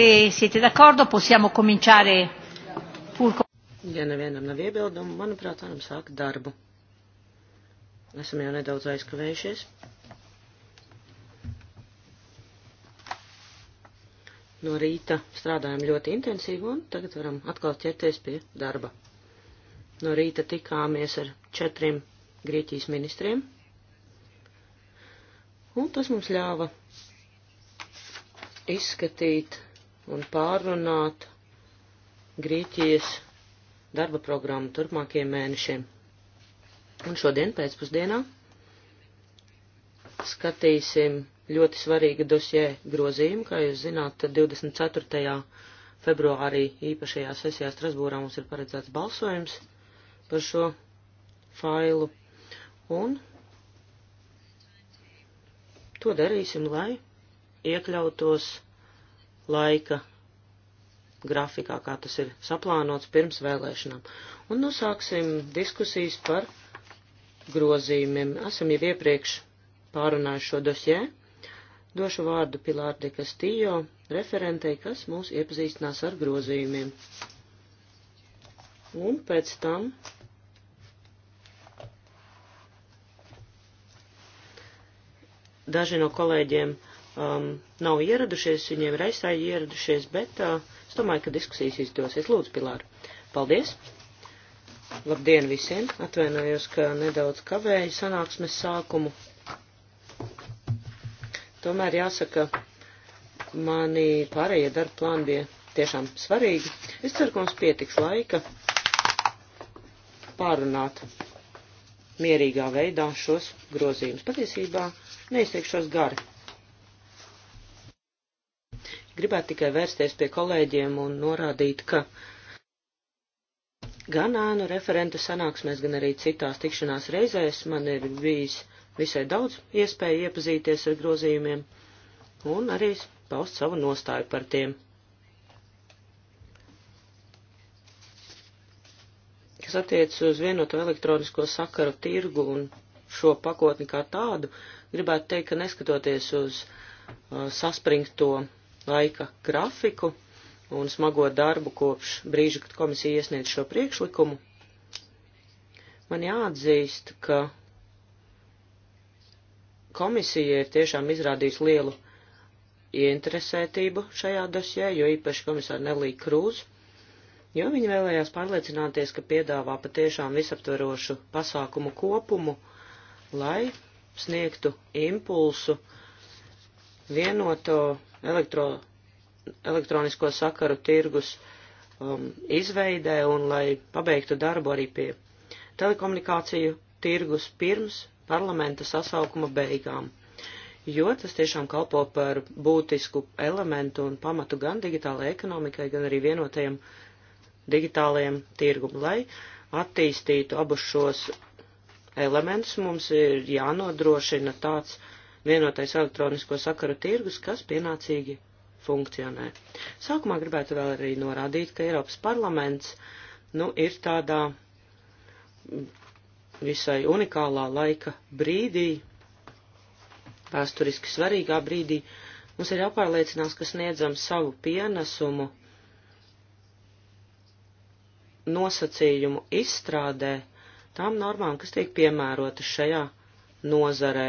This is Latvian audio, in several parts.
Se siete d'accordo possiamo cominciare pur con... Ja nevienam nav iebildumu, manuprāt, varam sākt darbu. Esam jau nedaudz aizkavējušies. No rīta strādājam ļoti intensīvi un tagad varam atkal ķerties pie darba. No rīta tikāmies ar četriem Grieķijas ministriem. Un tas mums ļāva izskatīt un pārrunāt Grieķijas darba programmu turpmākajiem mēnešiem. Un šodien pēcpusdienā skatīsim ļoti svarīga dosjē grozījuma, kā jūs zināt, 24. februārī īpašajā sesijā Strasbūrā mums ir paredzēts balsojums par šo failu. Un to darīsim, lai iekļautos laika grafikā, kā tas ir saplānots pirms vēlēšanām. Un nu sāksim diskusijas par grozījumiem. Esam jau iepriekš pārunājuši šo dosjē. Došu vārdu Pilārde Kastījo, referentei, kas mūs iepazīstinās ar grozījumiem. Un pēc tam daži no kolēģiem um, nav ieradušies, viņiem reizē ieradušies, bet uh, es domāju, ka diskusijas izdosies. Lūdzu, Pilāra, paldies! Labdien visiem! Atvainojos, ka nedaudz kavēju sanāksmes sākumu. Tomēr jāsaka, mani pārējie darba plāni bija tiešām svarīgi. Es ceru, ka mums pietiks laika pārunāt mierīgā veidā šos grozījumus. Patiesībā neizteikšos gari Gribētu tikai vērsties pie kolēģiem un norādīt, ka gan ēnu referentu sanāksmēs, gan arī citās tikšanās reizēs man ir bijis visai daudz iespēju iepazīties ar grozījumiem un arī paust savu nostāju par tiem. Kas attiecas uz vienoto elektronisko sakaru tirgu un šo pakotni kā tādu, gribētu teikt, ka neskatoties uz uh, saspringto laika grafiku un smago darbu kopš brīža, kad komisija iesniedz šo priekšlikumu, man jāatzīst, ka komisija ir tiešām izrādījusi lielu ieinteresētību šajā dosjē, jo īpaši komisāra Nelī Krūz, jo viņa vēlējās pārliecināties, ka piedāvā patiešām visaptverošu pasākumu kopumu, lai sniegtu impulsu vienoto elektro, elektronisko sakaru tirgus um, izveidē un lai pabeigtu darbu arī pie telekomunikāciju tirgus pirms parlamenta sasaukuma beigām, jo tas tiešām kalpo par būtisku elementu un pamatu gan digitālajai ekonomikai, gan arī vienotajam digitālajam tirgum. Lai attīstītu abus šos elementus, mums ir jānodrošina tāds uh, vienotais elektronisko sakaru tirgus, kas pienācīgi funkcionē. Sākumā gribētu vēl arī norādīt, ka Eiropas parlaments nu, ir tādā visai unikālā laika brīdī, vēsturiski svarīgā brīdī, mums ir jāpārliecinās, ka sniedzam savu pienesumu nosacījumu izstrādē tām normām, kas tiek piemērotas šajā nozarē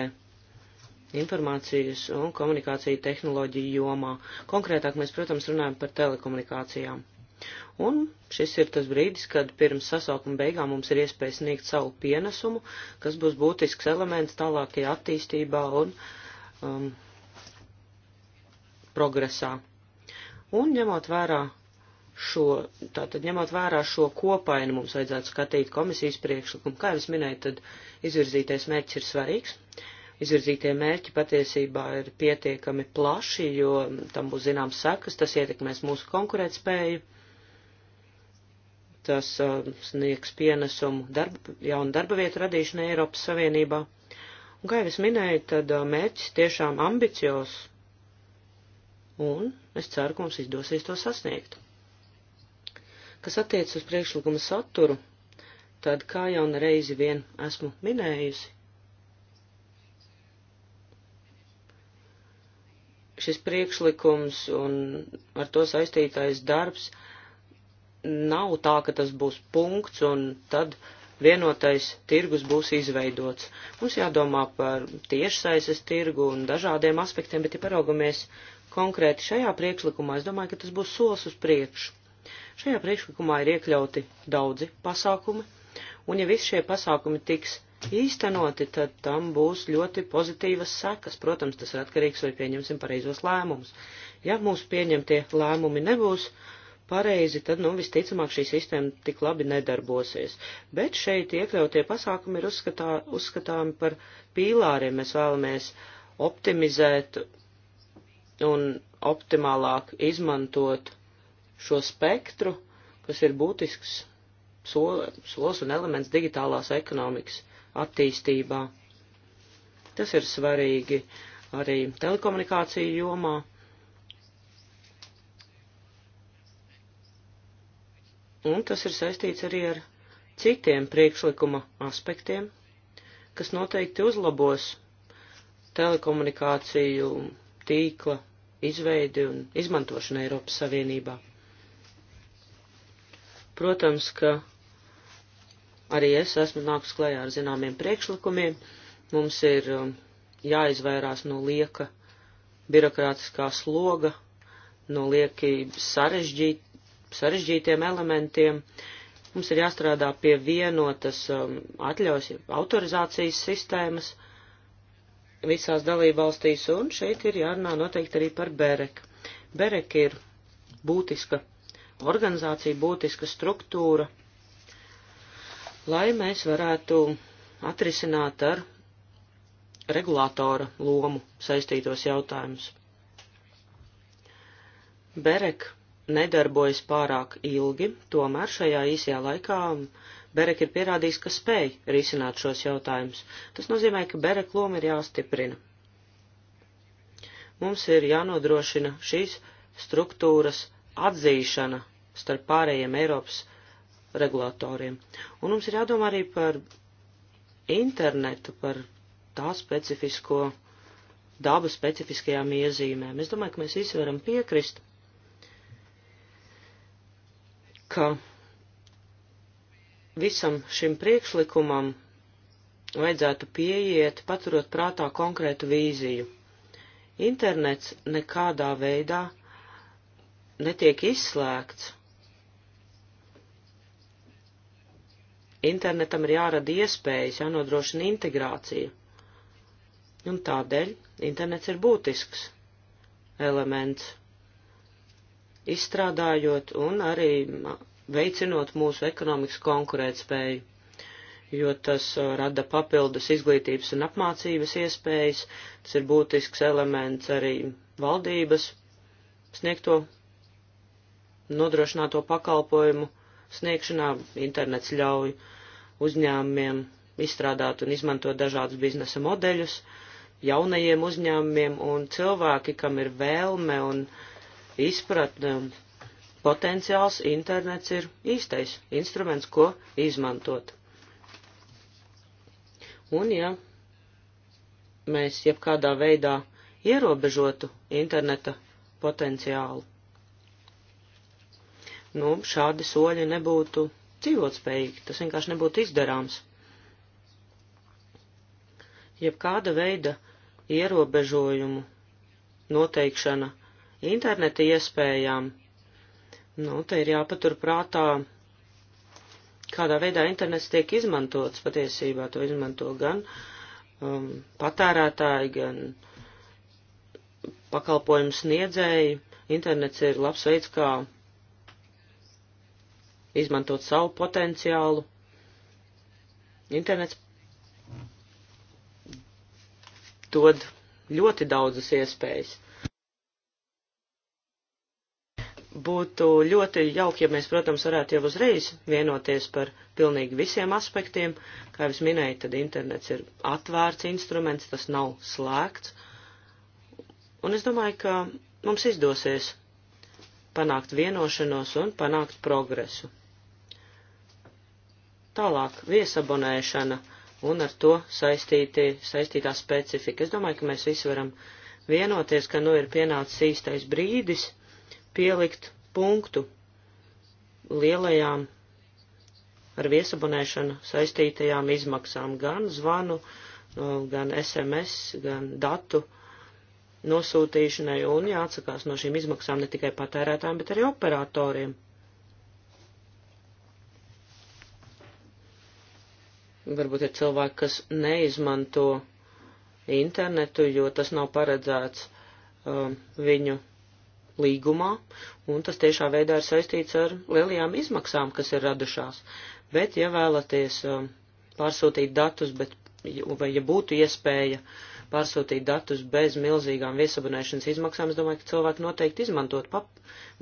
informācijas un komunikāciju tehnoloģiju jomā. Konkrētāk mēs, protams, runājam par telekomunikācijām. Un šis ir tas brīdis, kad pirms sasaukuma beigām mums ir iespēja sniegt savu pienesumu, kas būs būtisks elements tālākajā attīstībā un um, progresā. Un ņemot vērā šo, tātad ņemot vērā šo kopainu, mums vajadzētu skatīt komisijas priekšlikumu. Kā jau es minēju, tad izvirzītais mērķis ir svarīgs. Uh, izvirzītie mērķi patiesībā ir pietiekami plaši, jo tam būs zināms sekas, tas ietekmēs mūsu konkurētspēju, tas uh, sniegs pienesumu darba, jaunu darba vietu radīšanai Eiropas Savienībā. Un, kā jau es minēju, tad uh, mērķis tiešām ambicios, un es ceru, ka mums izdosies to sasniegt. Kas attiec uz priekšlikuma saturu, tad, kā jau reizi vien esmu minējusi, Šis priekšlikums un ar to saistītais darbs nav tā, ka tas būs punkts un tad vienotais tirgus būs izveidots. Mums jādomā par tiešsaises tirgu un dažādiem aspektiem, bet, ja paraugamies konkrēti šajā priekšlikumā, es domāju, ka tas būs solis uz priekšu. Šajā priekšlikumā ir iekļauti daudzi pasākumi, un ja visi šie pasākumi tiks īstenoti, tad tam būs ļoti pozitīvas sekas. Protams, tas ir atkarīgs, vai pieņemsim pareizos lēmumus. Ja mūsu pieņemtie lēmumi nebūs pareizi, tad, nu, visticamāk, šī sistēma tik labi nedarbosies. Bet šeit iekļautie pasākumi ir uzskatā, uzskatāmi par pīlāriem. Mēs vēlamies optimizēt un optimālāk izmantot šo spektru, kas ir būtisks solis un elements digitālās ekonomikas attīstībā. Tas ir svarīgi arī telekomunikāciju jomā. Un tas ir saistīts arī ar citiem priekšlikuma aspektiem, kas noteikti uzlabos telekomunikāciju tīkla izveidi un izmantošanu Eiropas Savienībā. Protams, ka Arī es esmu nākus klējā ar zināmiem priekšlikumiem. Mums ir um, jāizvairās no lieka birokrātiskā sloga, no lieki sarežģīt, sarežģītiem elementiem. Mums ir jāstrādā pie vienotas um, atļaus autorizācijas sistēmas visās dalībvalstīs, un šeit ir jārunā noteikti arī par BEREK. BEREK ir būtiska organizācija, būtiska struktūra, lai mēs varētu atrisināt ar regulātora lomu saistītos jautājumus. Berek nedarbojas pārāk ilgi, tomēr šajā īsajā laikā Berek ir pierādījis, ka spēj risināt šos jautājumus. Tas nozīmē, ka Berek loma ir jāstiprina. Mums ir jānodrošina šīs struktūras atzīšana starp pārējiem Eiropas regulātoriem. Un mums ir jādomā arī par internetu, par tā specifisko dabu specifiskajām iezīmēm. Es domāju, ka mēs visi varam piekrist, ka visam šim priekšlikumam vajadzētu pieiet, paturot prātā konkrētu vīziju. Internets nekādā veidā netiek izslēgts Internetam ir jārada iespējas, jānodrošina integrācija. Un tādēļ internets ir būtisks elements, izstrādājot un arī veicinot mūsu ekonomikas konkurētspēju, jo tas uh, rada papildus izglītības un apmācības iespējas, tas ir būtisks elements arī valdības sniegto nodrošināto pakalpojumu sniegšanā. Internets ļauj uzņēmumiem izstrādāt un izmantot dažādus biznesa modeļus jaunajiem uzņēmumiem un cilvēki, kam ir vēlme un izpratne un potenciāls, internets ir īstais instruments, ko izmantot. Un ja mēs jebkādā veidā ierobežotu interneta potenciālu, nu, šādi soļi nebūtu dzīvotspējīgi, tas vienkārši nebūtu izdarāms. Jebkāda veida ierobežojumu noteikšana interneta iespējām, nu, te ir jāpatur prātā, kādā veidā internets tiek izmantots patiesībā, to izmanto gan um, patērētāji, gan pakalpojumu sniedzēji. Internets ir labs veids, kā izmantot savu potenciālu. Internets dod ļoti daudzas iespējas. Būtu ļoti jauki, ja mēs, protams, varētu jau uzreiz vienoties par pilnīgi visiem aspektiem. Kā jau es minēju, tad internets ir atvērts instruments, tas nav slēgts. Un es domāju, ka mums izdosies panākt vienošanos un panākt progresu. Tālāk viesabonēšana un ar to saistīti, saistītā specifika. Es domāju, ka mēs visi varam vienoties, ka nu ir pienācis īstais brīdis pielikt punktu lielajām ar viesabonēšanu saistītajām izmaksām gan zvanu, nu, gan SMS, gan datu nosūtīšanai un jāatsakās no šīm izmaksām ne tikai patērētājiem, bet arī operatoriem. Varbūt ir cilvēki, kas neizmanto internetu, jo tas nav paredzēts um, viņu līgumā, un tas tiešā veidā ir saistīts ar lielajām izmaksām, kas ir radušās. Bet, ja vēlaties um, pārsūtīt datus, bet, vai ja būtu iespēja pārsūtīt datus bez milzīgām viesabunēšanas izmaksām, es domāju, ka cilvēki noteikti izmantot pap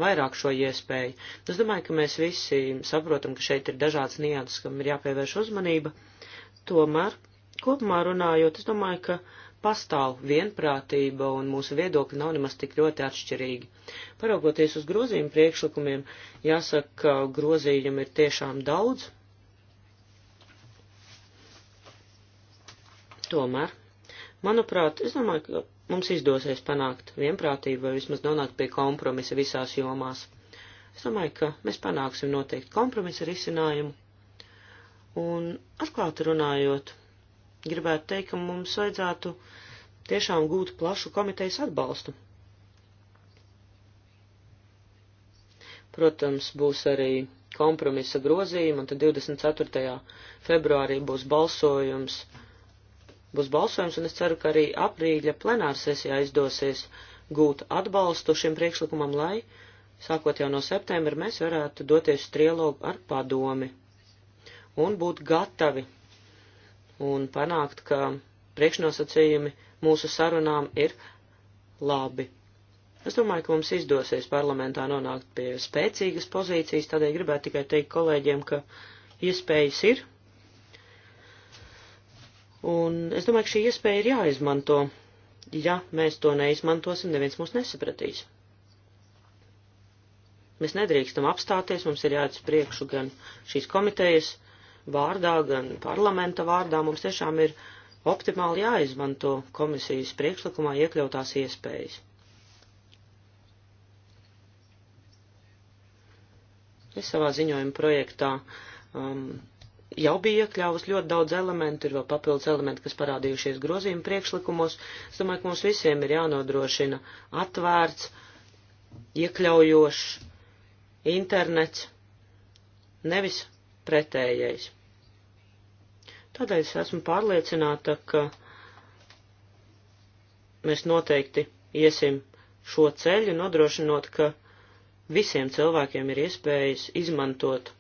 vairāk šo iespēju. Es domāju, ka mēs visi saprotam, ka šeit ir dažāds nianses, kam ir jāpievērš uzmanība. Uh, Tomēr, kopumā runājot, es domāju, ka pastāv vienprātība un mūsu viedokļi nav nemaz tik ļoti atšķirīgi. Paraugoties uz grozījumu priekšlikumiem, jāsaka, ka grozījumu ir tiešām daudz. Tomēr, manuprāt, es domāju, ka mums izdosies panākt vienprātību vai vismaz nonākt pie kompromisa visās jomās. Es domāju, ka mēs panāksim noteikti kompromisa risinājumu Un atklāti runājot, gribētu teikt, ka mums vajadzētu tiešām gūt plašu komitejas atbalstu. Protams, būs arī kompromisa grozījumi, un tad 24. februārī būs balsojums. Būs balsojums, un es ceru, ka arī aprīļa plenāra sesijā izdosies gūt atbalstu šim priekšlikumam, lai, sākot jau no septembra, mēs varētu doties trilogu ar padomi un būt gatavi un panākt, ka priekšnosacījumi mūsu sarunām ir labi. Es domāju, ka mums izdosies parlamentā nonākt pie spēcīgas pozīcijas, tādēļ gribētu tikai teikt kolēģiem, ka iespējas ir. Un es domāju, ka šī iespēja ir jāizmanto. Ja mēs to neizmantosim, neviens mūs nesapratīs. Mēs nedrīkstam apstāties, mums ir jāatspēj priekšu gan šīs komitejas vārdā, gan parlamenta vārdā mums tiešām ir optimāli jāizmanto komisijas priekšlikumā iekļautās iespējas. Es savā ziņojuma projektā um, jau bija iekļāvusi ļoti daudz elementu, ir vēl papildus elementi, kas parādījušies grozījuma priekšlikumos. Es domāju, ka mums visiem ir jānodrošina atvērts, iekļaujošs internets, nevis pretējais. Tādēļ es esmu pārliecināta, ka mēs noteikti iesim šo ceļu, nodrošinot, ka visiem cilvēkiem ir iespējas izmantot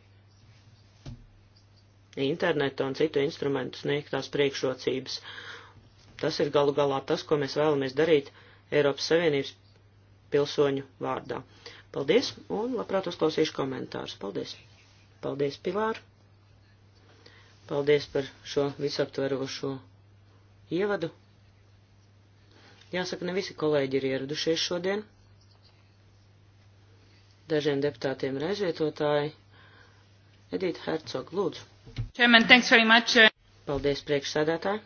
internetu un citu instrumentu sniegtās priekšrocības. Tas ir galu galā tas, ko mēs vēlamies darīt Eiropas Savienības pilsoņu vārdā. Paldies, un labprāt uzklausīšu komentārus. Paldies! Paldies, Pilāra! Paldies par šo visaptverošo ievadu. Jāsaka, ne visi kolēģi ir ieradušies šodien. Dažiem deputātiem ir aizvietotāji. Edita Hercog, lūdzu. Chairman, thanks very much. Uh, Paldies, priekšsēdētāji.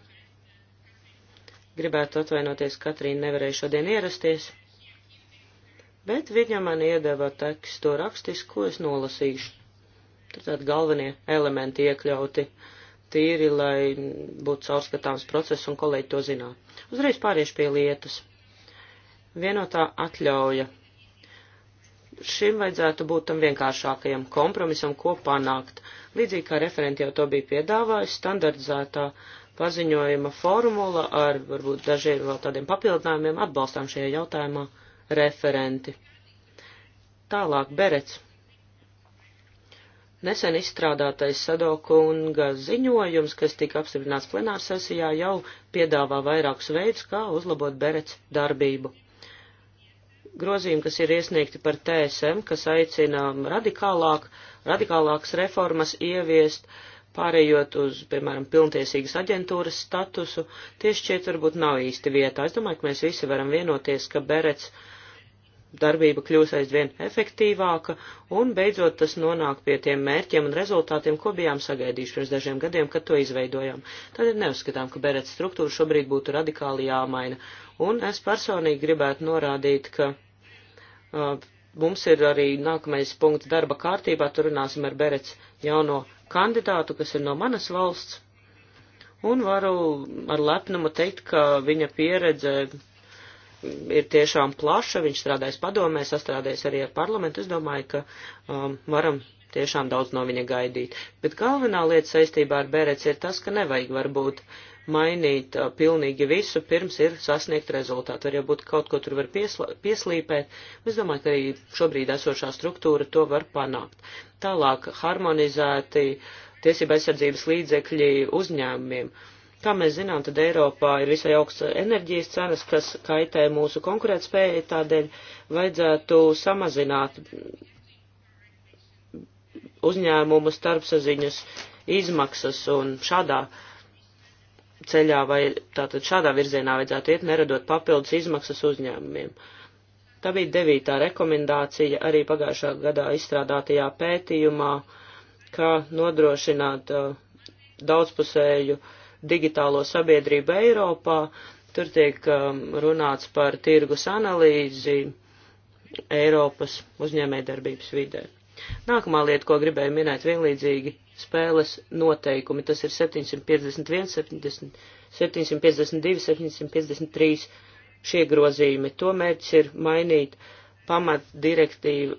Gribētu atvainoties, Katrīna nevarēja šodien ierasties, bet viņa man iedeva tekstu rakstiski, ko es nolasīšu. Tur tādi galvenie elementi iekļauti tīri, lai būtu caurskatāms process un kolēģi to zināt. Uzreiz pāriešu pie lietas. Vienotā atļauja. Šim vajadzētu būt tam vienkāršākajam kompromisam, ko panākt. Līdzīgi kā referenti jau to bija piedāvājusi, standardizētā paziņojuma formula ar varbūt dažiem vēl tādiem papildinājumiem atbalstām šajā jautājumā referenti. Tālāk, Berets Nesen izstrādātais Sadokunga ziņojums, kas tika apstiprināts plenārsesijā, jau piedāvā vairākus veidus, kā uzlabot berets darbību. Grozījumi, kas ir iesniegti par TSM, kas aicina radikālāk, radikālākas reformas ieviest, pārējot uz, piemēram, pilntiesīgas aģentūras statusu, tieši šķiet varbūt nav īsti vietā. Es domāju, ka mēs visi varam vienoties, ka berets uh, darbība kļūs aizvien efektīvāka, un beidzot tas nonāk pie tiem mērķiem un rezultātiem, ko bijām sagaidījuši pirms dažiem gadiem, kad to izveidojām. Tad neuzskatām, ka berets struktūra šobrīd būtu radikāli jāmaina, un es personīgi gribētu norādīt, ka uh, mums ir arī nākamais punkts darba kārtībā, tur runāsim ar berets jauno kandidātu, kas ir no manas valsts, un varu ar lepnumu teikt, ka viņa pieredze ir tiešām plaša, viņš strādājas padomē, sastrādājas arī ar parlamentu. Es domāju, ka um, varam tiešām daudz no viņa gaidīt. Bet galvenā lieta saistībā ar Bērec ir tas, ka nevajag varbūt mainīt uh, pilnīgi visu, pirms ir sasniegt rezultātu. Var jau būt kaut ko tur var piesla, pieslīpēt. Es domāju, ka arī šobrīd esošā struktūra to var panākt. Tālāk harmonizēti tiesība aizsardzības līdzekļi uzņēmumiem. Uh, Kā mēs zinām, tad Eiropā ir visai augsts enerģijas cenas, kas kaitē mūsu konkurētspējai, tādēļ vajadzētu samazināt uzņēmumu starpsaziņas izmaksas un šādā ceļā vai tātad šādā virzienā vajadzētu iet, neradot papildus izmaksas uzņēmumiem. Tā bija devītā rekomendācija arī pagājušā gadā izstrādātajā pētījumā, kā nodrošināt uh, daudzpusēju uh, digitālo sabiedrību Eiropā. Tur tiek um, runāts par tirgus analīzi Eiropas uzņēmējdarbības vidē. Nākamā lieta, ko gribēju minēt, vienlīdzīgi spēles noteikumi. Tas ir 751, 70, 752, 753 šie grozījumi. To mērķis ir mainīt pamat direktīvu,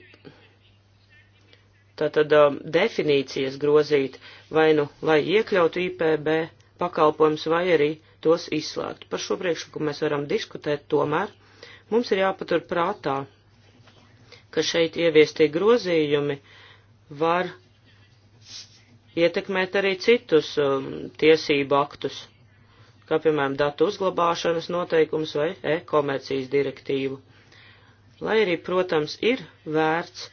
tātad um, definīcijas grozīt vai nu, lai iekļautu IPB pakalpojumus vai arī tos izslēgt. Par šo priekšlikumu mēs varam diskutēt, tomēr mums ir jāpatur prātā, ka šeit ieviestie grozījumi var ietekmēt arī citus um, tiesību aktus, kā piemēram datu uzglabāšanas noteikumus vai e-komercijas direktīvu. Lai arī, protams, ir vērts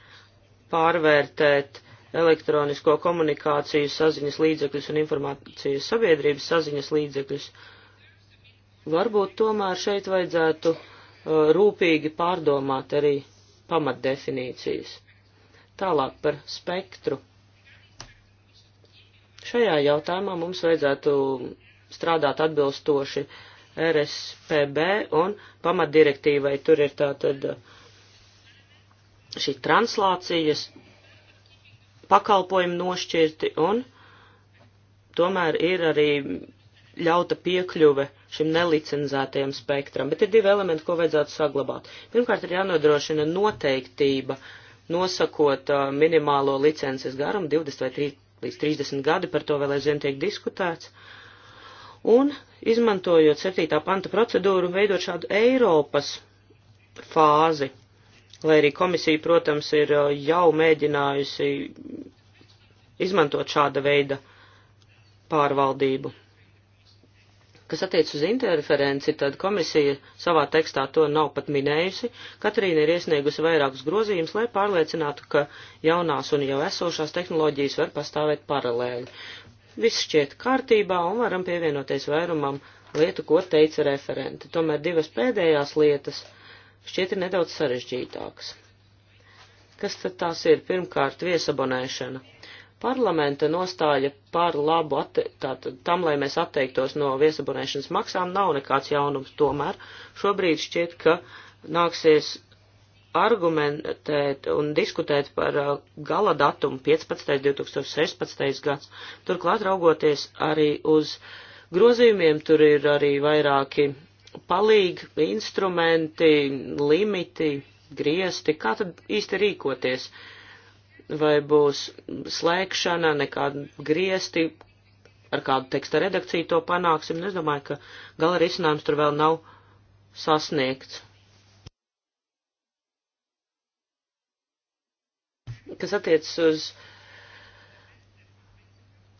pārvērtēt elektronisko komunikāciju saziņas līdzekļus un informācijas sabiedrības saziņas līdzekļus. Varbūt tomēr šeit vajadzētu uh, rūpīgi pārdomāt arī pamatdefinīcijas. Tālāk par spektru. Šajā jautājumā mums vajadzētu strādāt atbilstoši RSPB un pamatdirektīvai. Tur ir tātad uh, šī translācijas pakalpojumi nošķirti un tomēr ir arī ļauta piekļuve šim nelicenzētajam spektram. Bet ir divi elementi, ko vajadzētu saglabāt. Pirmkārt, ir jānodrošina noteiktība, nosakot uh, minimālo licences garumu 20 vai 3, līdz 30 gadi, par to vēl aizvien tiek diskutēts. Un, izmantojot 7. panta procedūru, veidot šādu Eiropas fāzi, Lai arī komisija, protams, ir uh, jau mēģinājusi izmantot šāda veida pārvaldību. Kas attiec uz interferenci, tad komisija savā tekstā to nav pat minējusi. Katrīna ir iesniegusi vairākus grozījumus, lai pārliecinātu, ka jaunās un jau esošās tehnoloģijas var pastāvēt paralēli. Viss šķiet kārtībā un varam pievienoties vairumam lietu, ko teica referenti. Tomēr divas pēdējās lietas šķiet ir nedaudz sarežģītāks. Kas tad tās ir? Pirmkārt, viesabonēšana. Parlamenta nostāja par labu atte, tātad, tam, lai mēs atteiktos no viesabonēšanas maksām, nav nekāds jaunums. Tomēr šobrīd šķiet, ka nāksies argumentēt un diskutēt par uh, gala datumu 15. 2016. gads. Turklāt raugoties arī uz grozījumiem, tur ir arī vairāki palīgi, instrumenti, limiti, griesti, kā tad īsti rīkoties? Vai būs slēgšana, nekādi griesti, ar kādu teksta redakciju to panāksim? Nu, es domāju, ka gala risinājums tur vēl nav sasniegts. Kas attiecas uz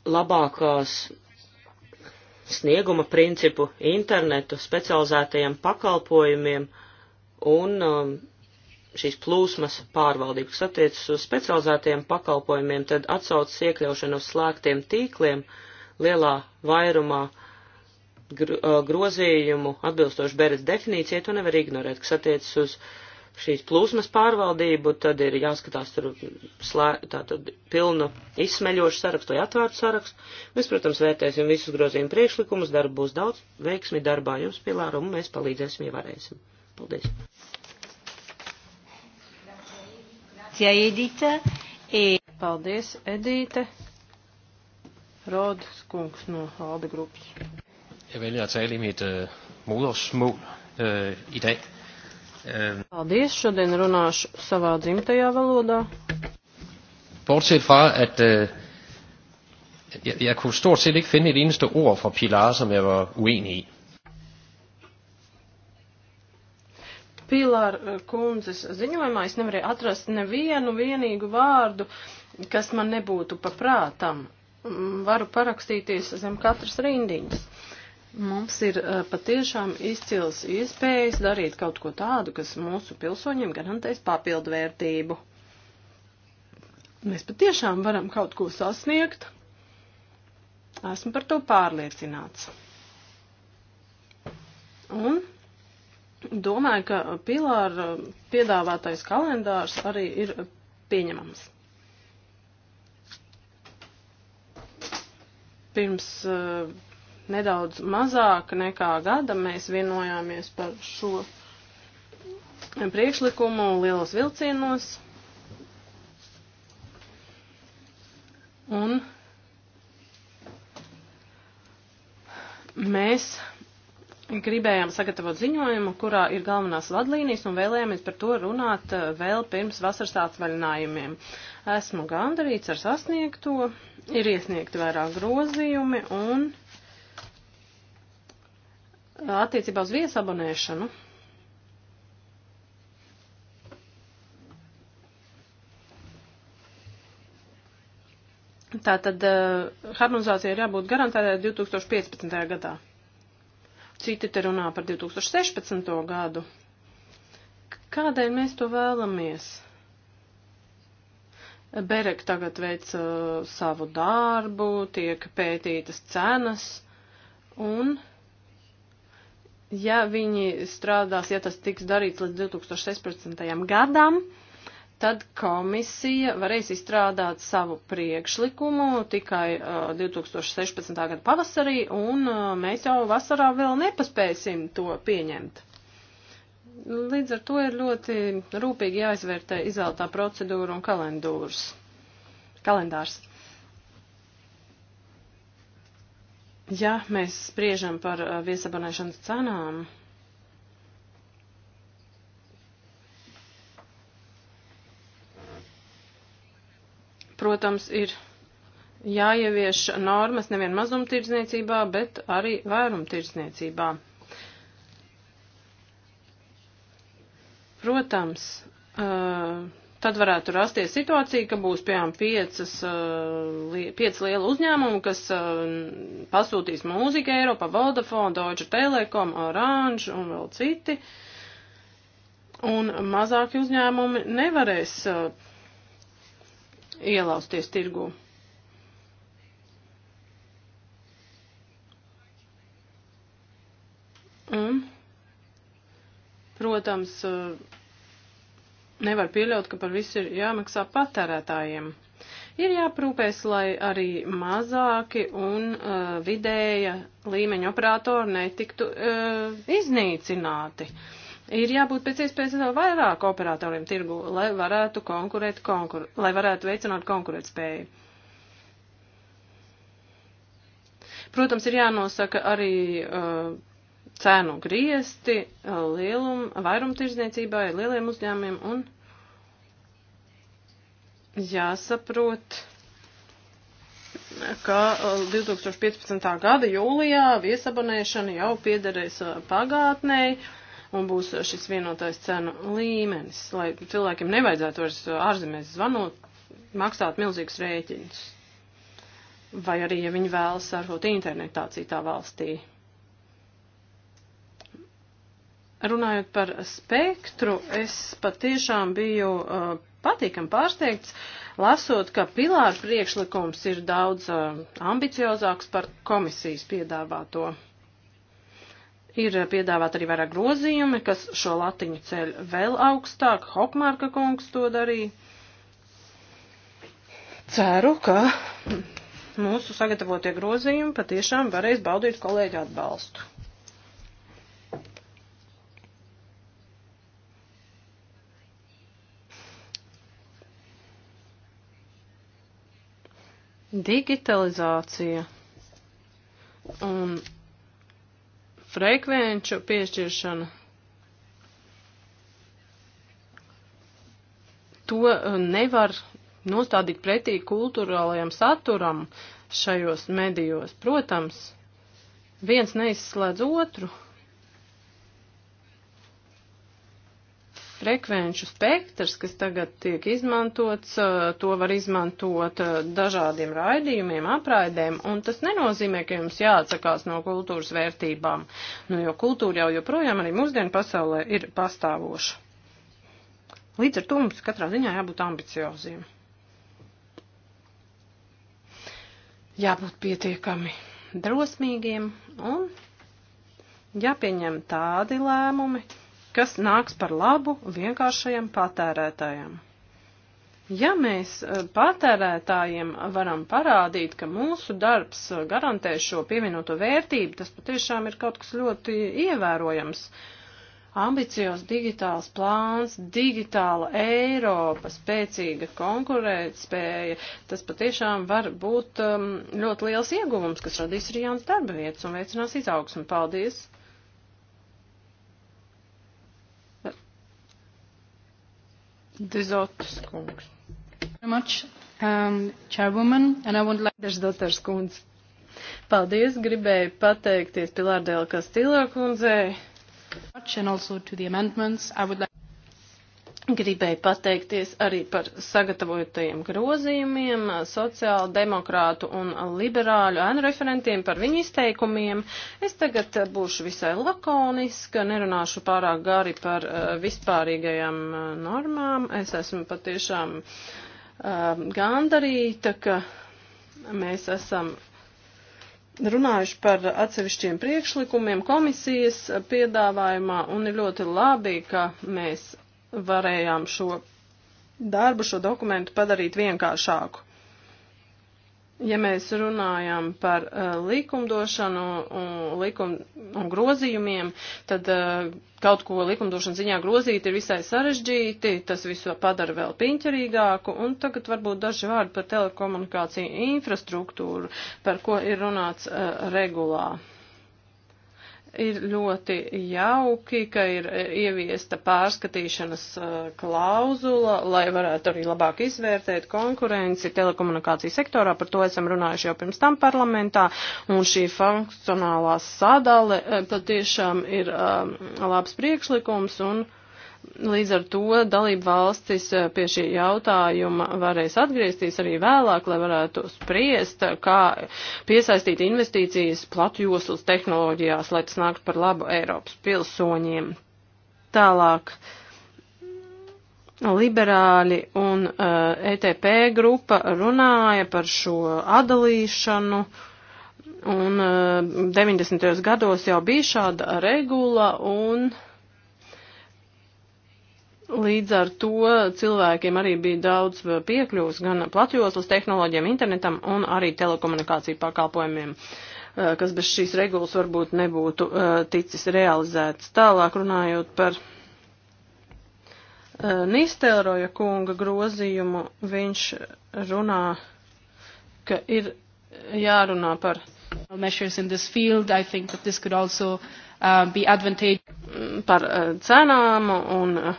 labākās snieguma principu, internetu, specializētajiem pakalpojumiem un um, šīs plūsmas pārvaldību, kas attiecas uz specializētajiem pakalpojumiem, tad atsaucas iekļaušana uz slēgtiem tīkliem lielā vairumā uh, grozījumu atbilstoši Beres definīcijai, to nevar ignorēt, kas attiecas uz uh, šīs plūsmas pārvaldību, tad ir jāskatās tur slē, tātad pilnu izsmeļošu sarakstu vai atvērtu sarakstu. Mēs, protams, vērtēsim visus grozījumu priekšlikumus, darba būs daudz, veiksmi darbā jums, Pilāra, un mēs palīdzēsim, ja varēsim. Paldies! E- Paldies, Edīte! Rodas kungs no Alde gruppes. Jeg vælger at tale i mit øh, modersmål øh, i dag. Um, Paldies, šodien runāšu savā dzimtajā valodā. Bortset fra, at øh, jeg, jeg kunne stort set ikke finde et eneste ord fra Pilar, som jeg var uenig i. Pilar uh, kundzes ziņojumā es nevarēju atrast nevienu vienīgu vārdu, kas man nebūtu paprātam. Mm, varu parakstīties zem katras rindiņas. Mums ir uh, patiešām izcils iespējas darīt kaut ko tādu, kas mūsu pilsoņiem garantēs papildu vērtību. Mēs patiešām varam kaut ko sasniegt. Esmu par to pārliecināts. Un domāju, ka Pilāra uh, piedāvātais kalendārs arī ir pieņemams. Pirms uh, nedaudz mazāk nekā gada mēs vienojāmies par šo priekšlikumu lielos vilcienos. Un mēs gribējām sagatavot ziņojumu, kurā ir galvenās vadlīnijas un vēlējāmies par to runāt eh, vēl pirms vasaras atvaļinājumiem. Esmu gandarīts ar sasniegto, ir iesniegti vairāk grozījumi un attiecībā uz viesabonēšanu. Tātad uh, harmonizācija ir jābūt garantētai 2015. gadā. Citi te runā par 2016. gadu. Kādēļ mēs to vēlamies? Berek tagad veic uh, savu darbu, tiek pētītas cenas un uh, ja viņi strādās, ja tas tiks darīts līdz 2016. gadam, tad komisija varēs izstrādāt savu priekšlikumu tikai uh, 2016. gada pavasarī, un uh, mēs jau vasarā vēl nepaspēsim to pieņemt. Līdz ar to ir ļoti rūpīgi jāizvērtē izvēltā procedūra un kalendūrs. kalendārs. Ja mēs spriežam par uh, viesabonēšanas cenām, protams, ir jāievieš normas nevien mazumtirdzniecībā, bet arī vairumtirdzniecībā. Protams, uh, tad varētu rasties situācija, ka būs piemēram piecas, uh, piecas liela uzņēmuma, kas uh, pasūtīs mūziku Eiropā, Vodafone, Deutsche Telekom, Orange un vēl citi. Un mazāki uzņēmumi nevarēs uh, ielausties tirgū. Un, protams, uh, Nevar pieļaut, ka par visu ir jāmaksā patērētājiem. Ir jāprūpēs, lai arī mazāki un uh, vidēja līmeņa operatori netiktu uh, iznīcināti. Ir jābūt pēc iespējas vēl vairāk operatoriem tirgu, lai varētu, konkurēt, konkur lai varētu veicināt konkurētspēju. Protams, ir jānosaka arī uh, cenu griesti eh, lielum, vairumtirdzniecībai, lieliem uzņēmiem un jāsaprot, ka 2015. Eh, gada jūlijā viesabonēšana jau piederēs eh, pagātnēji un būs šis vienotais cenu līmenis, lai cilvēkiem nevajadzētu vairs ārzemēs zvanot, maksāt milzīgus rēķinus. Vai arī, ja viņi vēlas sārhot internetā citā valstī. Runājot par spektru, es patiešām biju uh, patīkam pārsteigts, lasot, ka pilāra priekšlikums ir daudz uh, ambiciozāks par komisijas piedāvāto. Ir piedāvāt arī vairāk grozījumi, kas šo latiņu ceļ vēl augstāk. Hokmārka kungs to darīja. Ceru, ka mūsu sagatavotie grozījumi patiešām varēs baudīt kolēģi atbalstu. Digitalizācija un frekvenču piešķiršana. To uh, nevar nostādīt pretī kultūrālajam saturam šajos medijos. Protams, viens neizslēdz otru. frekvenču spektrs, kas tagad tiek izmantots, to var izmantot dažādiem raidījumiem, apraidēm, un tas nenozīmē, ka jums jāatsakās no kultūras vērtībām, nu, jo kultūra jau joprojām arī mūsdienu pasaulē ir pastāvoša. Līdz ar to mums katrā ziņā jābūt ambicioziem. Jābūt pietiekami drosmīgiem un jāpieņem tādi lēmumi, kas nāks par labu vienkāršajam patērētājam. Ja mēs e, patērētājiem varam parādīt, ka mūsu darbs e, garantē šo pievienoto vērtību, tas patiešām ir kaut kas ļoti ievērojams. Ambiciozs digitāls plāns, digitāla Eiropa, spēcīga konkurētspēja, tas patiešām var būt um, ļoti liels ieguvums, kas radīs arī jauns darba vietas un veicinās izaugsmu. Paldies! Dezotas kungs. Much, um, chairwoman, and I would like... Dezotas kungs. Paldies, gribēju pateikties Pilārdēla Kastīlā kundzei. Much, and also to the amendments, I would like... Gribēju pateikties arī par sagatavotajiem grozījumiem, sociāla demokrātu un liberāļu ēnu referentiem par viņu izteikumiem. Es tagad būšu visai lakoniska, nerunāšu pārāk gari par eh, vispārīgajām eh, normām. Es esmu patiešām eh, gandarīta, ka mēs esam runājuši par atsevišķiem priekšlikumiem komisijas piedāvājumā, un ir ļoti labi, ka mēs varējām šo darbu, šo dokumentu padarīt vienkāršāku. Ja mēs runājam par uh, likumdošanu un, likum, un grozījumiem, tad uh, kaut ko likumdošanas ziņā grozīt ir visai sarežģīti, tas visu padara vēl piņķerīgāku, un tagad varbūt daži vārdi par telekomunikāciju infrastruktūru, par ko ir runāts uh, regulā. Uh, Ir ļoti jauki, ka ir ieviesta pārskatīšanas klauzula, lai varētu arī labāk izvērtēt konkurenci telekomunikāciju sektorā. Par to esam runājuši jau pirms tam parlamentā. Un šī funkcionālā sadale patiešām ir labs priekšlikums. Un, uh, Līdz ar to dalību valstis eh, pie šī jautājuma varēs atgriezties arī vēlāk, lai varētu spriest, kā piesaistīt investīcijas platjoslas tehnoloģijās, lai tas nāktu par labu Eiropas pilsoņiem. Tālāk. Liberāļi un uh, eh, ETP grupa runāja par šo atdalīšanu un uh, eh, 90. gados jau bija šāda regula un uh, Līdz ar to cilvēkiem arī bija daudz piekļuvs gan platjoslas tehnoloģiem, internetam un arī telekomunikāciju pakalpojumiem, eh, kas bez šīs regulas varbūt nebūtu eh, ticis realizēts. Tālāk runājot par eh, Nīstelroja kunga grozījumu, viņš runā, ka ir jārunā par. Measures in this field, I think that this could also uh, be advantageous. Par uh, cenām un uh,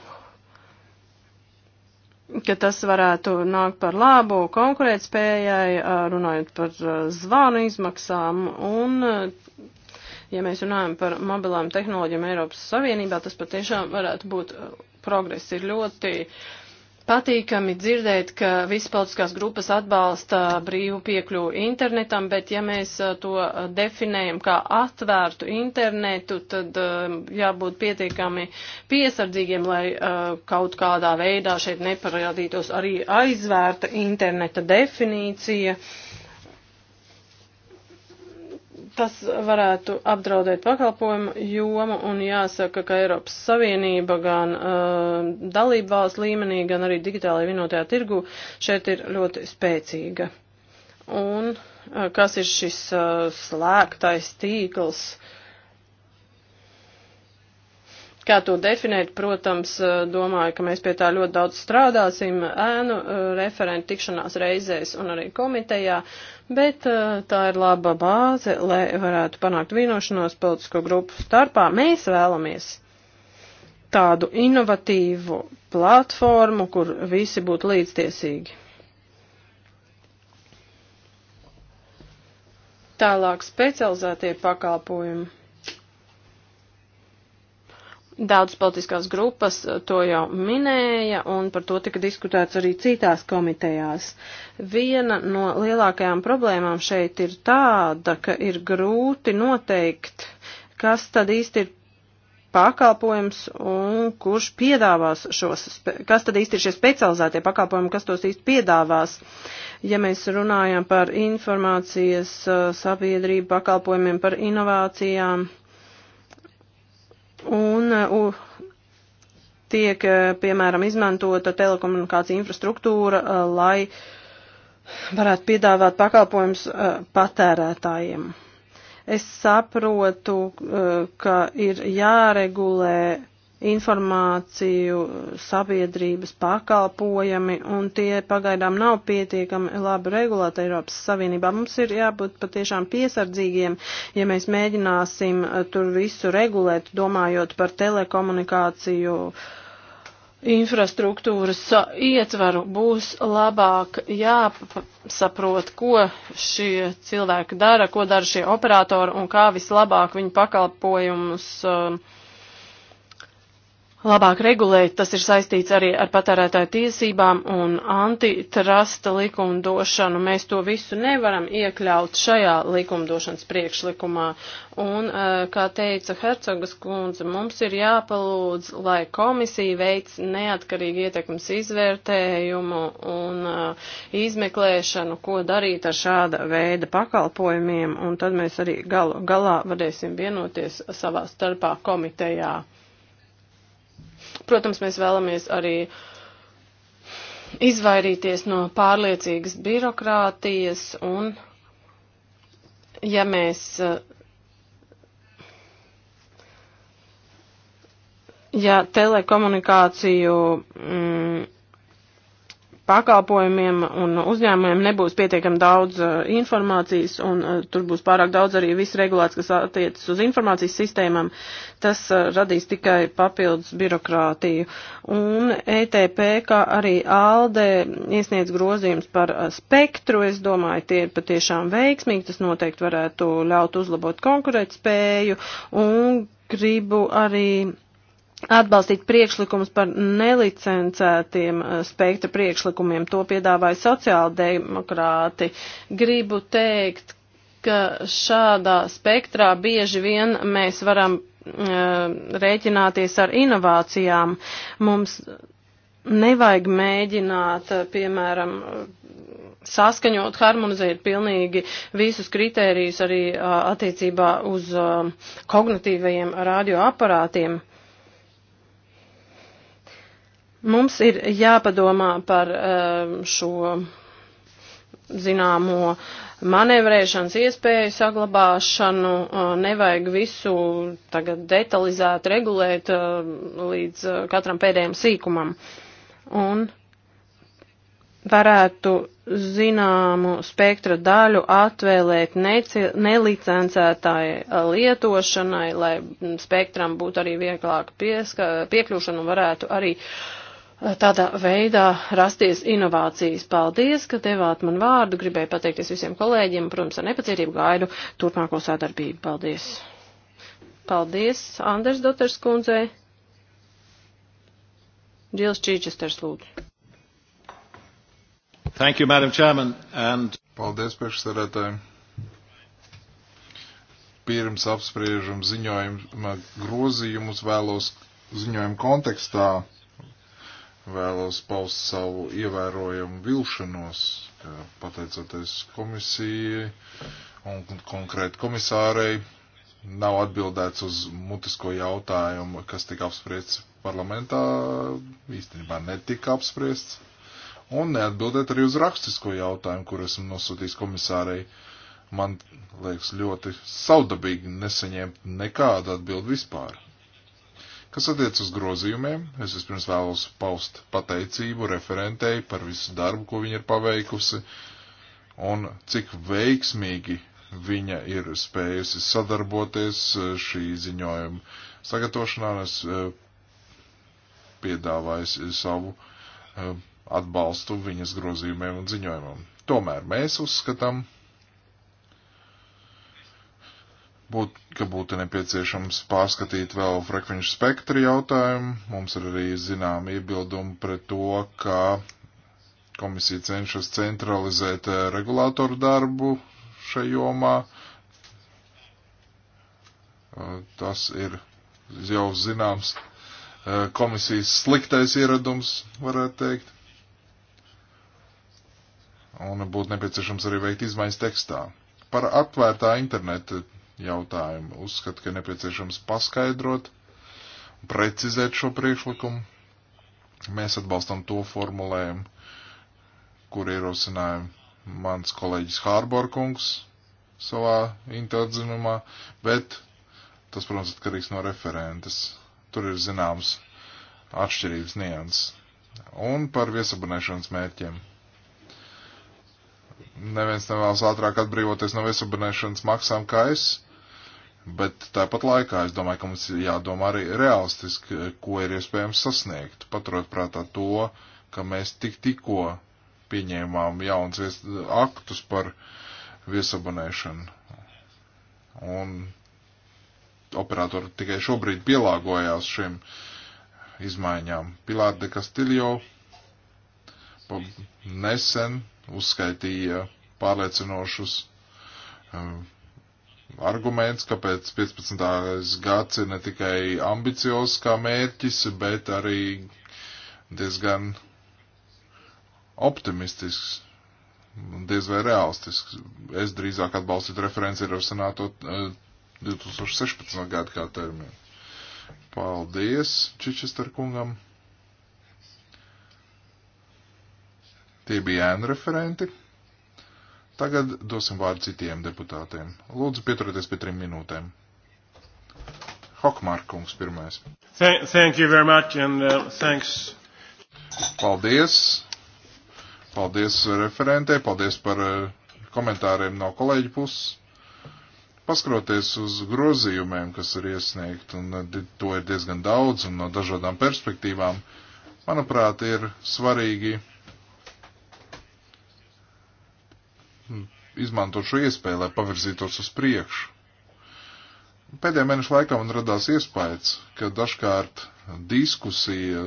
ka tas varētu nākt par labu konkurētspējai, runājot par zvanu izmaksām un, ja mēs runājam par mobilām tehnoloģijām Eiropas Savienībā, tas patiešām varētu būt progress ir ļoti uh, patīkami dzirdēt, ka visas politiskās grupas atbalsta brīvu piekļuvu internetam, bet ja mēs uh, to uh, definējam kā atvērtu internetu, tad um, jābūt pietiekami piesardzīgiem, lai uh, kaut kādā veidā šeit neparādītos arī aizvērta interneta definīcija. Uh, tas varētu apdraudēt pakalpojumu jomu un jāsaka, ka Eiropas Savienība gan uh, dalību valsts līmenī, gan arī digitālajā vienotajā tirgu šeit ir ļoti spēcīga. Un uh, kas ir šis uh, slēgtais tīkls? Uh, Kā to definēt, protams, eh, domāju, ka mēs pie tā ļoti daudz strādāsim ēnu eh, referentu tikšanās reizēs un arī komitejā, bet eh, tā ir laba bāze, lai varētu panākt vienošanos politisko grupu starpā. Mēs vēlamies tādu inovatīvu platformu, kur visi būtu līdztiesīgi. Tālāk specializētie pakalpojumi. Daudz politiskās grupas eh, to jau minēja, un par to tika diskutēts arī citās komitejās. Viena no lielākajām problēmām šeit ir tāda, ka ir grūti noteikt, kas tad īsti ir pakalpojums un kurš piedāvās šos, kas tad īsti ir šie specializētie pakalpojumi, kas tos īsti piedāvās. Ja mēs runājam par informācijas eh, sabiedrību pakalpojumiem, par inovācijām, Un uh, tiek, uh, piemēram, izmantota telekomunikācija infrastruktūra, uh, lai varētu piedāvāt pakalpojumus uh, patērētājiem. Es saprotu, ka ir jāregulē informāciju, sabiedrības pakalpojami, un tie pagaidām nav pietiekami labi regulēti Eiropas Savienībā. Mums ir jābūt patiešām piesardzīgiem, ja mēs mēģināsim eh, tur visu regulēt, domājot par telekomunikāciju infrastruktūras ietvaru, būs labāk jāsaprot, ko šie cilvēki dara, ko dara šie operatori un kā vislabāk viņu pakalpojumus uh, labāk regulēt, tas ir saistīts arī ar patērētāju tiesībām un antitrusta likumdošanu. Mēs to visu nevaram iekļaut šajā likumdošanas priekšlikumā. Un, eh, kā teica Hercogas kundze, mums ir jāpalūdz, lai komisija veic neatkarīgi ietekmes izvērtējumu un eh, izmeklēšanu, ko darīt ar šāda veida pakalpojumiem, un tad mēs arī galu, galā varēsim vienoties savā starpā komitejā. Protams, mēs vēlamies arī izvairīties no pārliecīgas birokrātijas un, ja mēs ja telekomunikāciju mm, pakalpojumiem un uzņēmumiem nebūs pietiekami daudz uh, informācijas un uh, tur būs pārāk daudz arī viss regulēts, kas attiecas uz informācijas sistēmām. Tas uh, radīs tikai papildus birokrātiju. Un ETP, kā arī ALDE iesniedz grozījums par spektru, es domāju, tie ir patiešām veiksmīgi, tas noteikti varētu ļaut uzlabot konkurētspēju un gribu arī atbalstīt priekšlikumus par nelicencētiem eh, spektra priekšlikumiem. To piedāvāja sociāldemokrāti. Gribu teikt, ka šādā spektrā bieži vien mēs varam uh, rēķināties ar inovācijām. Mums nevajag mēģināt, eh, piemēram, saskaņot, harmonizēt pilnīgi visus kritērijus arī uh, attiecībā uz uh, kognitīvajiem radioaparātiem. Mums ir jāpadomā par ehm, šo zināmo manevrēšanas iespēju saglabāšanu, eh, nevajag visu tagad detalizēt, regulēt eh, līdz eh, katram pēdējam sīkumam. Un varētu zināmu spektra daļu atvēlēt nelicencētāji lietošanai, lai spektram būtu arī vieglāk piekļūšana un varētu arī uh, tādā veidā rasties inovācijas. Paldies, ka devāt man vārdu. Gribēju pateikties visiem kolēģiem. Protams, ar nepacietību gaidu turpmāko sadarbību. Paldies. Paldies, Anders Doters kundzei. Džils Čīčesters lūdzu. Thank you, Madam Chairman. And... Paldies, priekšsēdētāji. Pirms apspriežam ziņojumu grozījumus vēlos ziņojumu kontekstā vēlos paust savu ievērojumu vilšanos, pateicoties komisijai un konkrēti komisārei. Nav atbildēts uz mutisko jautājumu, kas tika apspriests parlamentā, īstenībā netika apspriests. Un neatbildēt arī uz rakstisko jautājumu, kur esmu nosūtījis komisārei. Man liekas ļoti saudabīgi nesaņemt nekādu atbildi vispār. Kas attiec uz grozījumiem, es vispirms vēlos paust pateicību referentei par visu darbu, ko viņa ir paveikusi, un cik veiksmīgi viņa ir spējusi sadarboties e, šī ziņojuma sagatavošanā, un es e, piedāvāju savu e, atbalstu viņas grozījumiem un ziņojumam. Tomēr mēs uzskatām, būt, ka būtu nepieciešams pārskatīt vēl frekvenču spektru jautājumu. Mums ir arī zinām iebildumi pret to, ka komisija cenšas centralizēt eh, regulātoru darbu šai jomā. Eh, tas ir jau zināms eh, komisijas sliktais ieradums, varētu teikt. Un būtu nepieciešams arī veikt izmaiņas tekstā. Par atvērtā interneta jautājumu. Uzskatu, ka nepieciešams paskaidrot un precizēt šo priekšlikumu. Mēs atbalstam to formulējumu, kur ierosināja mans kolēģis Hārborkungs savā interdzinumā, bet tas, protams, atkarīgs no referentes. Tur ir zināms atšķirības nianses. Un par viesabunēšanas mērķiem. Neviens nevēlas ātrāk atbrīvoties no viesabunēšanas maksām kā es Bet tāpat laikā es domāju, ka mums ir jādomā arī realistiski, ko ir iespējams sasniegt, paturot prātā to, ka mēs tik tikko pieņēmām jauns aktus par viesabonēšanu. Un operatori tikai šobrīd pielāgojās šiem izmaiņām. Pilāte de Castillo nesen uzskaitīja pārliecinošus um, arguments, kāpēc 15. gads ir ne tikai ambiciozs kā mērķis, bet arī diezgan optimistisks un diez vai realistisks. Es drīzāk atbalstītu referenci ar senāto 2016. Eh, gadu kā terminu. Paldies Čičester kungam. Tie bija ēnu referenti. Tagad dosim vārdu citiem deputātiem. Lūdzu, pieturieties pie trim minūtēm. Hokmārkungs pirmais. Thank you very much and uh, thanks. Paldies. Paldies referentē, paldies par uh, komentāriem no kolēģi puses. Paskroties uz grozījumiem, kas ir iesniegt, un uh, to ir diezgan daudz un no dažādām perspektīvām, manuprāt, ir svarīgi izmantot šo iespēju, lai pavirzītos uz priekšu. Pēdējā mēneša laikā man radās iespējas, ka dažkārt diskusija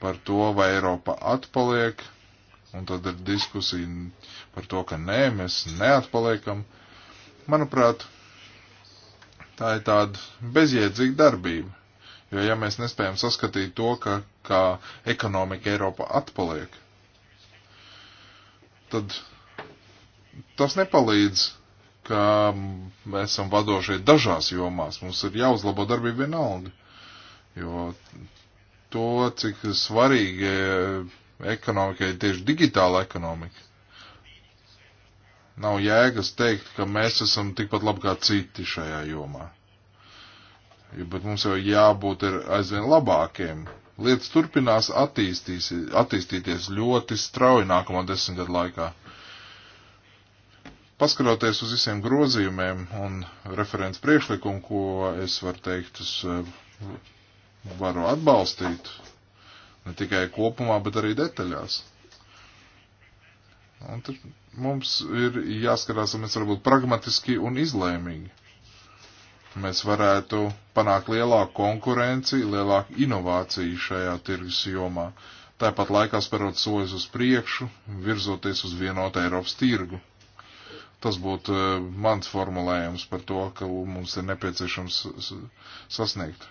par to, vai Eiropa atpaliek, un tad ir diskusija par to, ka nē, mēs neatpaliekam. Manuprāt, tā ir tāda bezjēdzīga darbība, jo ja mēs nespējam saskatīt to, ka kā ekonomika Eiropa atpaliek, tad tas nepalīdz, ka mēs esam vadošie dažās jomās. Mums ir jāuzlabo darbība vienalga, jo to, cik svarīgi ekonomikai tieši digitāla ekonomika. Nav jēgas teikt, ka mēs esam tikpat labi kā citi šajā jomā. Bet mums jau jābūt ir aizvien labākiem. Lietas turpinās attīstīties ļoti strauji nākamā desmitgadu laikā. Paskatoties uz visiem grozījumiem un referents priekšlikumu, ko es varu teikt, es eh, varu atbalstīt ne tikai kopumā, bet arī detaļās. Un tad mums ir jāskatās, lai mēs varbūt pragmatiski un izlēmīgi. Mēs varētu panākt lielāku konkurenci, lielāku inovāciju šajā tirgus jomā, tāpat laikā sperot soļus uz priekšu, virzoties uz vienotu Eiropas tirgu. Tas būtu eh, mans formulējums par to, ka mums ir nepieciešams sasniegt.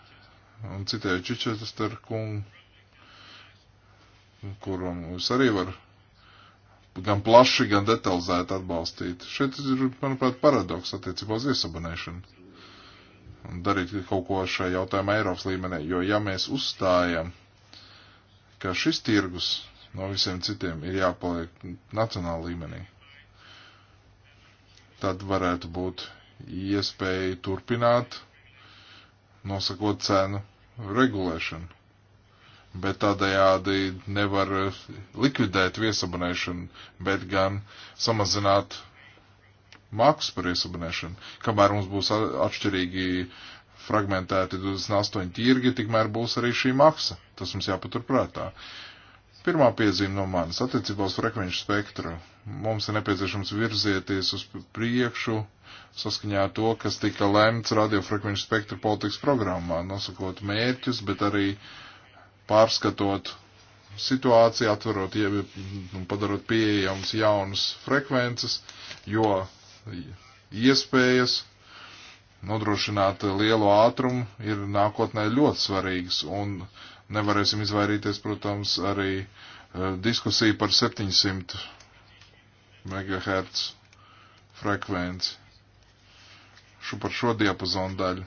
Un citēju Čičester kungu, kuram es arī varu gan plaši, gan detalizēti atbalstīt. Šeit ir, manuprāt, paradoks attiecībā uz iesabunēšanu. Un darīt kaut ko šajā jautājumā Eiropas līmenī, jo ja mēs uzstājam, ka šis tirgus no visiem citiem ir jāpaliek nacionāla līmenī, Tad varētu būt iespēja turpināt, nosakot cenu regulēšanu. Bet tādējādi nevar likvidēt viesabonēšanu, bet gan samazināt maksu par iesabonēšanu. Kamēr mums būs atšķirīgi fragmentēti 28 tirgi, tikmēr būs arī šī maksa. Tas mums jāpaturprātā. Uh, Pirmā piezīme no manis attiecībā uz frekvenču spektru. Mums ir nepieciešams virzieties uz priekšu saskaņā ar to, kas tika lemts radiofrekvenču spektra politikas programmā, nosakot mērķus, bet arī pārskatot situāciju, atverot, jeb, padarot pieejams jaunas frekvences, jo iespējas nodrošināt lielu ātrumu ir nākotnē ļoti svarīgas un uh, Nevarēsim izvairīties, protams, arī eh, diskusiju par 700 MHz frekvenci šo par šo diapazonu daļu.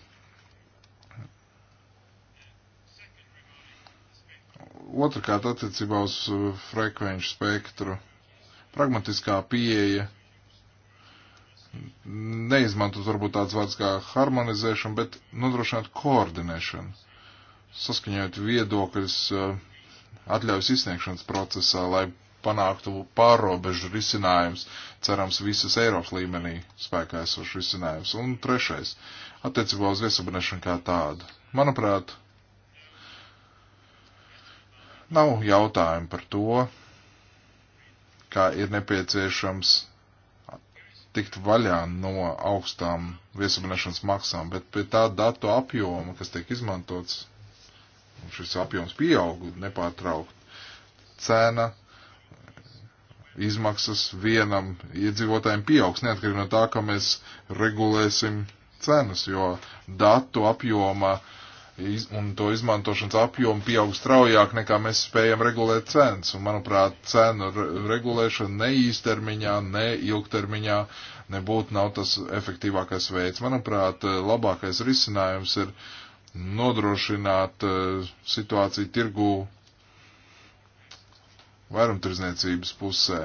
Otrakārt attiecībā uz eh, frekvenču spektru. Pragmatiskā pieeja. Neizmantot varbūt tāds vārds kā harmonizēšana, bet nodrošināt koordinēšanu saskaņot viedokļus eh, atļaujas izsniegšanas procesā, lai panāktu pārobežu risinājums, cerams, visas Eiropas līmenī spēkā esošs risinājums. Un trešais, attiecībā uz viesabunešanu kā tādu. Manuprāt, nav jautājumu par to, kā ir nepieciešams tikt vaļā no augstām viesabunēšanas maksām, bet pie tā datu apjoma, kas tiek izmantots, šis apjoms pieauga nepārtraukt. Cena, izmaksas vienam iedzīvotājiem pieaugs, neatkarīgi no tā, ka mēs regulēsim cenas, jo datu apjoma un to izmantošanas apjoma pieaug straujāk nekā mēs spējam regulēt cenas. Un, manuprāt, cenu regulēšana ne īstermiņā, ne ilgtermiņā nebūtu nav tas efektīvākais veids. Manuprāt, labākais risinājums ir uh, nodrošināt e, situāciju tirgū vairumtirdzniecības pusē,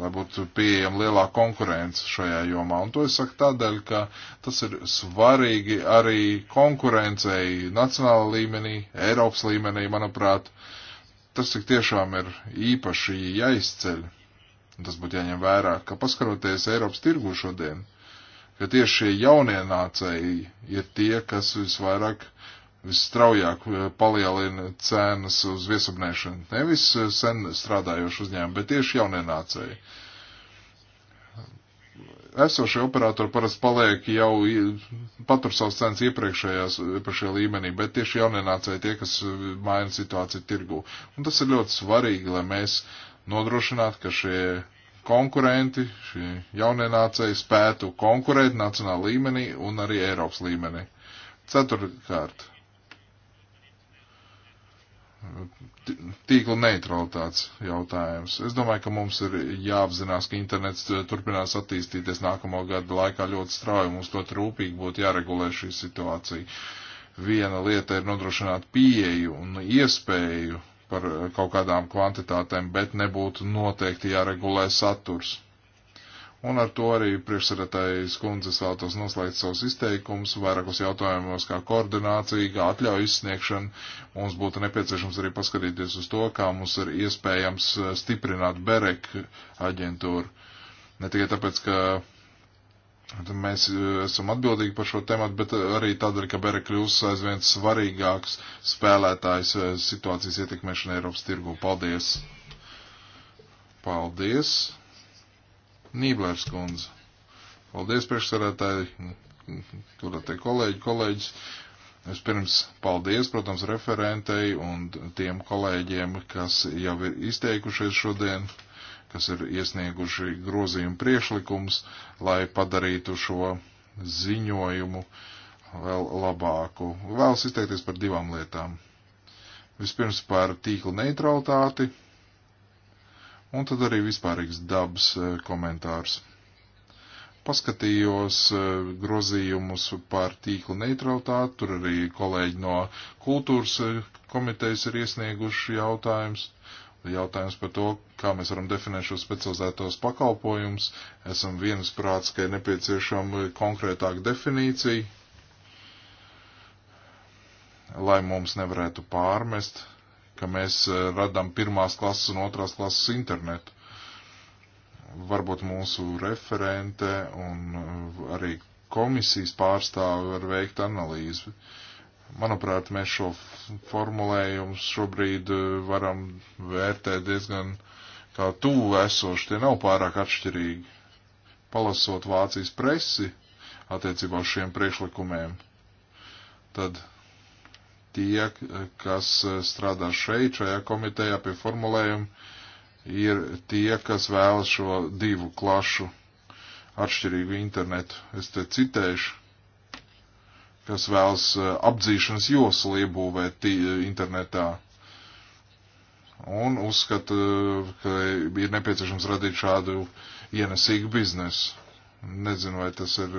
lai būtu pieejama lielā konkurence šajā jomā. Un to es saku tādēļ, ka tas ir svarīgi arī konkurencei nacionāla līmenī, Eiropas līmenī, manuprāt, tas tik tiešām ir īpaši jāizceļ. Tas būtu jāņem vērā, ka paskaroties Eiropas tirgu šodien, ka tieši šie jaunienācēji ir tie, kas visvairāk, visstraujāk eh, palielina cenas uz viesabnēšanu. Nevis eh, sen strādājoši uzņēmumi, bet tieši jaunienācēji. Esošie operatori parasti paliek jau patur savus cenas iepriekšējās, iepriekšējā līmenī, bet tieši jaunienācēji tie, kas eh, maina situāciju tirgu. Un tas ir ļoti svarīgi, lai mēs nodrošinātu, ka šie konkurenti, šie jaunienācēji spētu konkurēt nacionāla līmenī un arī Eiropas līmenī. Ceturtkārt, tīkla neutralitātes jautājums. Es domāju, ka mums ir jāapzinās, ka internets eh, turpinās attīstīties nākamo gadu laikā ļoti strauji. Mums ļoti rūpīgi būtu jāregulē šī situācija. Viena lieta ir nodrošināt pieeju un iespēju par eh, kaut kādām kvantitātēm, bet nebūtu noteikti jāregulē saturs. Un ar to arī priekšsēdētājas kundzes vēlētos noslēgt savus izteikumus vairākos jautājumos, kā koordinācija, kā atļauju izsniegšana. Mums būtu nepieciešams arī paskatīties uz to, kā mums ir iespējams eh, stiprināt BEREK aģentūru. Ne tikai tāpēc, ka Mēs e, esam atbildīgi par šo tematu, bet e, arī tādēļ, ka Bere kļūs aizvien svarīgāks spēlētājs e, situācijas ietekmēšana Eiropas tirgu. Paldies! Paldies! Nīblērs kundze! Paldies, priekšsarētāji, kurā te kolēģi, kolēģis. Es pirms paldies, protams, referentei un tiem kolēģiem, kas jau ir izteikušies šodien kas ir iesnieguši grozījumu priešlikums, lai padarītu šo ziņojumu vēl labāku. Vēlos izteikties par divām lietām. Vispirms par tīkla neutralitāti, un tad arī vispārīgs dabas eh, komentārs. Paskatījos eh, grozījumus par tīkla neutralitāti, tur arī kolēģi no kultūras eh, komitejas ir iesnieguši jautājums, jautājums par to, kā mēs varam definēt šos specializētos pakalpojumus. Esam vienas prāts, ka ir nepieciešama konkrētāka definīcija, lai mums nevarētu pārmest, ka mēs eh, radām pirmās klases un otrās klases internetu. Varbūt mūsu referente un eh, arī komisijas pārstāvi var veikt analīzi. Uh, Manuprāt, mēs šo formulējumu šobrīd eh, varam vērtēt diezgan kā tuvu esoši, tie nav pārāk atšķirīgi. Palasot Vācijas presi attiecībā uz šiem priekšlikumiem, tad tie, kas eh, strādā šeit, šajā komitejā pie formulējuma, ir tie, kas vēlas šo divu klašu atšķirīgu internetu. Es te citēšu kas vēlas eh, apdzīšanas joslu iebūvēt eh, internetā. Un uzskata, eh, ka ir nepieciešams radīt šādu ienesīgu biznesu. Nezinu, vai tas ir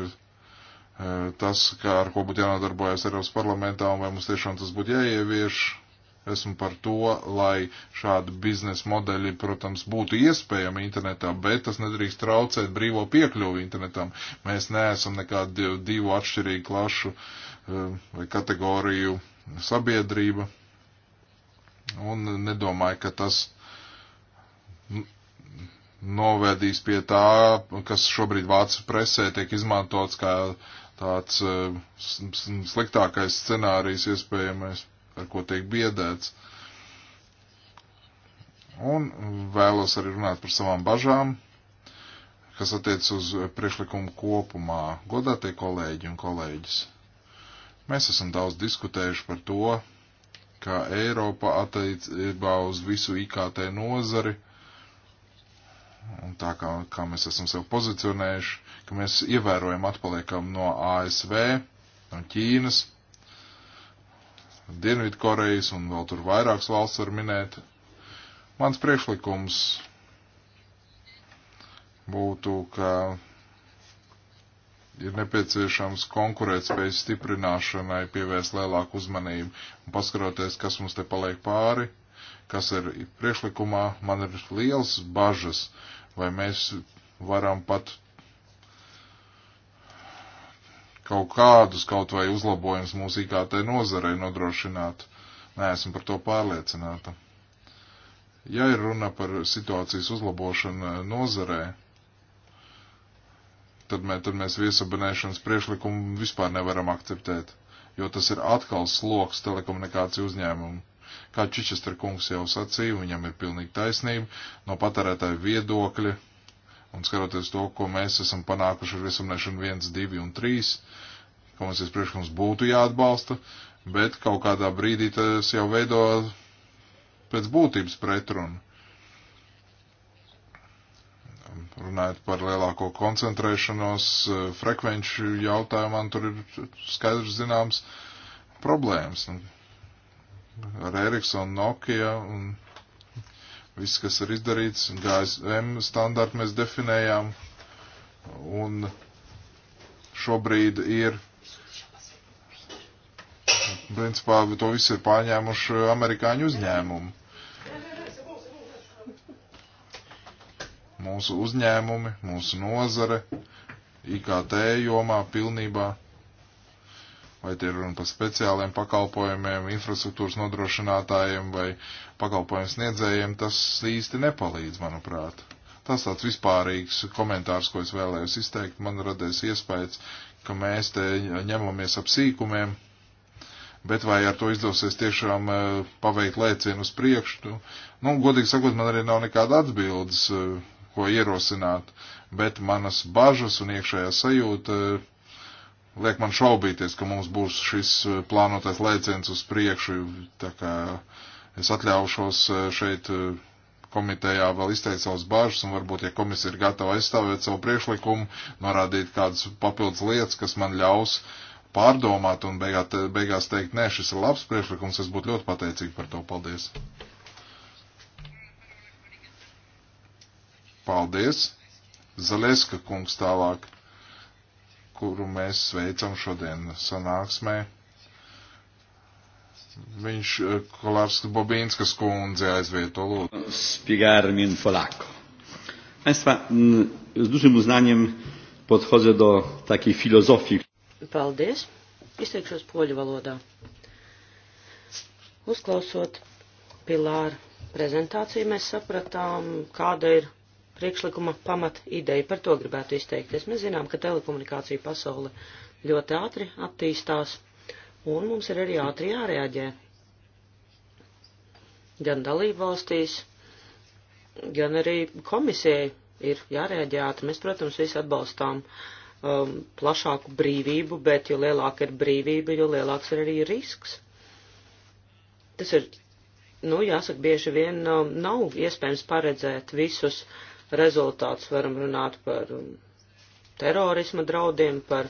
tas, kā ar ko būtu jānodarbojas Eiropas parlamentā, un vai mums tiešām tas būtu jāievieš. Esmu par to, lai šādi biznesa modeļi, protams, būtu iespējami internetā, bet tas nedrīkst traucēt brīvo piekļuvi internetam. Mēs neesam nekādu divu atšķirīgu klašu eh, vai kategoriju sabiedrība. Un nedomāju, ka tas novēdīs pie tā, kas šobrīd vācu presē tiek izmantots kā tāds eh, sliktākais scenārijs iespējamais ar ko tiek biedēts. Un vēlos arī runāt par savām bažām, kas attiec uz priekšlikumu kopumā. Godātie kolēģi un kolēģis, mēs esam daudz diskutējuši par to, kā Eiropa attiecībā uz visu IKT nozari un tā kā, kā mēs esam sev pozicionējuši, ka mēs ievērojam atpaliekam no ASV, no Ķīnas, Dienvidkorejas un vēl tur vairākas valsts var minēt. Mans priekšlikums būtu, ka ir nepieciešams konkurētspējas stiprināšanai pievērst lielāku uzmanību un paskaroties, kas mums te paliek pāri, kas ir priekšlikumā. Man ir liels bažas, vai mēs varam pat kaut kādus kaut vai uzlabojumus mūsu IKT nozarei nodrošināt. Nē, esmu par to pārliecināta. Ja ir runa par situācijas uzlabošanu nozarē, tad, mē, tad mēs viesabinēšanas priešlikumu vispār nevaram akceptēt, jo tas ir atkal sloks telekomunikāciju uzņēmumu. Kā Čičester kungs jau sacīja, viņam ir pilnīgi taisnība, no patērētāju viedokļa Un skatoties to, ko mēs esam panākuši ar viesumnešanu 1, 2 un 3, komisijas priekšlikums būtu jāatbalsta, bet kaut kādā brīdī tas jau veido pēc būtības pretrunu. Runājot par lielāko koncentrēšanos, eh, frekvenču jautājumā, tur ir skaidrs zināms problēmas. Nu, ar Ericsson, Nokia un Viss, kas ir izdarīts, GSM standārtu mēs definējām, un šobrīd ir, principā, to visu ir pārņēmuši amerikāņu uzņēmumu. Mūsu uzņēmumi, mūsu nozare, IKT jomā pilnībā vai tie runa par speciāliem pakalpojumiem, infrastruktūras nodrošinātājiem vai pakalpojumu sniedzējiem, tas īsti nepalīdz, manuprāt. Tas tāds vispārīgs komentārs, ko es vēlējos izteikt, man radies iespējas, ka mēs te ņemamies ap sīkumiem, bet vai ar to izdosies tiešām eh, paveikt lēcienu uz priekšu, nu, godīgi sakot, man arī nav nekāda atbildes, eh, ko ierosināt, bet manas bažas un iekšējā sajūta liek man šaubīties, ka mums būs šis eh, plānotais lēciens uz priekšu, tā kā es atļaušos eh, šeit eh, komitejā vēl izteikt savus bāžas, un varbūt, ja komisija ir gatava aizstāvēt savu priekšlikumu, norādīt kādas papildus lietas, kas man ļaus pārdomāt un beigāt, beigās teikt, nē, šis ir labs priekšlikums, es būtu ļoti pateicīgi par to. Paldies! Paldies! Zaleska kungs tālāk kuru mēs sveicam šodien sanāksmē. Viņš eh, Kolārskas Bobīnskas kundze aizvieto lūdzu. Spigarmin Folako. Państwa, mm, z dużym uznaniem podchodzę do takiej filozofii. Paldies. Izteikšos poļu valodā. Uzklausot Pilāra prezentāciju, mēs sapratām, kāda ir priekšlikuma pamat ideja. Par to gribētu izteikties. Mēs zinām, ka telekomunikācija pasaule ļoti ātri attīstās, un mums ir arī ātri jārēģē. Gan dalību valstīs, gan arī komisijai ir jārēģē ātri. Mēs, protams, visi atbalstām um, plašāku brīvību, bet jo lielāka ir brīvība, jo lielāks ir arī risks. Tas ir nu, jāsaka, bieži vien um, nav iespējams paredzēt visus rezultāts. Varam runāt par um, terorisma draudiem, par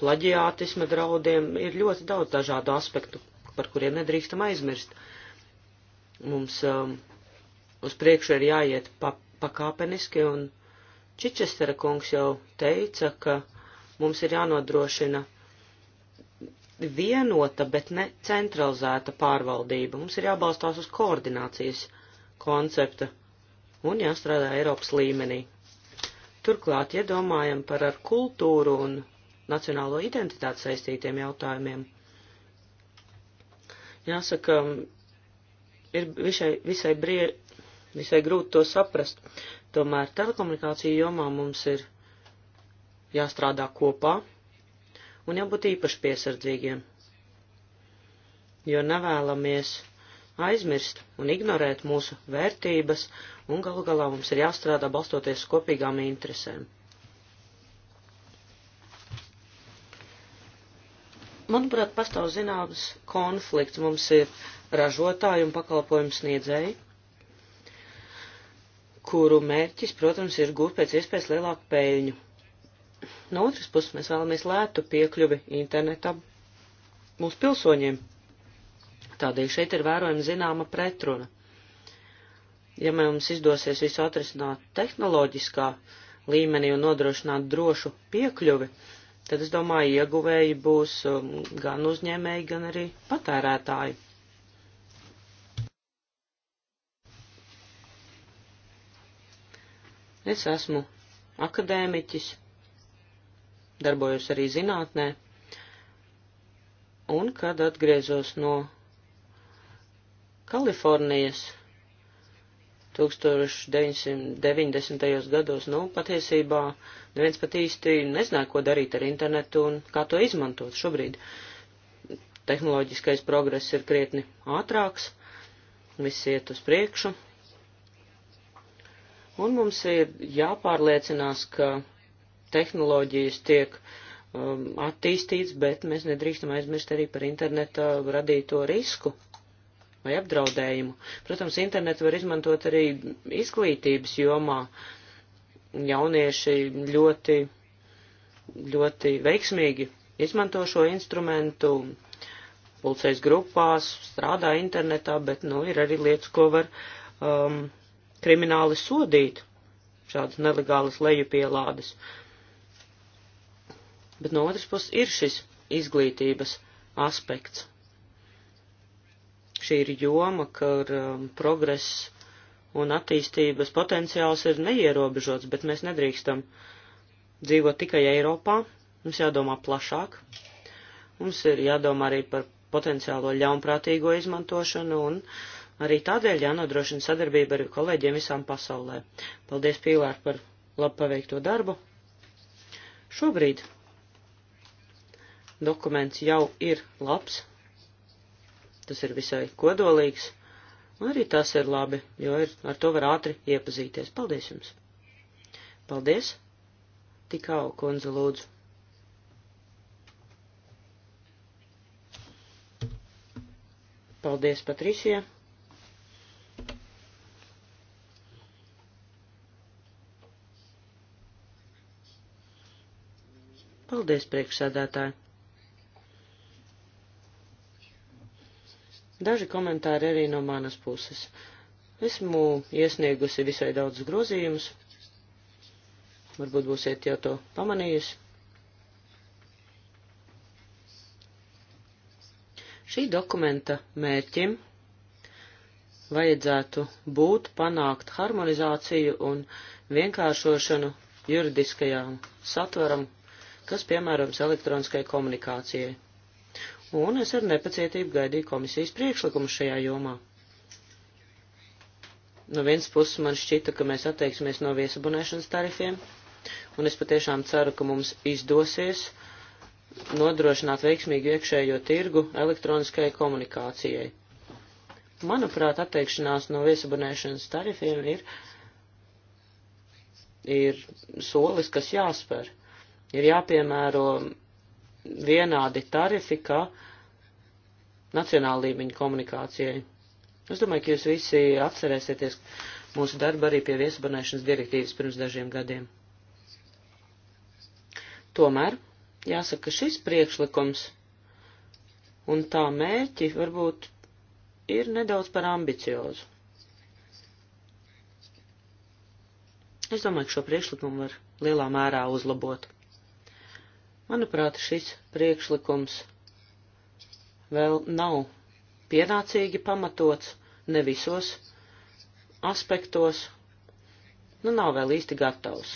plaģiātisma draudiem. Ir ļoti daudz dažādu aspektu, par kuriem nedrīkstam aizmirst. Mums um, uz priekšu ir jāiet pa, pakāpeniski, un Čičestera kungs jau teica, ka mums ir jānodrošina vienota, bet ne centralizēta pārvaldība. Mums ir jābalstās uz koordinācijas koncepta un jāstrādā Eiropas līmenī. Turklāt, ja domājam par ar kultūru un nacionālo identitāti saistītiem jautājumiem, jāsaka, ir visai, visai, brie, visai grūti to saprast. Tomēr telekomunikāciju jomā mums ir jāstrādā kopā un jābūt īpaši piesardzīgiem, jo nevēlamies aizmirst un ignorēt mūsu vērtības, un galu galā mums ir jāstrādā balstoties uz kopīgām interesēm. Manuprāt, pastāv zināms konflikts. Mums ir ražotāji un pakalpojumu sniedzēji, kuru mērķis, protams, ir gūt pēc iespējas lielāku peļņu. No otras puses, mēs vēlamies lētu piekļuvi internetam mūsu pilsoņiem, Tādēļ šeit ir vērojama zināma pretruna. Ja mums izdosies visu atrisināt tehnoloģiskā līmenī un nodrošināt drošu piekļuvi, tad es domāju, ieguvēji būs um, gan uzņēmēji, gan arī patērētāji. Es esmu akadēmiķis, darbojos arī zinātnē, un kad atgriezos no Kalifornijas 1990. gados, nu, patiesībā neviens pat īsti nezināja, ko darīt ar internetu un kā to izmantot šobrīd. Tehnoloģiskais progress ir krietni ātrāks, viss iet uz priekšu, un mums ir jāpārliecinās, ka tehnoloģijas tiek um, attīstīts, bet mēs nedrīkstam aizmirst arī par interneta radīto risku, vai apdraudējumu. Protams, internetu var izmantot arī izglītības jomā. Jaunieši ļoti, ļoti veiksmīgi izmanto šo instrumentu, pulcēs grupās, strādā internetā, bet, nu, ir arī lietas, ko var um, krimināli sodīt, šādas nelegālas lejupielādes. Bet no otras puses ir šis izglītības aspekts. Šī ir joma, kur um, progress un attīstības potenciāls ir neierobežots, bet mēs nedrīkstam dzīvot tikai Eiropā. Mums jādomā plašāk. Mums ir jādomā arī par potenciālo ļaunprātīgo izmantošanu un arī tādēļ jānodrošina sadarbība ar kolēģiem visām pasaulē. Paldies, Pīlār, par labu paveikto darbu. Šobrīd dokuments jau ir labs, tas ir visai kodolīgs, un arī tas ir labi, jo ir, ar to var ātri iepazīties. Paldies jums! Paldies! Tikau, kundze, lūdzu! Paldies, Patricija! Paldies, priekšsēdētāji! Daži komentāri arī no manas puses. Esmu iesniegusi visai daudz grozījumus, varbūt būsiet jau to pamanījusi. Šī dokumenta mērķim vajadzētu būt panākt harmonizāciju un vienkāršošanu juridiskajām satveram, kas piemērams elektroniskai komunikācijai un es ar nepacietību gaidīju komisijas priekšlikumu šajā jomā. No vienas puses man šķita, ka mēs atteiksimies no viesabunēšanas tarifiem, un es patiešām ceru, ka mums izdosies nodrošināt veiksmīgu iekšējo tirgu elektroniskajai komunikācijai. Manuprāt, atteikšanās no viesabunēšanas tarifiem ir, ir solis, kas jāspēr. Ir jāpiemēro vienādi tarifi kā nacionāla līmeņa komunikācijai. Es domāju, ka jūs visi atcerēsieties mūsu darbu arī pie viesabonēšanas direktīvas pirms dažiem gadiem. Tomēr jāsaka, šis priekšlikums un tā mērķi varbūt ir nedaudz par ambiciozu. Es domāju, ka šo priekšlikumu var lielā mērā uzlabot. Manuprāt, šis priekšlikums vēl nav pienācīgi pamatots ne visos aspektos, nu nav vēl īsti gatavs.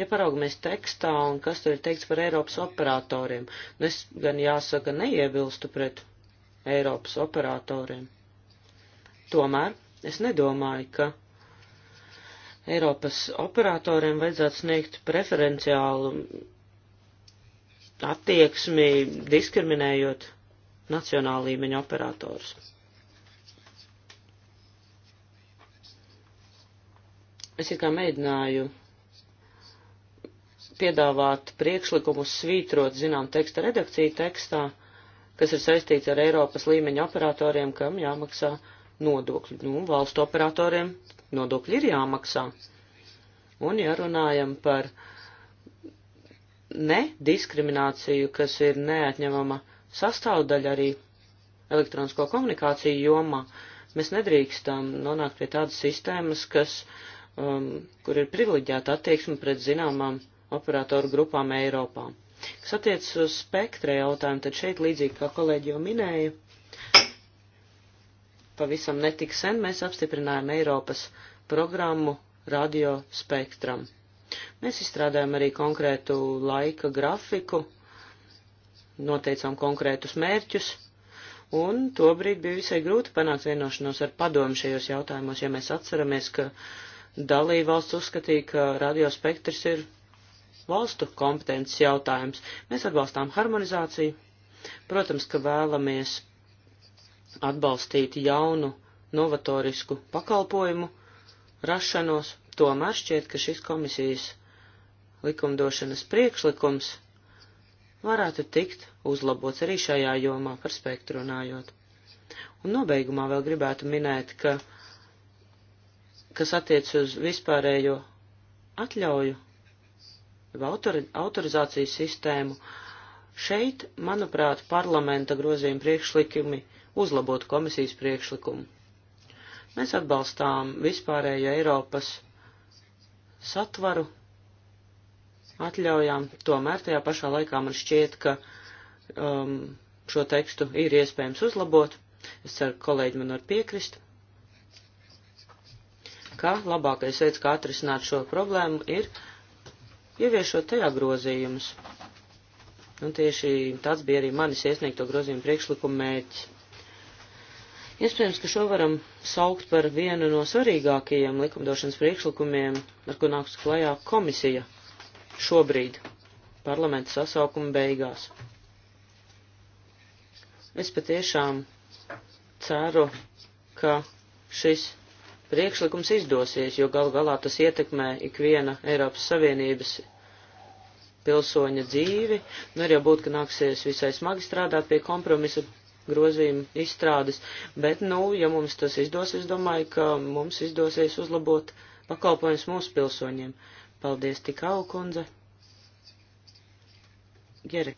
Ja paraugamies tekstā un kas tur ir teikts par Eiropas operatoriem, nu es gan jāsaka neiebilstu pret Eiropas operatoriem. Tomēr es nedomāju, ka Eiropas operatoriem vajadzētu sniegt preferenciālu attieksmi diskriminējot nacionāla līmeņa operators. Es kā mēģināju piedāvāt priekšlikumus svītrot, zinām, teksta redakciju tekstā, kas ir saistīts ar Eiropas līmeņa operatoriem, kam jāmaksā nodokļi. Nu, valstu operatoriem nodokļi ir jāmaksā. Un, ja runājam par uh, ne diskrimināciju, kas ir neatņemama sastāvdaļa arī elektronisko komunikāciju jomā, mēs nedrīkstam nonākt pie tādas sistēmas, kas, um, kur ir privileģēta attieksme pret zināmām operatoru grupām Eiropā. Kas attiecas uz spektra jautājumu, tad šeit līdzīgi kā kolēģi jau minēja, pavisam netik sen mēs apstiprinājām Eiropas programmu radio spektram. Mēs izstrādājam arī konkrētu laika grafiku, noteicām konkrētus mērķus, un tobrīd bija visai grūti panākt vienošanos ar padomu šajos jautājumos, ja mēs atceramies, ka dalība valsts uzskatīja, ka radiospektrs ir valstu kompetences jautājums. Mēs atbalstām harmonizāciju. Protams, ka vēlamies atbalstīt jaunu, novatorisku pakalpojumu rašanos, tomēr šķiet, ka šis komisijas likumdošanas priekšlikums varētu tikt uzlabots arī šajā jomā par spektru runājot. Un nobeigumā vēl gribētu minēt, ka, kas attiec uz vispārējo atļauju autori, autorizācijas sistēmu, šeit, manuprāt, parlamenta grozījuma priekšlikumi uzlabotu komisijas priekšlikumu. Mēs atbalstām vispārējo Eiropas satvaru atļaujām. Tomēr tajā pašā laikā man šķiet, ka um, šo tekstu ir iespējams uzlabot. Es ceru, ka kolēģi man var piekrist, ka labākais veids, kā atrisināt šo problēmu, ir ieviešot tajā grozījumus. Un tieši tāds bija arī manis iesniegto grozījumu priekšlikumu mērķis. Iespējams, ka šo varam saukt par vienu no svarīgākajiem likumdošanas priekšlikumiem, ar ko nāks klajā komisija šobrīd, parlamenta sasaukuma beigās. Es patiešām ceru, ka šis priekšlikums izdosies, jo gal galā tas ietekmē ikviena Eiropas Savienības pilsoņa dzīvi. Nu, arī jau būt, ka nāksies visai smagi strādāt pie kompromisa grozījuma izstrādes, bet, nu, ja mums tas izdosies, es domāju, ka mums izdosies uzlabot pakalpojums mūsu pilsoņiem. Paldies tik aukundze. Geri.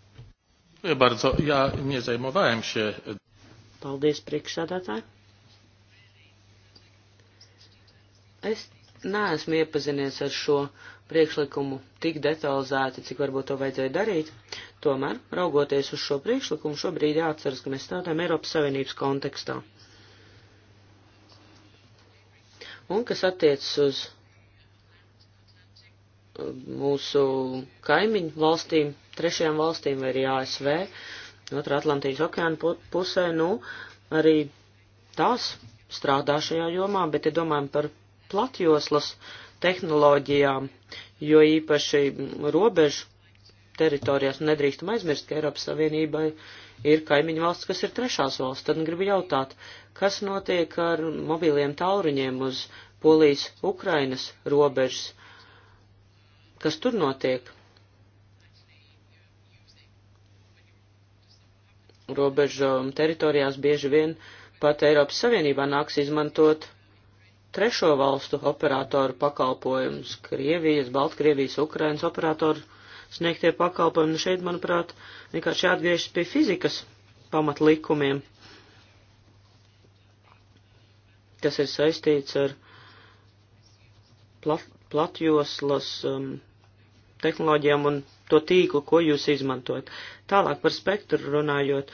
Ja bardzo, ja nie zajmowałem się. Paldies priekšsādātāji. Es neesmu iepazinies ar šo priekšlikumu tik detalizēti, cik varbūt to vajadzēja darīt. Tomēr, raugoties uz šo priekšlikumu, šobrīd jāatceras, ka mēs strādājam Eiropas Savienības kontekstā. Un kas attiecas uz mūsu kaimiņu valstīm, trešajām valstīm vai arī ASV, otrā Atlantijas okeāna pusē, nu, arī tās strādā šajā jomā, bet, ja domājam par platjoslas tehnoloģijām, jo īpaši robežu teritorijās nu, nedrīkstam aizmirst, ka Eiropas Savienībai ir kaimiņu valsts, kas ir trešās valsts. Tad gribu jautāt, kas notiek ar mobiliem tauruņiem uz Polijas-Ukrainas robežas? kas tur notiek. Robežu teritorijās bieži vien pat Eiropas Savienībā nāks izmantot trešo valstu operatoru pakalpojumus - Krievijas, Baltkrievijas, Ukrainas operatoru sniegtie pakalpojumi. Nu šeit, manuprāt, vienkārši jāatgriežas pie fizikas pamatlikumiem, kas ir saistīts ar plat, platjoslas um, tehnoloģijām un to tīklu, ko jūs izmantojat. Tālāk par spektru runājot,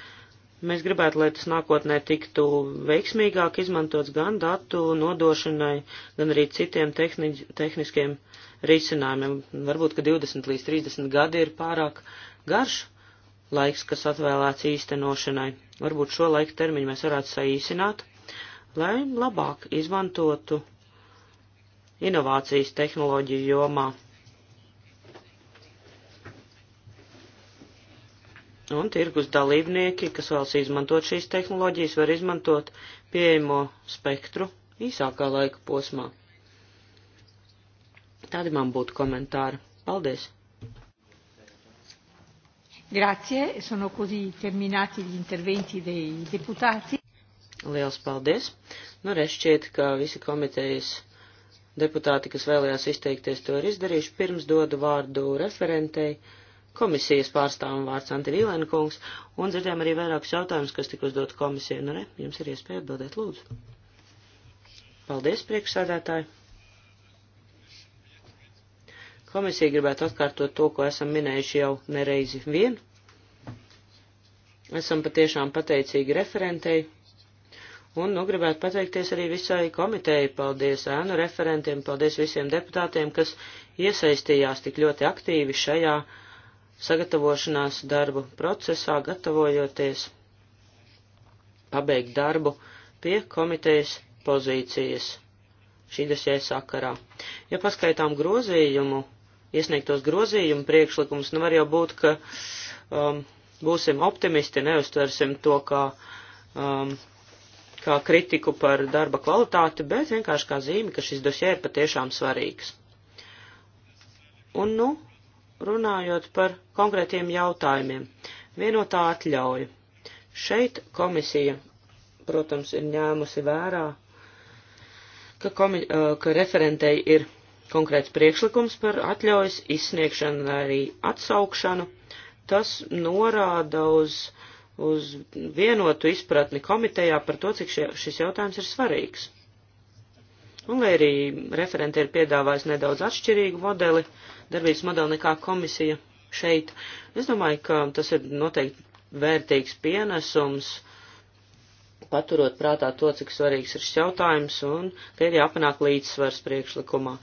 mēs gribētu, lai tas nākotnē tiktu veiksmīgāk izmantots gan datu nodošanai, gan arī citiem tehni tehniskiem risinājumiem. Varbūt, ka 20 līdz 30 gadi ir pārāk garš laiks, kas atvēlēts īstenošanai. Varbūt šo laiku termiņu mēs varētu saīsināt, lai labāk izmantotu inovācijas tehnoloģiju jomā. Un tirgus dalībnieki, kas vēlas izmantot šīs tehnoloģijas, var izmantot pieejamo spektru īsākā laika posmā. Tādi man būtu komentāri. Paldies! Grazie, sono così terminati gli interventi dei deputati. Liels paldies! Nu, rešķiet, ka visi komitejas deputāti, kas vēlējās izteikties, to ir izdarījuši. Pirms dodu vārdu referentei komisijas pārstāvam vārds Antirīlēna kungs, un dzirdējām arī vairākus jautājumus, kas tika uzdot komisijai. Nu, re, jums ir iespēja atbildēt, lūdzu. Paldies, priekšsādātāji. Komisija gribētu atkārtot to, ko esam minējuši jau nereizi vien. Esam patiešām pateicīgi referentei. Un, nu, gribētu pateikties arī visai komitejai, paldies ēnu referentiem, paldies visiem deputātiem, kas iesaistījās tik ļoti aktīvi šajā uh, sagatavošanās darbu procesā, gatavojoties pabeigt darbu pie komitejas pozīcijas šī desē sakarā. Ja paskaitām grozījumu, iesniegtos grozījumu priekšlikumus, nu var jau būt, ka um, būsim optimisti, neuztversim to kā, um, kā kritiku par darba kvalitāti, bet vienkārši kā zīmi, ka šis desē ir patiešām svarīgs. Un, nu, runājot par konkrētiem jautājumiem. Vienotā atļauja. Šeit komisija, protams, ir ņēmusi vērā, ka, komi, ka referentei ir konkrēts priekšlikums par atļaujas izsniegšanu vai arī atsaukšanu. Tas norāda uz, uz vienotu izpratni komitejā par to, cik šie, šis jautājums ir svarīgs. Un lai arī referenti ir piedāvājis nedaudz atšķirīgu modeli, darbības modeli nekā komisija šeit, es domāju, ka tas ir noteikti vērtīgs pienesums, paturot prātā to, cik svarīgs ir šis jautājums, un te ir jāpanāk līdzsvars priekšlikumā.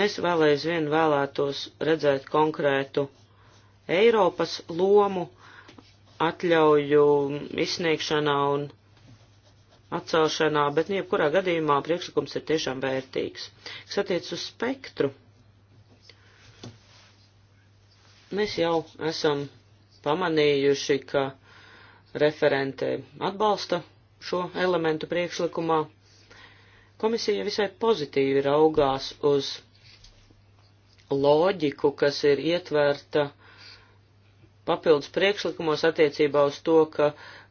Mēs vēl aizvien vēlētos redzēt konkrētu Eiropas lomu, atļauju izsniegšanā un atcelšanā, bet jebkurā gadījumā priekšlikums ir tiešām vērtīgs. Kas attiec uz spektru, mēs jau esam pamanījuši, ka referente atbalsta šo elementu priekšlikumā. Komisija visai pozitīvi raugās uz loģiku, kas ir ietverta papildus priekšlikumos attiecībā uz to, ka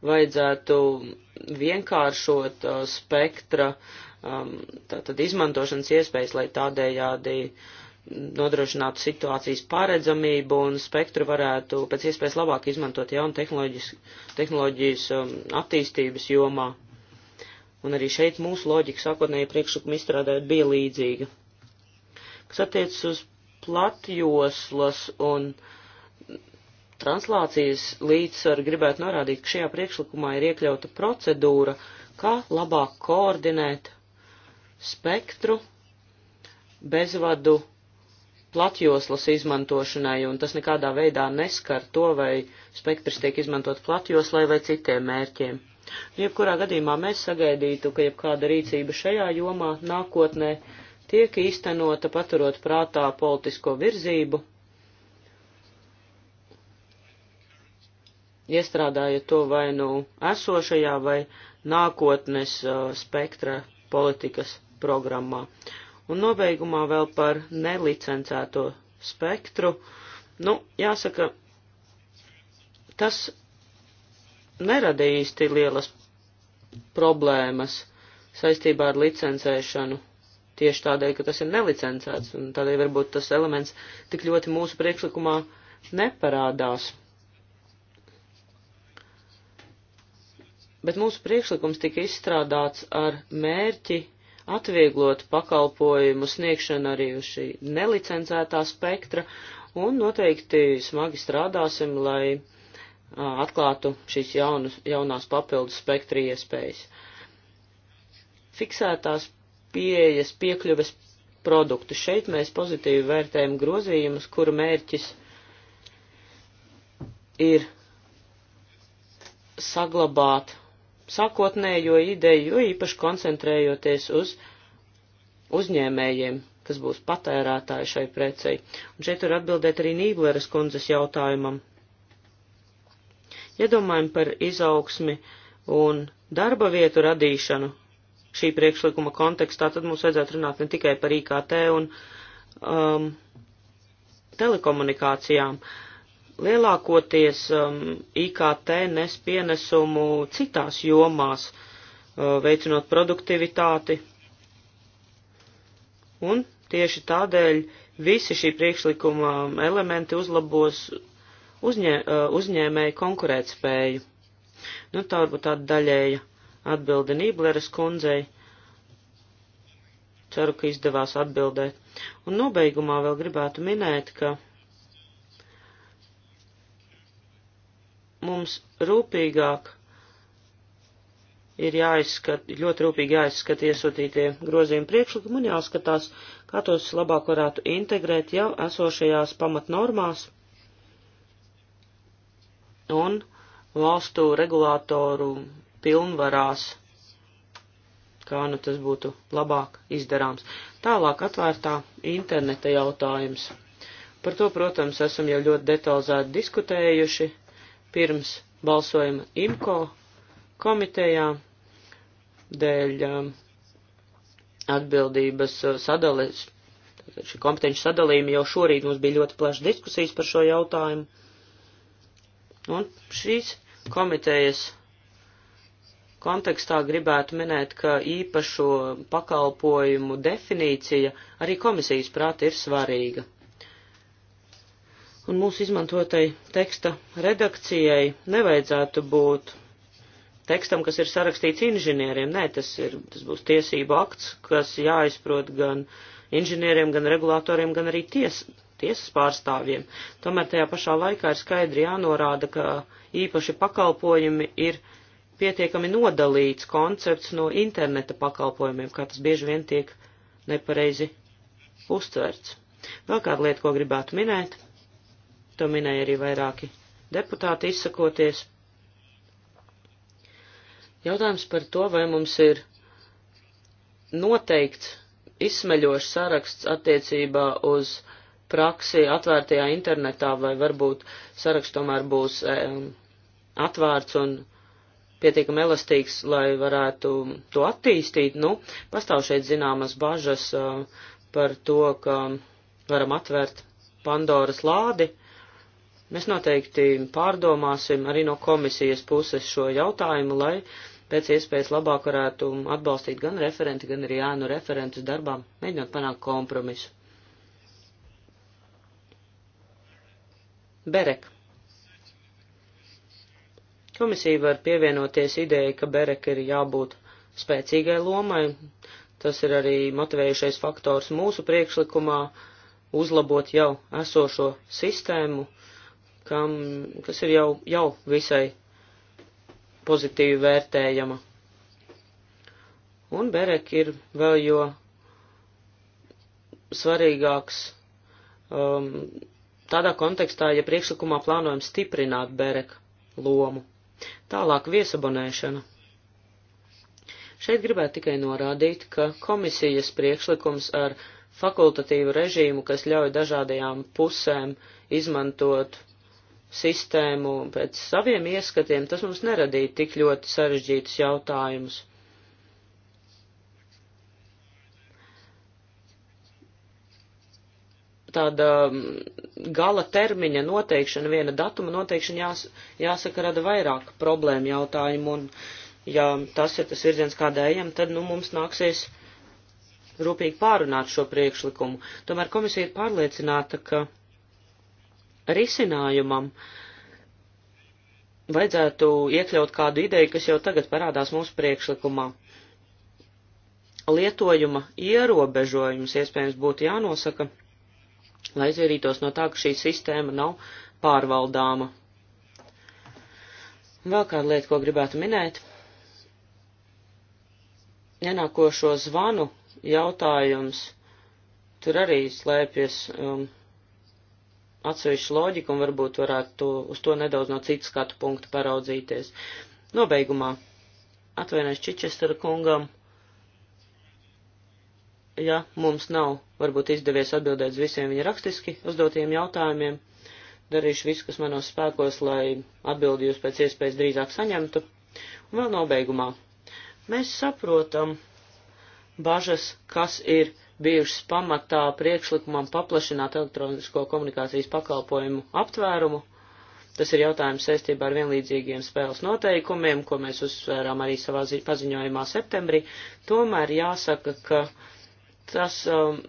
vajadzētu vienkāršot uh, spektra um, tātad izmantošanas iespējas, lai tādējādi nodrošinātu situācijas paredzamību un spektru varētu pēc iespējas labāk izmantot jaunu tehnoloģijas, tehnoloģijas um, attīstības jomā. Un arī šeit mūsu loģika sākotnēji priekšlikuma izstrādājot bija līdzīga. Kas attiecas uz platjoslas un uh, translācijas līdzsvaru gribētu norādīt, ka šajā priekšlikumā ir iekļauta procedūra, kā labāk koordinēt spektru bezvadu platjoslas izmantošanai, un tas nekādā veidā neskar to, vai spektrs tiek izmantot platjoslai vai citiem mērķiem. Jebkurā gadījumā mēs sagaidītu, ka jebkāda rīcība šajā jomā nākotnē tiek īstenota paturot prātā politisko virzību iestrādājot to vai nu esošajā vai nākotnes uh, spektra politikas programmā. Un nobeigumā vēl par nelicencēto spektru. Nu, jāsaka, tas nerada īsti lielas problēmas saistībā ar licencēšanu. Tieši tādēļ, ka tas ir nelicencēts, un tādēļ varbūt tas elements tik ļoti mūsu priekšlikumā neparādās. bet mūsu priekšlikums tika izstrādāts ar mērķi atvieglot pakalpojumu sniegšanu arī uz šī nelicencētā spektra, un noteikti smagi strādāsim, lai a, atklātu šīs jaunas, jaunās papildus spektra iespējas. Fiksētās pieejas piekļuves produktu. Šeit mēs pozitīvi vērtējam grozījumus, kuru mērķis ir saglabāt sākotnējo ideju, jo īpaši koncentrējoties uz uzņēmējiem, kas būs patērētāji šai precei. Un šeit var atbildēt arī Nībleres kundzes jautājumam. Iedomājam ja par izaugsmi un darba vietu radīšanu šī priekšlikuma kontekstā, tad mums vajadzētu runāt ne tikai par IKT un um, telekomunikācijām. Uh, Lielākoties um, IKT nes pienesumu citās jomās, uh, veicinot produktivitāti. Un tieši tādēļ visi šī priekšlikuma elementi uzlabos uzņē, uh, uzņēmēju konkurētspēju. Nu, tā varbūt tāda daļēja atbilde Nībleres kundzei. Ceru, ka izdevās atbildēt. Un nobeigumā vēl gribētu minēt, ka mums rūpīgāk ir jāizskat, ļoti rūpīgi jāizskata iesūtītie grozījumi priekšlikumi un jāskatās, kā tos labāk varētu integrēt jau esošajās pamatnormās un valstu regulātoru pilnvarās, kā nu tas būtu labāk izdarāms. Tālāk atvērtā interneta jautājums. Par to, protams, esam jau ļoti detalizēti diskutējuši pirms balsojuma IMCO komitejā dēļ um, atbildības uh, sadales, šī kompetenci sadalījuma jau šorīt mums bija ļoti plašas diskusijas par šo jautājumu. Un šīs komitejas kontekstā gribētu minēt, ka īpašo pakalpojumu definīcija arī komisijas prāti ir svarīga un mūsu izmantotai teksta redakcijai nevajadzētu būt tekstam, kas ir sarakstīts inženieriem. Nē, tas, ir, tas būs tiesību akts, kas jāizprot gan inženieriem, gan regulātoriem, gan arī ties, tiesas pārstāvjiem. Tomēr tajā pašā laikā ir skaidri jānorāda, ka īpaši pakalpojumi ir pietiekami nodalīts koncepts no interneta pakalpojumiem, kā tas bieži vien tiek nepareizi uztverts. Vēl kāda lieta, ko gribētu minēt To minēja arī vairāki deputāti izsakoties. Jautājums par to, vai mums ir noteikts izsmeļošs saraksts attiecībā uz praksi atvērtajā internetā, vai varbūt saraksts tomēr būs um, atvērts un pietiekami elastīgs, lai varētu to attīstīt. Nu, pastāv šeit zināmas bažas uh, par to, ka varam atvērt Pandoras lādi Mēs noteikti pārdomāsim arī no komisijas puses šo jautājumu, lai pēc iespējas labāk varētu atbalstīt gan referenti, gan arī ēnu referentus darbām, mēģinot panākt kompromisu. Berek. Komisija var pievienoties idejai, ka Berek ir jābūt spēcīgai lomai. Tas ir arī motivējušais faktors mūsu priekšlikumā uzlabot jau esošo sistēmu kam, kas ir jau, jau visai pozitīvi vērtējama. Un Berek ir vēl jo svarīgāks um, tādā kontekstā, ja priekšlikumā plānojam stiprināt Berek lomu. Tālāk viesabonēšana. Šeit gribētu tikai norādīt, ka komisijas priekšlikums ar fakultatīvu režīmu, kas ļauj dažādajām pusēm izmantot sistēmu pēc saviem ieskatiem, tas mums neradīja tik ļoti sarežģītus jautājumus. tāda mm, gala termiņa noteikšana, viena datuma noteikšana jās, jāsaka rada vairāk problēmu jautājumu, un ja tas ir tas virziens, kādā ejam, tad nu, mums nāksies rūpīgi pārunāt šo priekšlikumu. Tomēr komisija ir pārliecināta, ka risinājumam vajadzētu iekļaut kādu ideju, kas jau tagad parādās mūsu priekšlikumā. Lietojuma ierobežojums iespējams būtu jānosaka, lai izvairītos no tā, ka šī sistēma nav pārvaldāma. Vēl kāda lieta, ko gribētu minēt. Ienākošo zvanu jautājums. Tur arī slēpjas um, atsevišķu loģiku un varbūt varētu to, uz to nedaudz no citu skatu punktu paraudzīties. Nobeigumā atvainojos Čičestara kungam. Ja mums nav varbūt izdevies atbildēt uz visiem viņa rakstiski uzdotiem jautājumiem, darīšu visu, kas manos spēkos, lai atbildi jūs pēc iespējas drīzāk saņemtu. Un vēl nobeigumā. Mēs saprotam bažas, kas ir bijušas pamatā priekšlikumam paplašināt elektronisko komunikācijas pakalpojumu aptvērumu. Tas ir jautājums saistībā ar vienlīdzīgiem spēles noteikumiem, ko mēs uzsvērām arī savā paziņojumā septembrī. Tomēr jāsaka, ka tas um,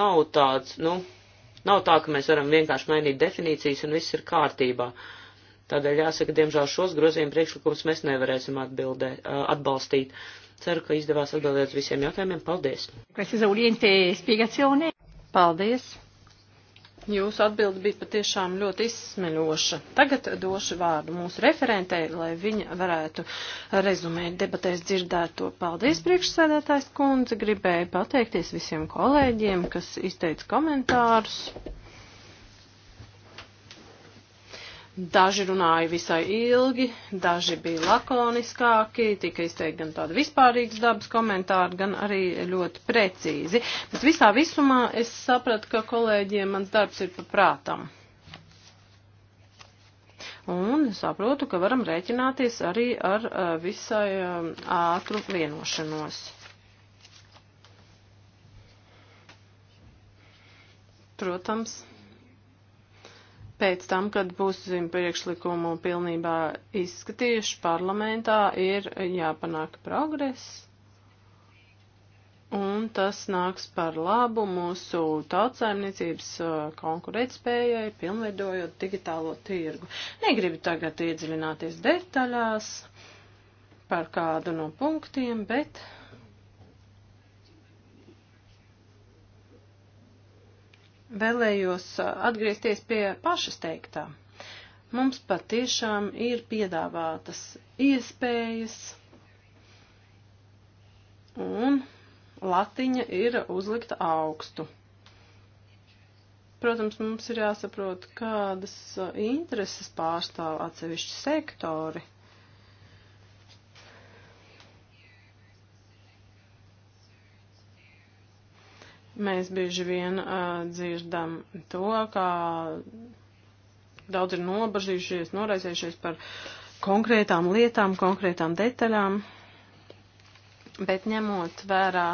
nav tāds, nu, nav tā, ka mēs varam vienkārši mainīt definīcijas un viss ir kārtībā. Uh, Tādēļ jāsaka, diemžēl šos grozījumu priekšlikumus mēs nevarēsim atbildē, atbalstīt. Ceru, ka izdevās atbildēt uz visiem jautājumiem. Paldies! Paldies! Jūsu atbildi bija patiešām ļoti izsmeļoša. Tagad došu vārdu mūsu referentei, lai viņa varētu rezumēt debatēs dzirdēto. Paldies, priekšsēdētājs kundze, gribēju pateikties visiem kolēģiem, kas izteica komentārus. Daži runāja visai ilgi, daži bija lakoniskāki, tika izteikti gan tādi vispārīgas dabas komentāri, gan arī ļoti precīzi. Bet visā visumā es sapratu, ka kolēģiem mans darbs ir paprātam. Un saprotu, ka varam rēķināties arī ar visai ātru vienošanos. Protams pēc tam, kad būsim priekšlikumu pilnībā izskatījuši parlamentā, ir jāpanāk progress. Un tas nāks par labu mūsu tautsājumniecības konkurētspējai, pilnveidojot digitālo tirgu. Negribu tagad iedziļināties detaļās par kādu no punktiem, bet vēlējos atgriezties pie pašas teiktā. Mums patiešām ir piedāvātas iespējas, un latiņa ir uzlikta augstu. Protams, mums ir jāsaprot, kādas intereses pārstāv atsevišķi sektori. Mēs bieži vien uh, dzirdam to, kā daudz ir nobažījušies, noraizējušies par konkrētām lietām, konkrētām detaļām, bet ņemot vērā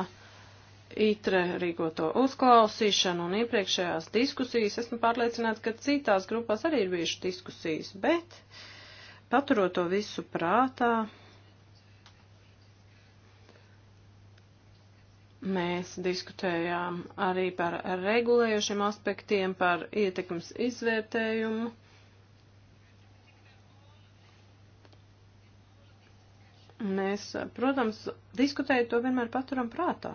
ITRE rīkoto uzklausīšanu un iepriekšējās diskusijas, esmu pārliecināta, ka citās grupās arī ir bijušas diskusijas, bet paturot to visu prātā, Mēs diskutējām arī par regulējušiem aspektiem, par ietekmes izvērtējumu. Mēs, protams, diskutējot to vienmēr paturam prātā.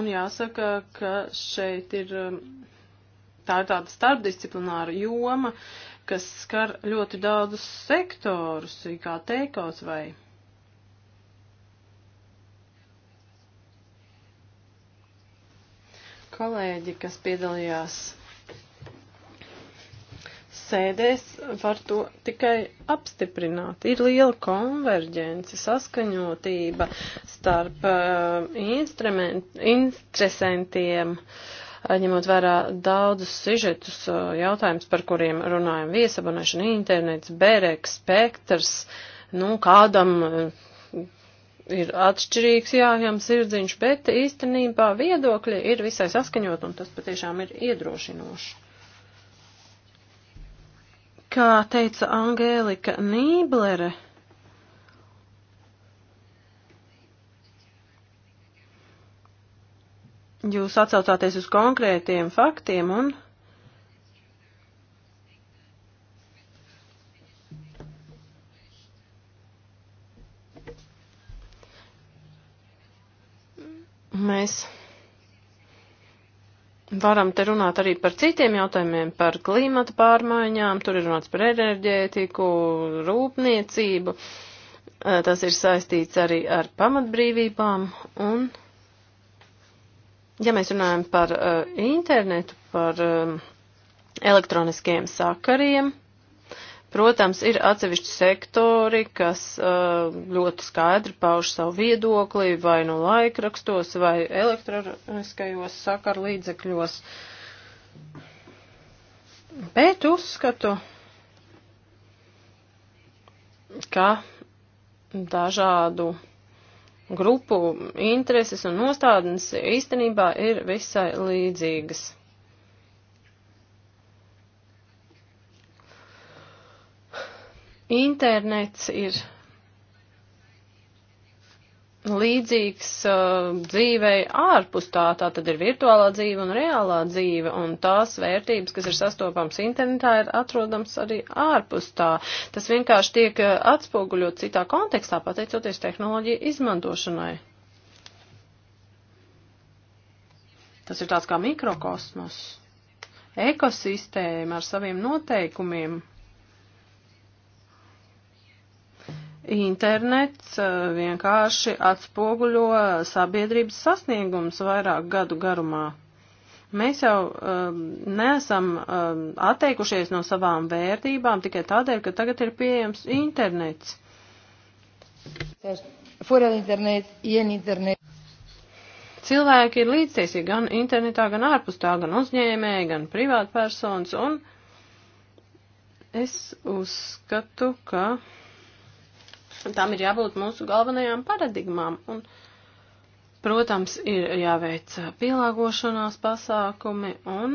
Un jāsaka, ka šeit ir tā ir tāda starpdisciplināra joma, kas skar ļoti daudzus sektorus, kā teikos vai. Kolēģi, kas piedalījās sēdēs, var to tikai apstiprināt. Ir liela konverģence, saskaņotība starp uh, eh, instrumentiem, interesantiem. Uh, ņemot vērā daudzus sižetus, uh, jautājums, par kuriem runājam viesabonēšana, internets, bēreks, spektrs, nu, kādam uh, ir atšķirīgs jājām sirdziņš, bet īstenībā viedokļi ir visai saskaņot, un tas patiešām ir iedrošinoši. Kā teica Angēlika Nīblere, Jūs atsaucāties uz konkrētiem faktiem un. Mēs varam te runāt arī par citiem jautājumiem, par klimata pārmaiņām, tur ir runāts par enerģētiku, rūpniecību, eh, tas ir saistīts arī ar pamatbrīvībām un ja mēs runājam par uh, internetu, par um, eh, elektroniskiem sakariem, protams, ir atsevišķi sektori, kas uh, ļoti skaidri pauž savu viedokli vai nu no laikrakstos vai elektroniskajos sakaru līdzekļos. Bet uzskatu, ka dažādu grupu intereses un nostādnes īstenībā ir visai līdzīgas. Internets ir līdzīgs uh, dzīvei ārpus tā, tā tad ir virtuālā dzīve un reālā dzīve, un tās vērtības, kas ir sastopams internetā, ir atrodams arī ārpus tā. Tas vienkārši tiek uh, atspoguļot citā kontekstā, pateicoties tehnoloģiju izmantošanai. Tas ir tāds kā mikrokosmos, ekosistēma ar saviem noteikumiem. Internets eh, vienkārši atspoguļo sabiedrības sasniegums vairāk gadu garumā. Mēs jau um, neesam um, atteikušies no savām vērtībām tikai tādēļ, ka tagad ir pieejams internets. Fuera de internet, ien internet. Cilvēki ir līdztiesīgi gan internetā, gan ārpus tā, gan uzņēmēji, gan privātpersonas, un es uzskatu, ka. Tām ir jābūt mūsu galvenajām paradigmām. Un, protams, ir jāveic pielāgošanās pasākumi un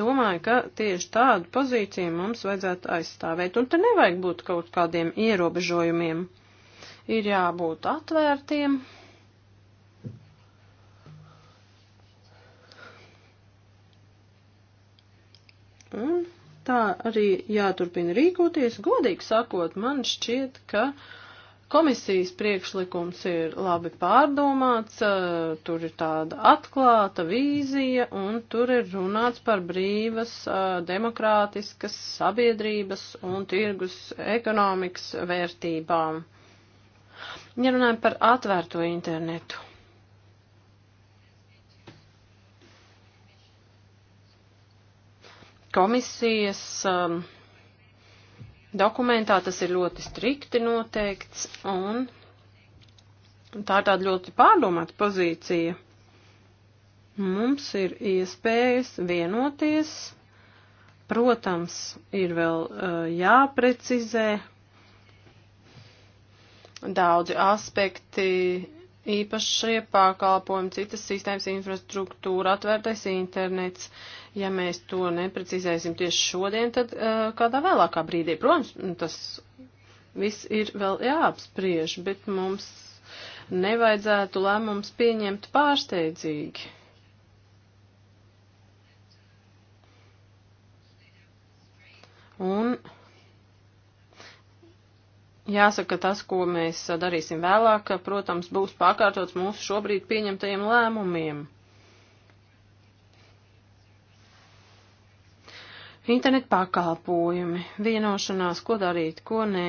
domāju, ka tieši tādu pozīciju mums vajadzētu aizstāvēt. Un te nevajag būt kaut kādiem ierobežojumiem. Ir jābūt atvērtiem. Un tā arī jāturpina rīkoties. Godīgi sakot, man šķiet, ka komisijas priekšlikums ir labi pārdomāts, tur ir tāda atklāta vīzija un tur ir runāts par brīvas, demokrātiskas sabiedrības un tirgus ekonomikas vērtībām. Ja runājam par atvērto internetu. komisijas um, dokumentā tas ir ļoti strikti noteikts un tā ir tāda ļoti pārdomāta pozīcija. Mums ir iespējas vienoties, protams, ir vēl uh, jāprecizē daudzi aspekti īpašie pakalpojumi, citas sistēmas infrastruktūra, atvērtais internets. Ja mēs to neprecizēsim tieši šodien, tad uh, kādā vēlākā brīdī, protams, tas viss ir vēl jāapspriež, bet mums nevajadzētu lēmums pieņemt pārsteidzīgi. Un Jāsaka, tas, ko mēs darīsim vēlāk, protams, būs pārkārtots mūsu šobrīd pieņemtajiem lēmumiem. Internet pakalpojumi, vienošanās, ko darīt, ko nē,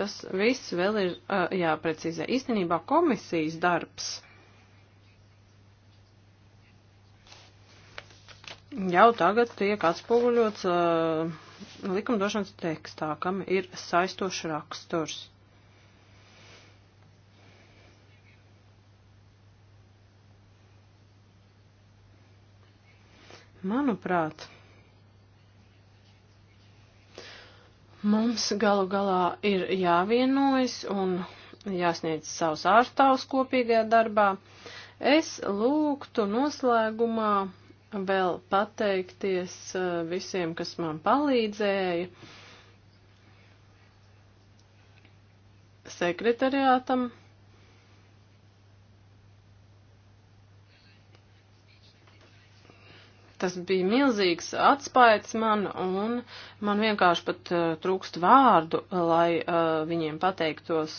tas viss vēl ir uh, jāprecizē. Īstenībā komisijas darbs jau tagad tiek atspoguļots. Uh, likumdošanas tekstā, kam ir saistošs raksturs. Manuprāt, mums galu galā ir jāvienojas un jāsniedz savus ārstāvus kopīgajā darbā. Es lūgtu noslēgumā vēl pateikties uh, visiem, kas man palīdzēja. Sekretariātam Tas bija milzīgs atspaids man, un man vienkārši pat uh, trūkst vārdu, lai uh, viņiem pateiktos.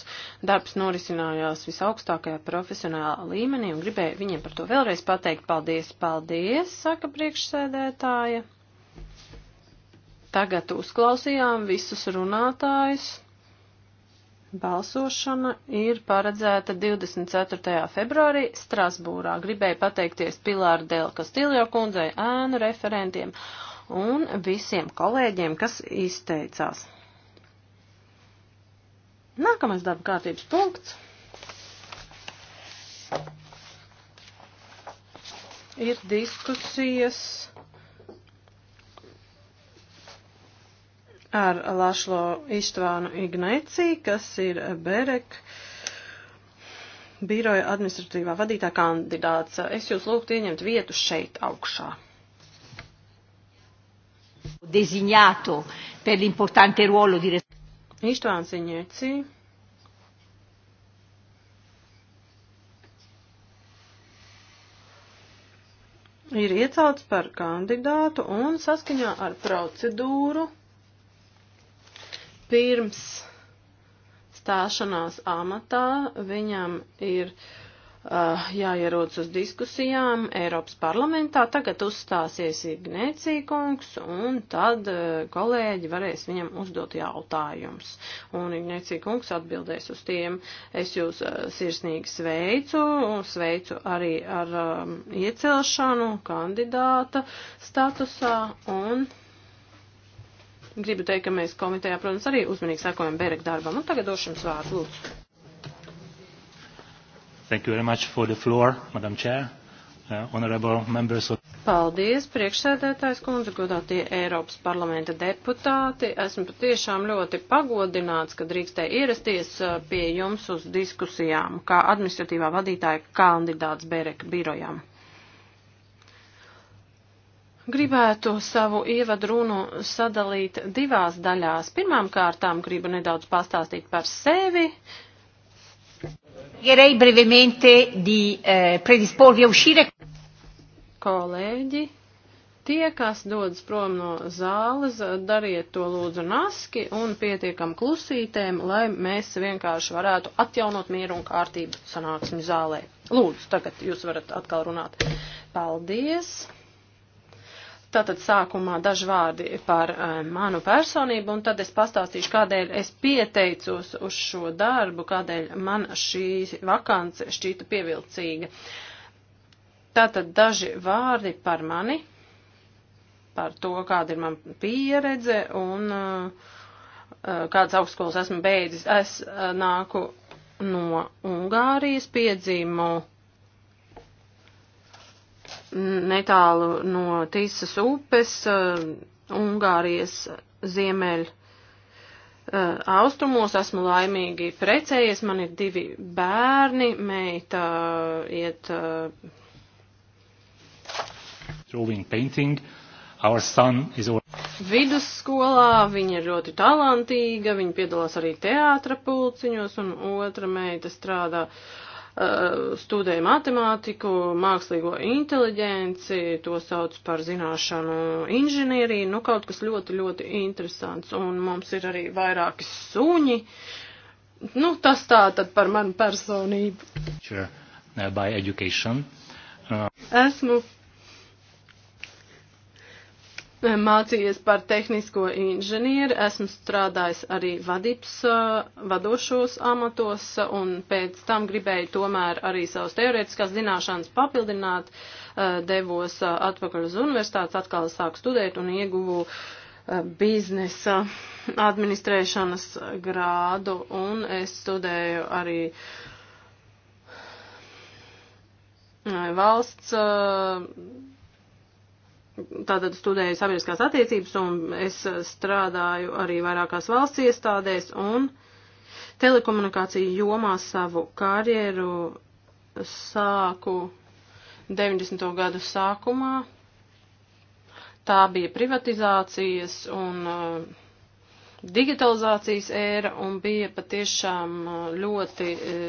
Darbs norisinājās visaugstākajā profesionālā līmenī, un gribēju viņiem par to vēlreiz pateikt paldies, paldies, saka priekšsēdētāja. Tagad uzklausījām visus runātājus. Balsošana ir paredzēta 24. februārī Strasbūrā. Gribēju pateikties Pilāra Del Kastiljo kundzei, ēnu referentiem un visiem kolēģiem, kas izteicās. Nākamais darba kārtības punkts ir diskusijas ar Lašlo Ištvānu Ignēcī, kas ir Berek biroja administratīvā vadītā kandidāts. Es jūs lūgtu ieņemt vietu šeit augšā. Designato per l'importante ruolo di Ištvāns Ignēcī. ir iecelts par kandidātu un saskaņā ar procedūru pirms stāšanās amatā viņam ir uh, jāierodas uz diskusijām Eiropas parlamentā. Tagad uzstāsies Ignēcīkungs, un tad uh, kolēģi varēs viņam uzdot jautājumus. Un Ignēcīkungs atbildēs uz tiem. Es jūs uh, sirsnīgi sveicu, sveicu arī ar um, iecelšanu kandidāta statusā, un Gribu teikt, ka mēs komitejā, protams, arī uzmanīgi sakojam Berek darbam. Un tagad došu jums vārdu, lūdzu. Thank you very much for the floor, Madam Chair. Uh, honorable members of... Paldies, priekšsēdētājs kundze, godātie Eiropas parlamenta deputāti. Esmu patiešām ļoti pagodināts, ka drīkstēju ierasties uh, pie jums uz diskusijām kā administratīvā vadītāja kandidāts Bereka birojām. Gribētu savu ievadrunu sadalīt divās daļās. Pirmām kārtām gribu nedaudz pastāstīt par sevi. Direi brevemente di eh, predisporvi a uscire. Kolēģi, tie, kas dodas prom no zāles, dariet to lūdzu naski un pietiekam klusītēm, lai mēs vienkārši varētu atjaunot mieru un kārtību sanāksmi zālē. Lūdzu, tagad jūs varat atkal runāt. Paldies! Tātad sākumā daži vārdi par eh, manu personību, un tad es pastāstīšu, kādēļ es pieteicos uz šo darbu, kādēļ man šī vakance šķīta pievilcīga. Tātad daži vārdi par mani, par to, kāda ir man pieredze un eh, eh, kādas augstskolas esmu beidzis. Es nāku no Ungārijas, piedzīmu netālu no Tīsas upes, eh, Ungārijas ziemeļa eh, austrumos esmu laimīgi precējies, man ir divi bērni, meita eh, iet. Drawing, painting. Our son is all... Vidusskolā viņa ir ļoti talantīga, viņa piedalās arī teātra pulciņos, un otra meita strādā Uh, studēja matemātiku, mākslīgo inteliģenci, to sauc par zināšanu inženieriju, nu kaut kas ļoti, ļoti interesants. Un mums ir arī vairāki suņi. Nu, tas tā tad par manu personību. Sure. Uh, by education. Uh. Esmu mācījies par tehnisko inženieri, esmu strādājis arī vadības vadošos amatos un pēc tam gribēju tomēr arī savas teorētiskās zināšanas papildināt, devos atpakaļ uz universitātes, atkal sāku studēt un ieguvu biznesa administrēšanas grādu un es studēju arī valsts tātad studēju sabiedriskās attiecības un es strādāju arī vairākās valsts iestādēs un telekomunikāciju jomā savu karjeru sāku 90. gadu sākumā. Tā bija privatizācijas un uh, digitalizācijas ēra un bija patiešām uh, ļoti e,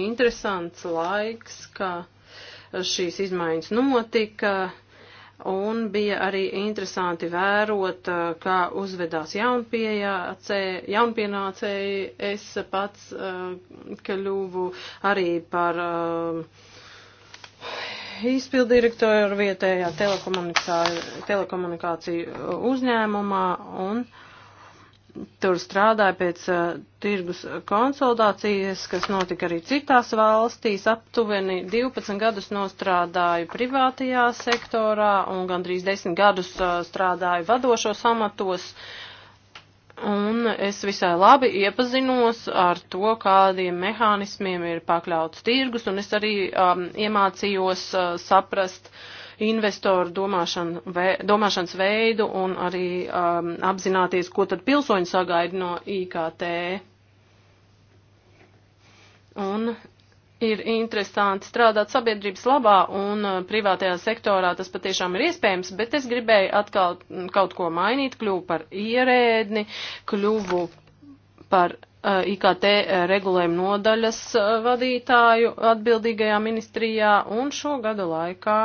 interesants laiks, ka šīs izmaiņas notika. Un bija arī interesanti vērot, uh, kā uzvedās jaunpienācēji. Es pats uh, kļuvu arī par uh, izpildirektoru vietējā telekomunikāciju uzņēmumā. Un, uh, tur strādāja pēc uh, tirgus konsolidācijas, kas notika arī citās valstīs. Aptuveni 12 gadus nostrādāju privātajā sektorā un gandrīz 10 gadus uh, strādāju vadošos amatos. Un es visai labi iepazinos ar to, kādiem mehānismiem ir pakļauts tirgus, un es arī um, iemācījos uh, saprast, uh, investoru domāšanu, vē, domāšanas veidu un arī um, apzināties, ko tad pilsoņi sagaida no IKT. Un ir interesanti strādāt sabiedrības labā un uh, privātajā sektorā tas patiešām ir iespējams, bet es gribēju atkal kaut ko mainīt, kļuvu par ierēdni, kļuvu par uh, IKT regulējumu nodaļas uh, vadītāju atbildīgajā ministrijā un šo gada laikā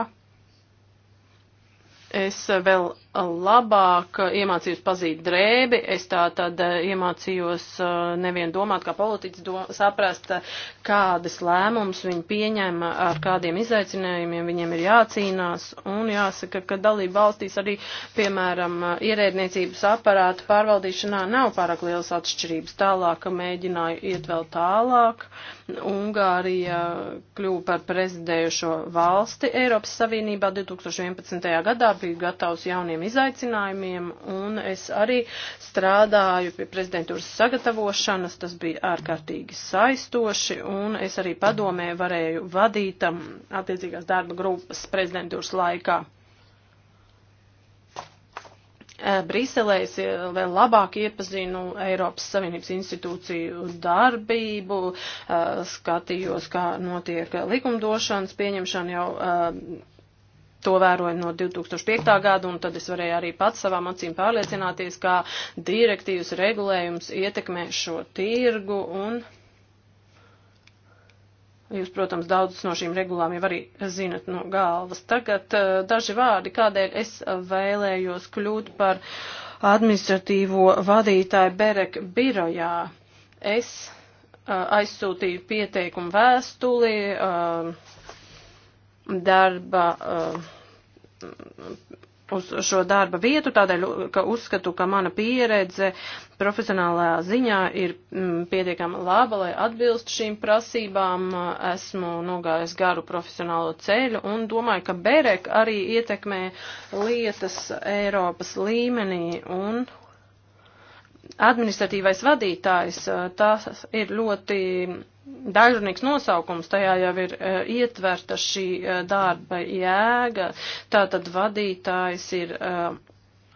Es vēl labāk iemācījos pazīt drēbi, es tā tad eh, iemācījos eh, nevien domāt kā politiķis, do, saprast, eh, kādas lēmumus viņi pieņem, ar kādiem izaicinājumiem viņiem ir jācīnās, un jāsaka, ka dalība valstīs arī, piemēram, ierēdniecības aparātu pārvaldīšanā nav pārāk lielas atšķirības. Tālāk mēģināju iet vēl tālāk, Ungārija kļuva par prezidējušo valsti Eiropas Savienībā 2011. gadā, bija gatavs jauniem izaicinājumiem, un es arī strādāju pie prezidentūras sagatavošanas, tas bija ārkārtīgi saistoši, un es arī padomē varēju vadīt tam um, attiecīgās darba grupas prezidentūras laikā. Briselē es vēl labāk iepazinu Eiropas Savienības institūciju darbību, skatījos, kā notiek likumdošanas pieņemšana jau to vēroju no 2005. gada, un tad es varēju arī pats savām acīm pārliecināties, kā direktīvas regulējums ietekmē šo tirgu, un jūs, protams, daudzas no šīm regulām jau arī zinat no galvas. Tagad eh, daži vārdi, kādēļ es vēlējos kļūt par administratīvo vadītāju Berek birojā. Es eh, aizsūtīju pieteikumu vēstuli, eh, darba uz šo darba vietu, tādēļ, ka uzskatu, ka mana pieredze profesionālajā ziņā ir m, mm, pietiekama laba, lai atbilst šīm prasībām. Esmu nogājis garu profesionālo ceļu un domāju, ka Berek arī ietekmē lietas Eiropas līmenī un administratīvais vadītājs. Tas ir ļoti Dažnīgs nosaukums tajā jau ir uh, ietverta šī uh, darba jēga, tātad vadītājs ir uh,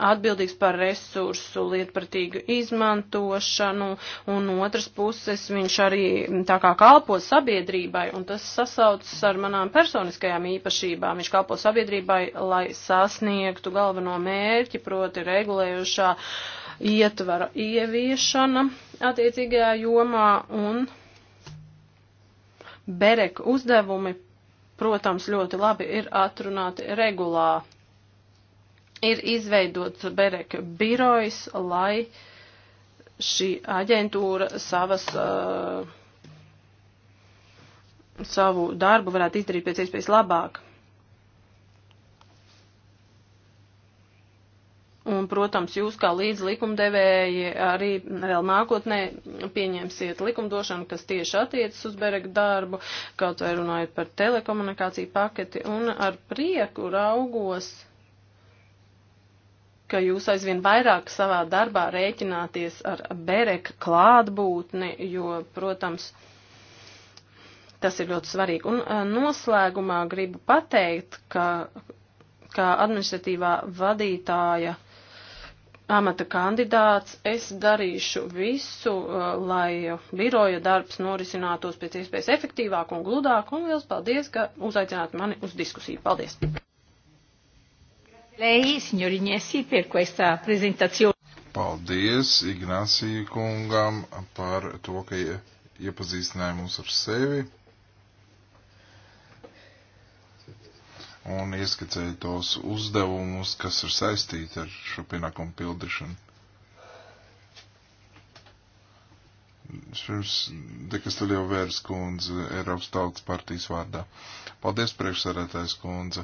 atbildīgs par resursu lietpratīgu izmantošanu, un otras puses viņš arī tā kā kalpo sabiedrībai, un tas sasaucas ar manām personiskajām īpašībām. Viņš kalpo sabiedrībai, lai sasniegtu galveno mērķi, proti regulējušā ietvara ieviešana attiecīgajā jomā un Bereka uzdevumi, protams, ļoti labi ir atrunāti regulā. Ir izveidots Bereka birojs, lai šī aģentūra savas. Uh, savu darbu varētu izdarīt pēc iespējas labāk. Un, protams, jūs kā līdz likumdevēji arī vēl nākotnē pieņemsiet likumdošanu, kas tieši attiecas uz Bereka darbu, kaut vai runājot par telekomunikāciju paketi, un ar prieku raugos, ka jūs aizvien vairāk savā darbā rēķināties ar Bereka klātbūtni, jo, protams, tas ir ļoti svarīgi. Un eh, noslēgumā gribu pateikt, ka kā administratīvā vadītāja amata kandidāts, es darīšu visu, uh, lai biroja darbs norisinātos pēc iespējas efektīvāk un gludāk, un liels paldies, ka uzaicināt mani uz diskusiju. Paldies! Lei, signor Ignesi, per questa presentazione. Paldies Ignācijai kungam par to, ka iepazīstināja mums ar sevi. un ieskicēja tos uzdevumus, kas ir saistīti ar šo pienākumu pildīšanu. Šis Dekastaļo Vērs kundze Eiropas Tautas partijas vārdā. Paldies, priekšsarētājs kundze.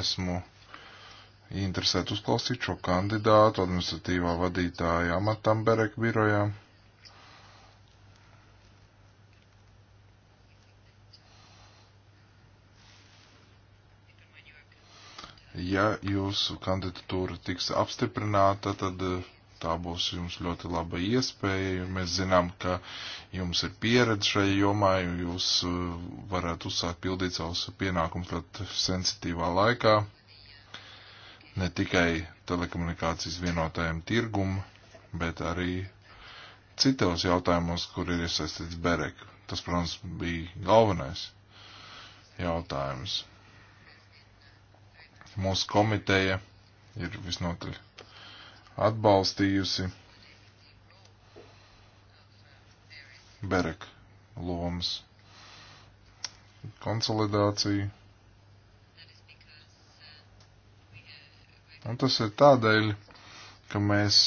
Esmu interesēti uzklausīt šo kandidātu administratīvā vadītāja amatam Berek birojā. ja jūsu kandidatūra tiks apstiprināta, tad eh, tā būs jums ļoti laba iespēja. Mēs zinām, ka jums ir pieredze šai jomā, jūs eh, varētu uzsākt pildīt savus pienākumus ļoti sensitīvā laikā, ne tikai telekomunikācijas vienotajam tirgum, bet arī citos jautājumos, kur ir iesaistīts Berek. Tas, protams, bija galvenais jautājums mūsu komiteja ir visnotaļ atbalstījusi Berek lomas konsolidāciju. Un tas ir tādēļ, ka mēs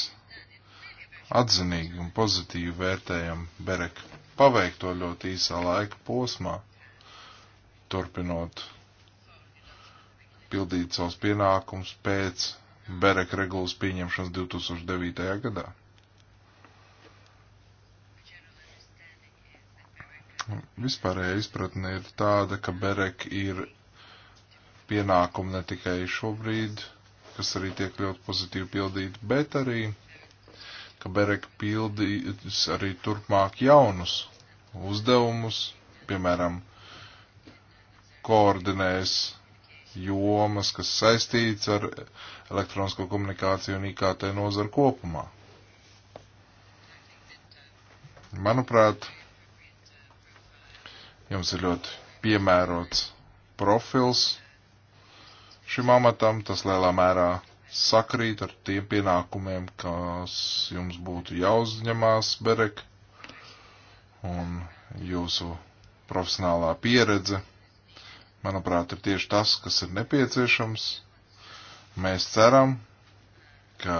atzinīgi un pozitīvi vērtējam Berek paveikto ļoti īsā laika posmā, turpinot pildīt savus pienākumus pēc Bereka regulas pieņemšanas 2009. gadā. Vispārējā izpratne ir tāda, ka Berek ir pienākumi ne tikai šobrīd, kas arī tiek ļoti pozitīvi pildīti, bet arī, ka Berek pildīs arī turpmāk jaunus uzdevumus, piemēram, koordinēs jomas, kas saistīts ar elektronisko komunikāciju un IKT nozaru kopumā. Manuprāt, jums ir ļoti piemērots profils šim amatam, tas lielā mērā sakrīt ar tiem pienākumiem, kas jums būtu jāuzņemās, Berek, un jūsu profesionālā pieredze manuprāt, ir tieši tas, kas ir nepieciešams. Mēs ceram, ka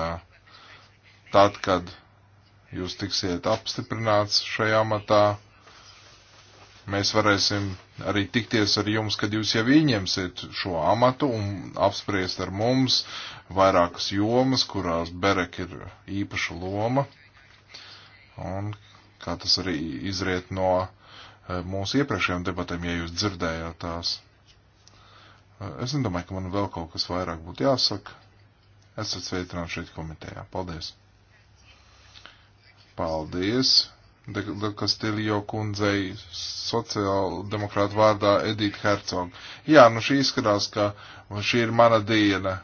tad, kad jūs tiksiet apstiprināts šajā matā, mēs varēsim arī tikties ar jums, kad jūs jau ieņemsiet šo amatu un apspriest ar mums vairākas jomas, kurās Berek ir īpaša loma. Un kā tas arī izriet no eh, mūsu iepriekšējām debatēm, ja jūs dzirdējāt tās. Es nedomāju, ka man vēl kaut kas vairāk būtu jāsaka. Esat sveicināti šeit komitejā. Paldies! Paldies! Kastiljo kundzei sociāldemokrāta vārdā Edita Hercog. Jā, nu šī izskatās, ka šī ir mana diena.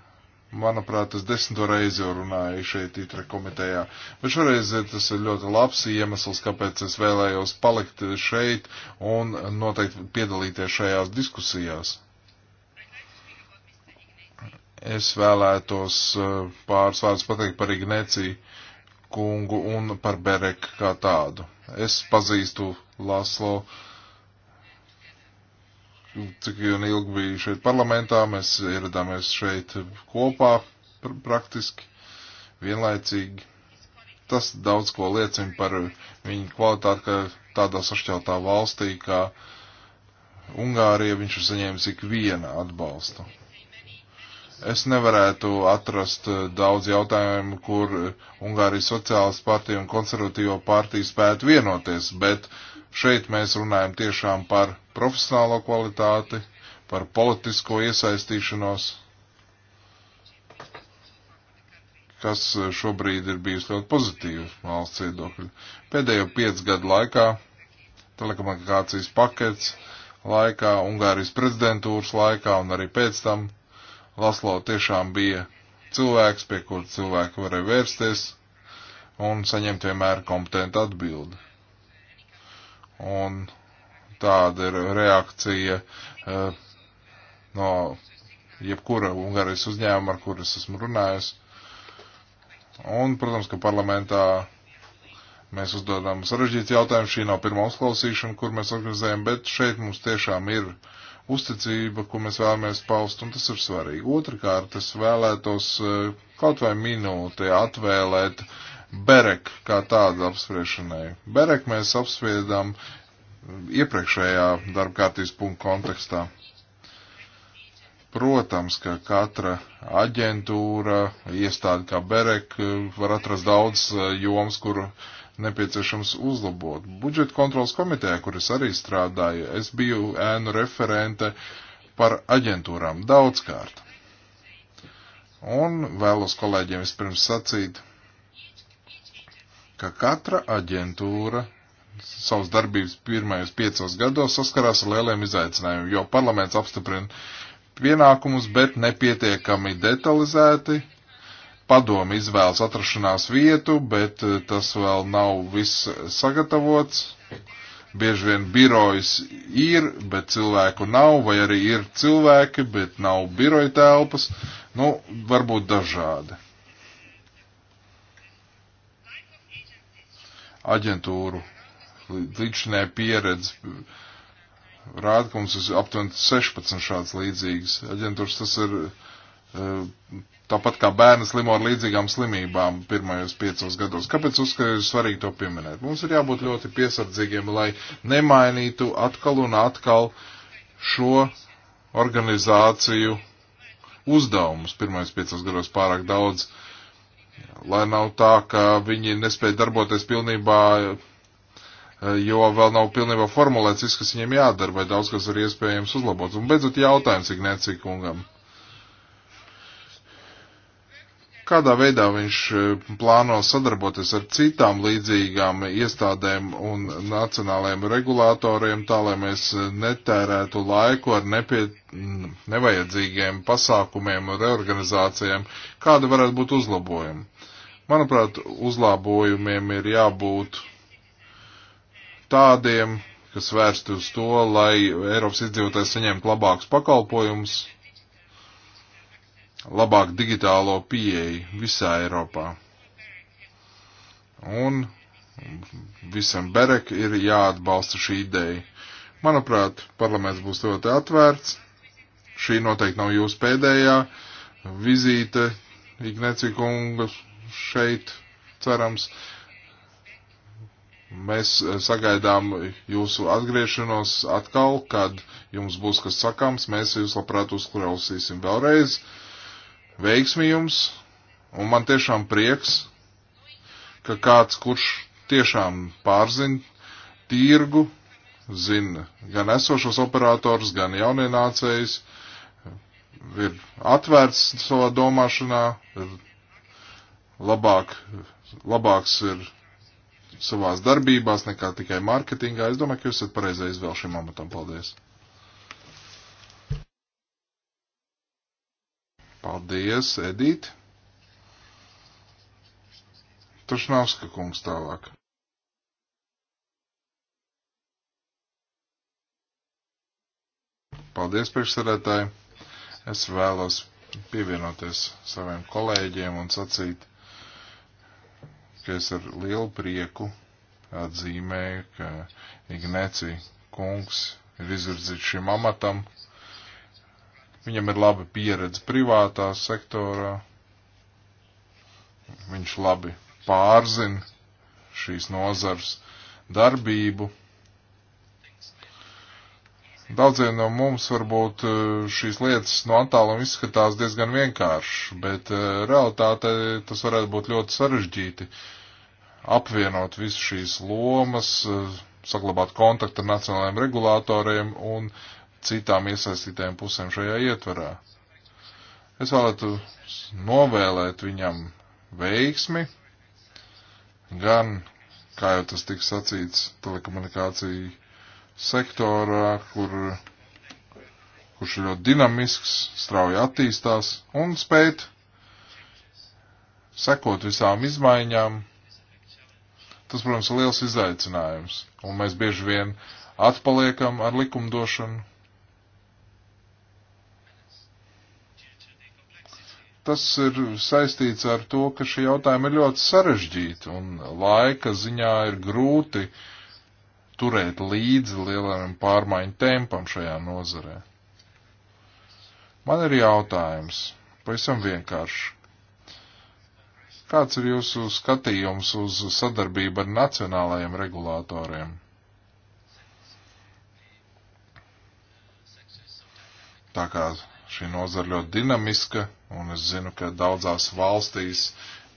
Manuprāt, es desmito reizi jau runāju šeit itra komitejā, bet šoreiz tas ir ļoti labs iemesls, kāpēc es vēlējos palikt šeit un noteikti piedalīties šajās diskusijās. Es vēlētos eh, pāris vārdus pateikt par Ignēciju kungu un par Bereku kā tādu. Es pazīstu Laslo, cik jau ilgi biju šeit parlamentā, mēs ieradāmies šeit kopā pr praktiski vienlaicīgi. Tas daudz ko liecina par viņu kvalitāti, ka tādā sašķeltā valstī kā Ungārija viņš ir saņēmis ik viena atbalstu. Es nevarētu atrast eh, daudz jautājumu, kur Ungārijas sociālas partija un konservatīvo partija spētu vienoties, bet šeit mēs runājam tiešām par profesionālo kvalitāti, par politisko iesaistīšanos, kas šobrīd ir bijusi ļoti pozitīva valsts viedokļa. Pēdējo piecu gadu laikā telekomunikācijas pakets laikā, Ungārijas prezidentūras laikā un arī pēc tam Laslo tiešām bija cilvēks, pie kura cilvēki varēja vērsties un saņemt vienmēr kompetentu atbildi. Un tāda ir reakcija uh, no jebkura Ungārijas uzņēmuma, ar kuras esmu runājusi. Un, protams, ka parlamentā mēs uzdodam sarežģītu jautājumu. Šī nav pirmā uzklausīšana, kur mēs organizējam, bet šeit mums tiešām ir uh, uzticība, ko mēs vēlamies paust, un tas ir svarīgi. Otrakārt, es vēlētos e, kaut vai minūti atvēlēt Berek kā tādu apspriešanai. Berek mēs apspriedām e, iepriekšējā darba kārtības punktu kontekstā. Protams, ka katra aģentūra, iestāde kā Berek e, var atrast daudz joms, kur uh, nepieciešams uzlabot. Budžeta kontrolas komitejā, kur es arī strādāju, es biju ēnu referente par aģentūrām daudzkārt. Un vēlos kolēģiem vispirms sacīt, ka katra aģentūra savas darbības pirmajos piecos gados saskarās ar lieliem izaicinājumiem, jo parlaments apstiprina pienākumus, bet nepietiekami detalizēti padomu izvēlas atrašanās vietu, bet eh, tas vēl nav viss sagatavots. Bieži vien birojas ir, bet cilvēku nav, vai arī ir cilvēki, bet nav biroja telpas. Nu, varbūt dažādi. Aģentūru līdzinē pieredze rāda, ka mums ir aptuveni 16 šāds līdzīgas aģentūras. Tas ir uh, Tāpat kā bērni slimo ar līdzīgām slimībām pirmajos piecos gados. Kāpēc uzskatu, ir svarīgi to pieminēt? Mums ir jābūt ļoti piesardzīgiem, lai nemainītu atkal un atkal šo organizāciju uzdevumus pirmajos piecos gados pārāk daudz, lai nav tā, ka viņi nespēja darboties pilnībā, jo vēl nav pilnībā formulēts viss, kas viņiem jādara, vai daudz kas ir iespējams uzlabots. Un beidzot jautājums Ignēcija kungam kādā veidā viņš e, plāno sadarboties ar citām līdzīgām iestādēm un nacionālajiem regulātoriem, tā lai mēs e, netērētu laiku ar nepie... nevajadzīgiem pasākumiem un reorganizācijām, kāda varētu būt uzlabojumi. Manuprāt, uzlabojumiem ir jābūt tādiem, kas vērsti uz to, lai Eiropas iedzīvotājs saņemtu labākus pakalpojumus, labāk digitālo pieeju visā Eiropā. Un visam Berek ir jāatbalsta šī ideja. Manuprāt, parlaments būs ļoti atvērts. Šī noteikti nav jūsu pēdējā vizīte Igneci kunga šeit, cerams. Mēs sagaidām jūsu atgriešanos atkal, kad jums būs kas sakāms. Mēs jūs labprāt uzklausīsim vēlreiz. Uh, Veiksmi jums, un man tiešām prieks, ka kāds, kurš tiešām pārzina tirgu, zina gan esošos operators, gan jaunienācējus, ir atvērts savā domāšanā, ir labāk, labāks ir savās darbībās nekā tikai mārketingā. Es domāju, ka jūs esat pareizai izvēl šim amatam. Paldies! Paldies, Edīt. Tošnovska kungs tālāk. Paldies, priekšsarētāji. Es vēlos pievienoties saviem kolēģiem un sacīt, ka es ar lielu prieku atzīmēju, ka Igneci kungs ir izvirzīts šim amatam, Viņam ir laba pieredze privātā sektorā. Viņš labi pārzina šīs nozars darbību. Daudziem no mums varbūt eh, šīs lietas no attāluma izskatās diezgan vienkārši, bet eh, realitāte tas varētu būt ļoti sarežģīti apvienot visu šīs lomas, eh, saglabāt kontaktu ar nacionālajiem regulātoriem un citām iesaistītajām pusēm šajā ietvarā. Es vēlētu novēlēt viņam veiksmi, gan, kā jau tas tika sacīts, telekomunikāciju sektorā, kur, kurš ir ļoti dinamisks, strauji attīstās un spēt sekot visām izmaiņām. Tas, protams, ir liels izaicinājums, un mēs bieži vien atpaliekam ar likumdošanu tas ir saistīts ar to, ka šie jautājumi ir ļoti sarežģīti un laika ziņā ir grūti turēt līdzi lielam pārmaiņu tempam šajā nozarē. Man ir jautājums, pavisam vienkārši. Kāds ir jūsu skatījums uz sadarbību ar nacionālajiem regulātoriem? Tā kā šī nozara ļoti dinamiska Un es zinu, ka daudzās valstīs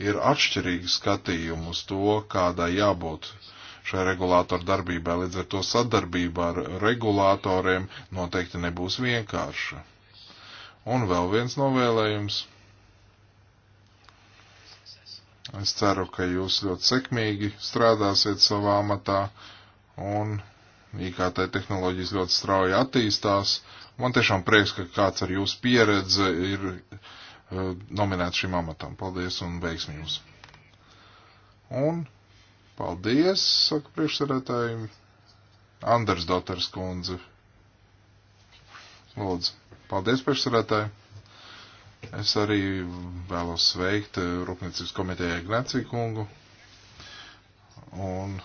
ir atšķirīgi skatījumi uz to, kādai jābūt šai regulātoru darbībai. Līdz ar to sadarbība ar regulātoriem noteikti nebūs vienkārša. Un vēl viens novēlējums. Es ceru, ka jūs ļoti sekmīgi strādāsiet savā amatā un IKT tehnoloģijas ļoti strauji attīstās. Man tiešām prieks, ka kāds ar jūsu pieredzi ir Eh, nominēts šim amatam. Paldies un veiksmi jums! Un paldies, saka priekšsarētāji, Anders Dotars kundze. Lūdzu, paldies priekšsarētāji! Es arī vēlos sveikt eh, Rūpniecības komitejai Gnaciju kungu un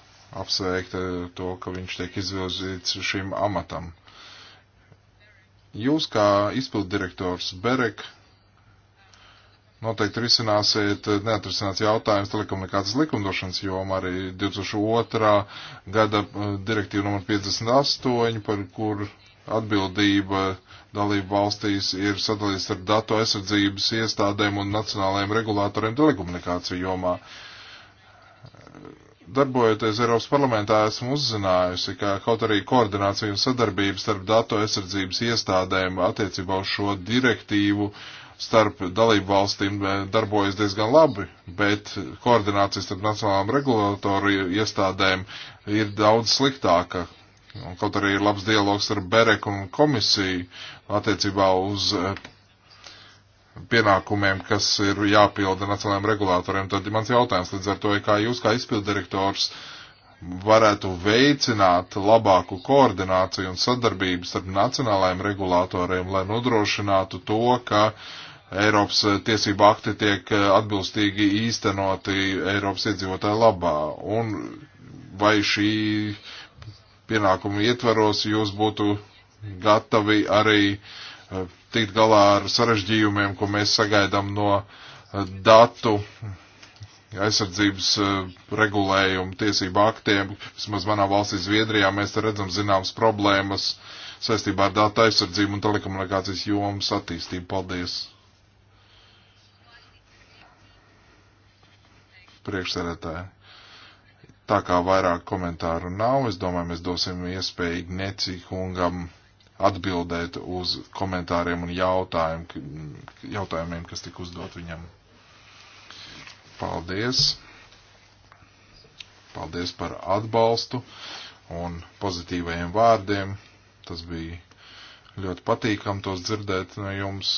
apsveikt eh, to, ka viņš tiek izvirzīts šim amatam. Jūs kā izpildu direktors Berek noteikti risināsiet eh, neatrisināts jautājums telekomunikācijas likumdošanas jomā arī 2002. gada eh, direktīva nr. 58, par kur atbildība dalību valstīs ir sadalīts ar datu aizsardzības iestādēm un nacionālajiem regulātoriem telekomunikāciju jomā. Darbojoties Eiropas parlamentā, esmu uzzinājusi, ka kaut arī koordinācija un sadarbība starp datu aizsardzības iestādēm attiecībā uz šo direktīvu uh, starp dalību valstīm eh, darbojas diezgan labi, bet koordinācijas starp nacionālām regulatoru iestādēm ir daudz sliktāka. Un, kaut arī ir labs dialogs ar Berek un komisiju attiecībā uz eh, pienākumiem, kas ir jāpilda nacionālajiem regulātoriem, tad mans jautājums līdz ar to ir, kā jūs kā izpildirektors varētu veicināt labāku koordināciju un sadarbību starp nacionālajiem regulātoriem, lai nodrošinātu to, ka uh, Eiropas eh, tiesība akti tiek eh, atbilstīgi īstenoti Eiropas iedzīvotāju labā. Un vai šī pienākuma ietvaros jūs būtu gatavi arī eh, tikt galā ar sarežģījumiem, ko mēs sagaidām no datu aizsardzības regulējumu tiesību aktiem. Vismaz manā valstī Zviedrijā mēs te redzam zināmas problēmas saistībā ar datu aizsardzību un telekomunikācijas jomas attīstību. Paldies! priekšsēdētāji. Tā kā vairāk komentāru nav, es domāju, mēs dosim iespēju Igneci kungam atbildēt uz komentāriem un jautājum, jautājumiem, kas tika uzdot viņam. Paldies! Paldies par atbalstu un pozitīvajiem vārdiem. Tas bija ļoti patīkam tos dzirdēt no jums.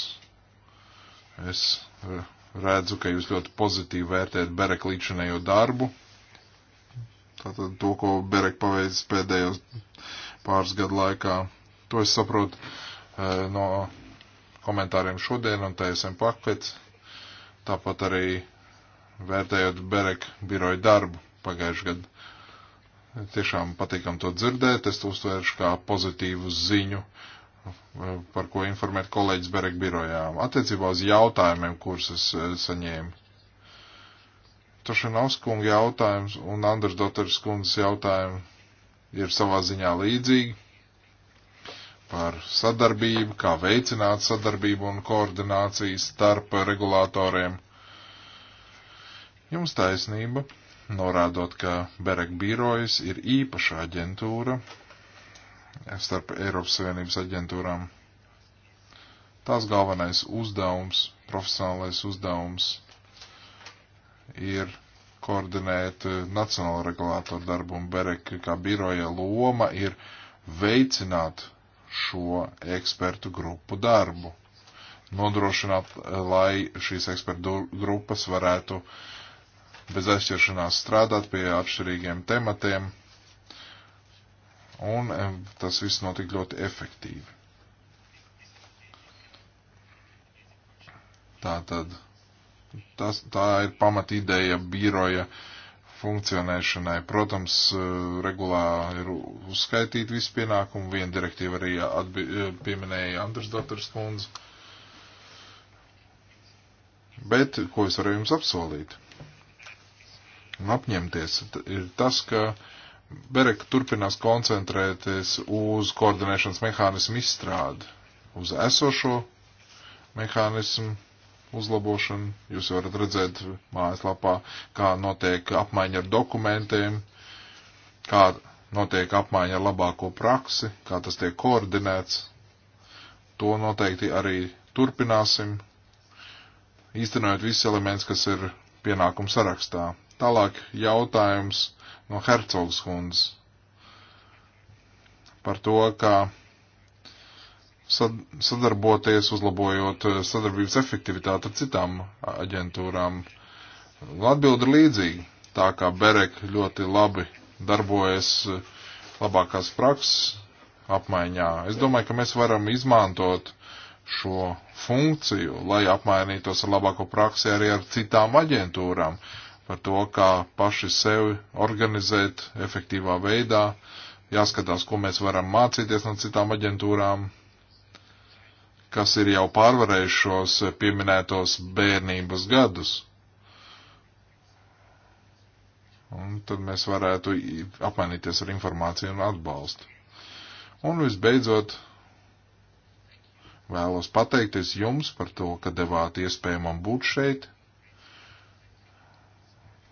Es eh, redzu, ka jūs ļoti pozitīvi vērtējat Berek līdzinējo darbu. Tātad to, ko Berek paveicis pēdējos pāris gadu laikā, to es saprotu e, no komentāriem šodien un TSM pakets. Tāpat arī vērtējot Berek biroju darbu pagājušajā gadā. Tiešām patīkam to dzirdēt, es to uztvēršu kā pozitīvu ziņu Eh, par ko informēt kolēģis Berek birojā, attiecībā uz jautājumiem, kurus es eh, saņēmu. Tošanovs kunga jautājums un Andrs Dotars kundas jautājumi ir savā ziņā līdzīgi par sadarbību, kā veicināt sadarbību un koordināciju starp regulātoriem. Jums taisnība, norādot, ka Berek birojas ir īpaša aģentūra, starp Eiropas Savienības aģentūrām. Tās galvenais uzdevums, profesionālais uzdevums ir koordinēt eh, nacionālo regulātoru darbu un bereki kā biroja loma ir veicināt šo ekspertu grupu darbu. Nodrošināt, eh, lai šīs ekspertu grupas varētu bez aizķeršanās strādāt pie atšķirīgiem tematiem un tas viss notika ļoti efektīvi. Tā tad tas, tā ir pamat ideja biroja funkcionēšanai. Protams, e, regulā ir uzskaitīt visu pienākumu, viena direktīva arī atbi, e, pieminēja Andrs Dotars kundze. Bet, ko es varu jums apsolīt un apņemties, ir tas, ka uh, Bereka turpinās koncentrēties uz koordinēšanas mehānismu izstrādi, uz esošo mehānismu uzlabošanu. Jūs varat redzēt mājaslapā, kā notiek apmaiņa ar dokumentiem, kā notiek apmaiņa ar labāko praksi, kā tas tiek koordinēts. To noteikti arī turpināsim, īstenojot visus elementus, kas ir pienākums sarakstā. Tālāk jautājums no Hercogs kundzes par to, kā sadarboties, uzlabojot eh, sadarbības efektivitāti ar citām eh, aģentūrām. Atbildi ir līdzīga, tā kā Berek ļoti labi darbojas eh, labākās prakses apmaiņā. Es domāju, ka mēs varam izmantot šo funkciju, lai apmainītos ar labāko praksi arī ar citām aģentūrām. Uh, par to, kā paši sevi organizēt efektīvā veidā, jāskatās, ko mēs varam mācīties no citām aģentūrām, kas ir jau pārvarējušos pieminētos bērnības gadus. Un tad mēs varētu apmainīties ar informāciju un atbalstu. Un visbeidzot, vēlos pateikties jums par to, ka devāt iespēju man būt šeit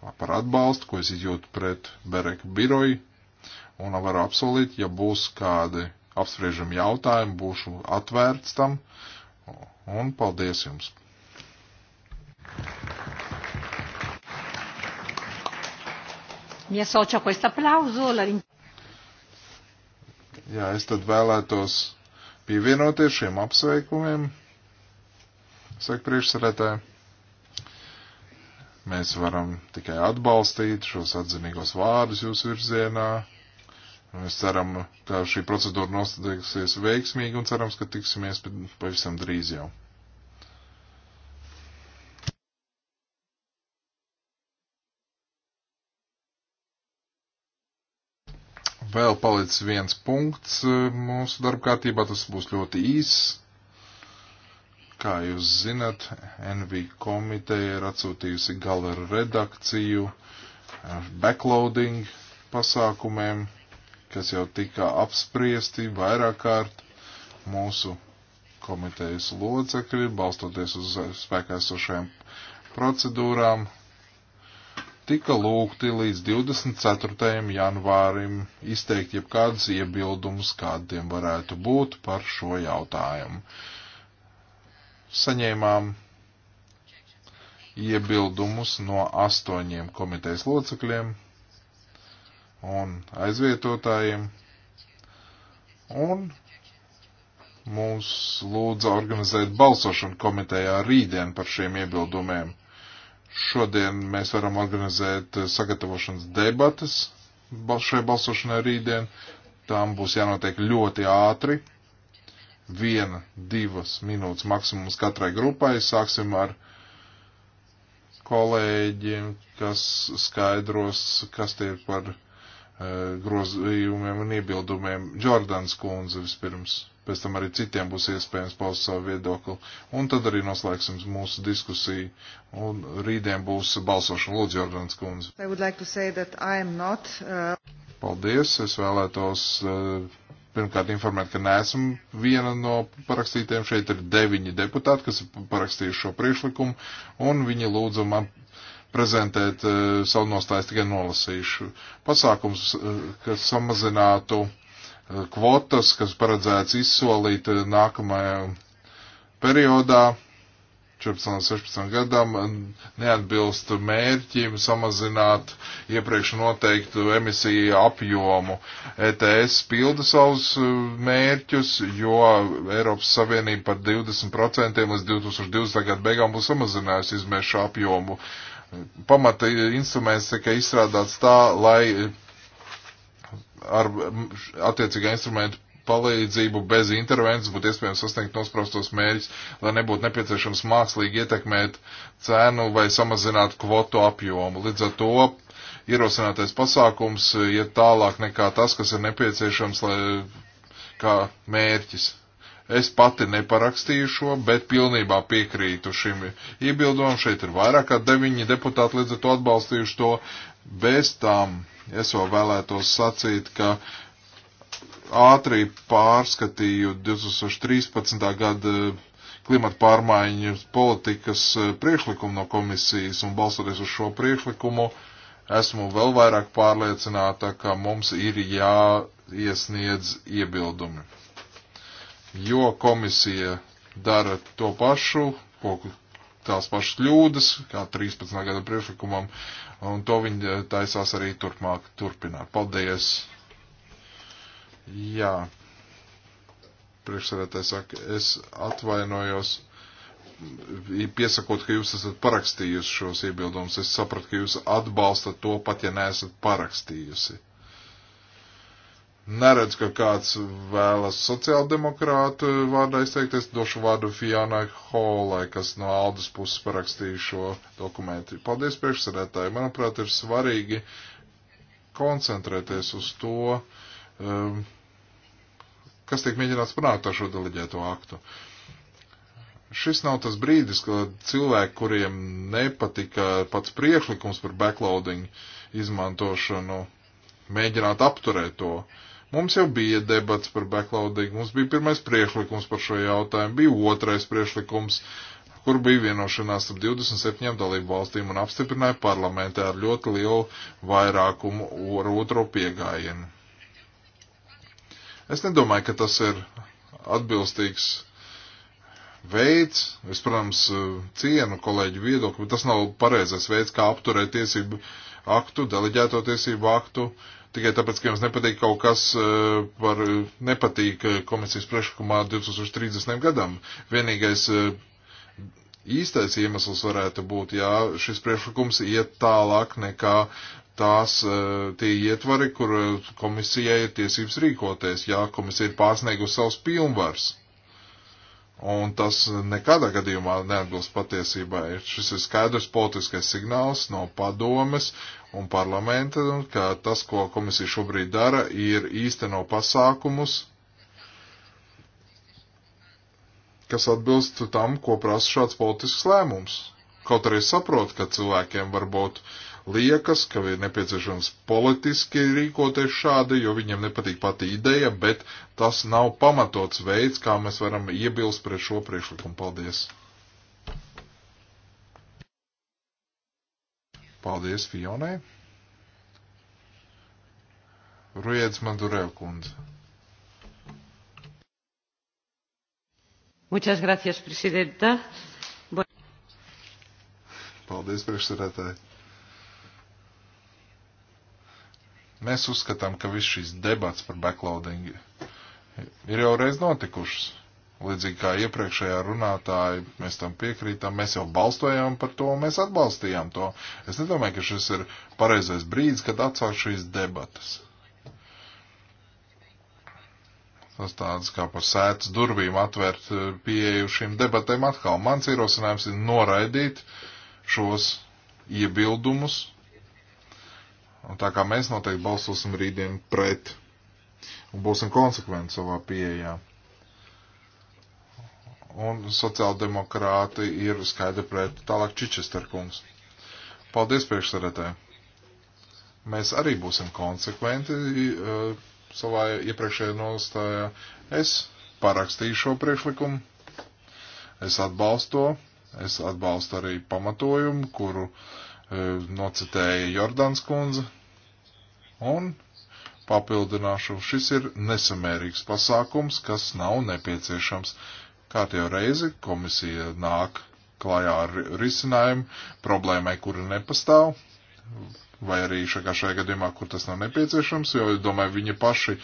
par atbalstu, ko es jūtu pret Bereka biroju, un varu apsolīt, ja būs kādi apspriežami jautājumi, būšu atvērts tam, un paldies jums! Mi associo a questo applauso. La... Jā, es tad vēlētos pievienoties šiem apsveikumiem, saka priekšsarētāji. Mēs varam tikai atbalstīt šos atzinīgos vārdus jūsu virzienā. Mēs ceram, ka šī procedūra nostādīsies veiksmīgi un cerams, ka tiksimies pavisam drīz jau. Vēl palicis viens punkts eh, mūsu darbkārtībā, tas būs ļoti īss. Kā jūs zinat, NV komiteja ir atsūtījusi gala redakciju ar eh, backloading pasākumiem, kas jau tika apspriesti vairāk kārt mūsu komitejas locekļi, balstoties uz spēkā esošajām procedūrām, tika lūgti līdz 24. janvārim izteikt jebkādus iebildumus, kādiem varētu būt par šo jautājumu saņēmām iebildumus no astoņiem komitejas locekļiem un aizvietotājiem, un mūs lūdza organizēt balsošanu komitejā rītdien par šiem iebildumiem. Šodien mēs varam organizēt sagatavošanas debatas šai balsošanai rītdien. Tām būs jānotiek ļoti ātri, viena, divas minūtes maksimums katrai grupai. Sāksim ar kolēģiem, kas skaidros, kas tie ir par uh, grozījumiem un iebildumiem. Jordans kundze vispirms, pēc tam arī citiem būs iespējams paust savu viedokli. Un tad arī noslēgsim mūsu diskusiju. Un rītdien būs balsošana. Lūdzu, Jordans kundze. Like not, uh... Paldies, es vēlētos. Uh, pirmkārt informēt, ka neesmu viena no parakstītiem. Šeit ir deviņi deputāti, kas ir parakstījuši šo priekšlikumu, un viņi lūdzu man prezentēt uh, savu nostājas tikai nolasīšu. Pasākums, uh, kas samazinātu uh, kvotas, kas paredzēts izsolīt uh, nākamajā periodā, 14, 16 gadam neatbilst mērķim samazināt iepriekš noteiktu emisiju apjomu. ETS pilda savus e, mērķus, jo Eiropas Savienība par 20% līdz 2020. gadu beigām būs samazinājusi izmēšu apjomu. Pamata instruments tika izstrādāts tā, lai ar attiecīgā instrumenta palīdzību bez intervences būtu iespējams sasniegt nosprostos mērķus, lai nebūtu nepieciešams mākslīgi ietekmēt cenu vai samazināt kvotu apjomu. Līdz ar to ierosinātais pasākums iet tālāk nekā tas, kas ir nepieciešams, lai kā mērķis. Es pati neparakstīju šo, bet pilnībā piekrītu šim iebildumam. Šeit ir vairāk kā deviņi deputāti līdz ar to atbalstījuši to. Bez tām es vēl vēlētos sacīt, ka uh, ātri pārskatīju 2013. gada klimata pārmaiņu politikas e, priekšlikumu no komisijas un balstoties uz šo priekšlikumu, esmu vēl vairāk pārliecināta, ka mums ir jāiesniedz iebildumi. Jo komisija dara to pašu, ko tās pašas kļūdas, kā 13. gada priekšlikumam, un to viņi taisās arī turpmāk turpināt. Paldies! Jā, priekšsēdētāji saka, es atvainojos, piesakot, ka jūs esat parakstījusi šos iebildumus. Es sapratu, ka jūs atbalstat to pat, ja neesat parakstījusi. Neredz, ka kāds vēlas sociāldemokrātu vārdā izteikties, došu vārdu Fionai Holai, kas no Aldas puses parakstīja šo dokumentu. Paldies priekšsarētāji. Manuprāt, ir svarīgi koncentrēties uz to, um, kas tiek mēģināts panākt ar šo deleģēto aktu. Šis nav tas brīdis, kad cilvēki, kuriem nepatika pats priekšlikums par backloading izmantošanu, mēģināt apturēt to. Mums jau bija debats par backloading, mums bija pirmais priekšlikums par šo jautājumu, bija otrais priekšlikums, kur bija vienošanās ar 27 dalību valstīm un apstiprināja parlamentē ar ļoti lielu vairākumu ar otro piegājienu. Es nedomāju, ka tas ir atbilstīgs veids. Es, protams, e, cienu kolēģu viedokli, bet tas nav pareizais veids, kā apturēt tiesību aktu, deleģēto tiesību aktu. Tikai tāpēc, ka jums nepatīk kaut kas e, par e, nepatīk komisijas priekšlikumā 2030. gadam. Vienīgais īstais iemesls varētu būt, ja šis priekšlikums iet tālāk nekā tās eh, tie ietvari, kur eh, komisijai ir tiesības rīkoties, ja komisija ir pārsniegusi savus pilnvars. Un tas nekādā gadījumā neatbilst patiesībai. Šis ir skaidrs politiskais signāls no padomes un parlamenta, ka tas, ko komisija šobrīd dara, ir īsteno pasākumus, kas atbilst tam, ko prasa šāds politisks lēmums. Kaut arī saprot, ka cilvēkiem varbūt uh, liekas, ka ir nepieciešams politiski rīkoties šādi, jo viņiem nepatīk pati ideja, bet tas nav pamatots veids, kā mēs varam iebilst pret šo priekšlikumu. Paldies! Paldies Fionai! Ruiedz Mandurēv kundze. Muchas gracias, presidenta. Paldies, priekšsēdētāji. Mēs uzskatām, ka viss šīs debats par backloading ir jau reiz notikušas. Līdzīgi kā iepriekšējā runātāja, mēs tam piekrītam, mēs jau balstojām par to, mēs atbalstījām to. Es nedomāju, ka šis ir pareizais brīdis, kad atsākt šīs debatas. Tas tāds kā par sētas durvīm atvērt pieeju šīm debatēm atkal. Mans ierosinājums ir noraidīt šos iebildumus Un tā kā mēs noteikti balsosim rītdien pret un būsim konsekventi savā pieejā. Un sociāldemokrāti ir skaidri pret tālāk Čičesterkungs. Paldies priekšsarētē. Mēs arī būsim konsekventi uh, savā iepriekšējā nostājā. Es parakstīju šo priekšlikumu. Es atbalstu to. Es atbalstu arī pamatojumu, kuru uh, nocitēja Jordāns kundze, un papildināšu, šis ir nesamērīgs pasākums, kas nav nepieciešams. Kārtējo reizi komisija nāk klājā ar risinājumu problēmai, kura nepastāv, vai arī šajā, šajā gadījumā, kur tas nav nepieciešams, jo, domāju, viņi paši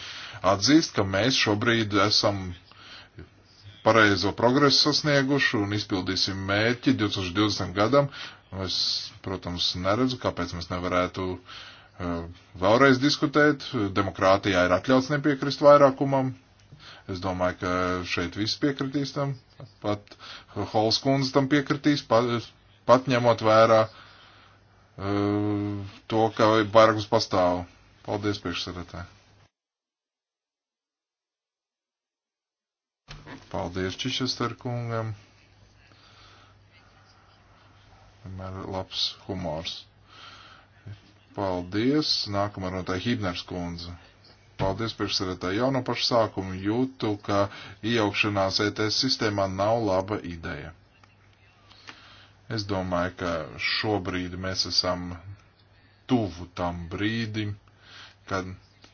atzīst, ka mēs šobrīd esam pareizo progresu sasnieguši un izpildīsim mērķi 2020. gadam, Es, protams, neredzu, kāpēc mēs nevarētu e, vēlreiz diskutēt. Demokrātijā ir atļauts nepiekrist vairākumam. Es domāju, ka šeit viss piekritīs tam. Pat Holskundze tam piekritīs, pat, pat ņemot vērā uh, to, ka vairākums pastāv. Paldies, priekšsēdētāji. Paldies Čičester kungam. Vienmēr labs humors. Paldies. Nākamā runātāja Hibners kundze. Paldies priekšsēdētāji. Jau no paša sākuma jūtu, ka iejaukšanās ETS sistēmā nav laba ideja. Es domāju, ka šobrīd mēs esam tuvu tam brīdim, kad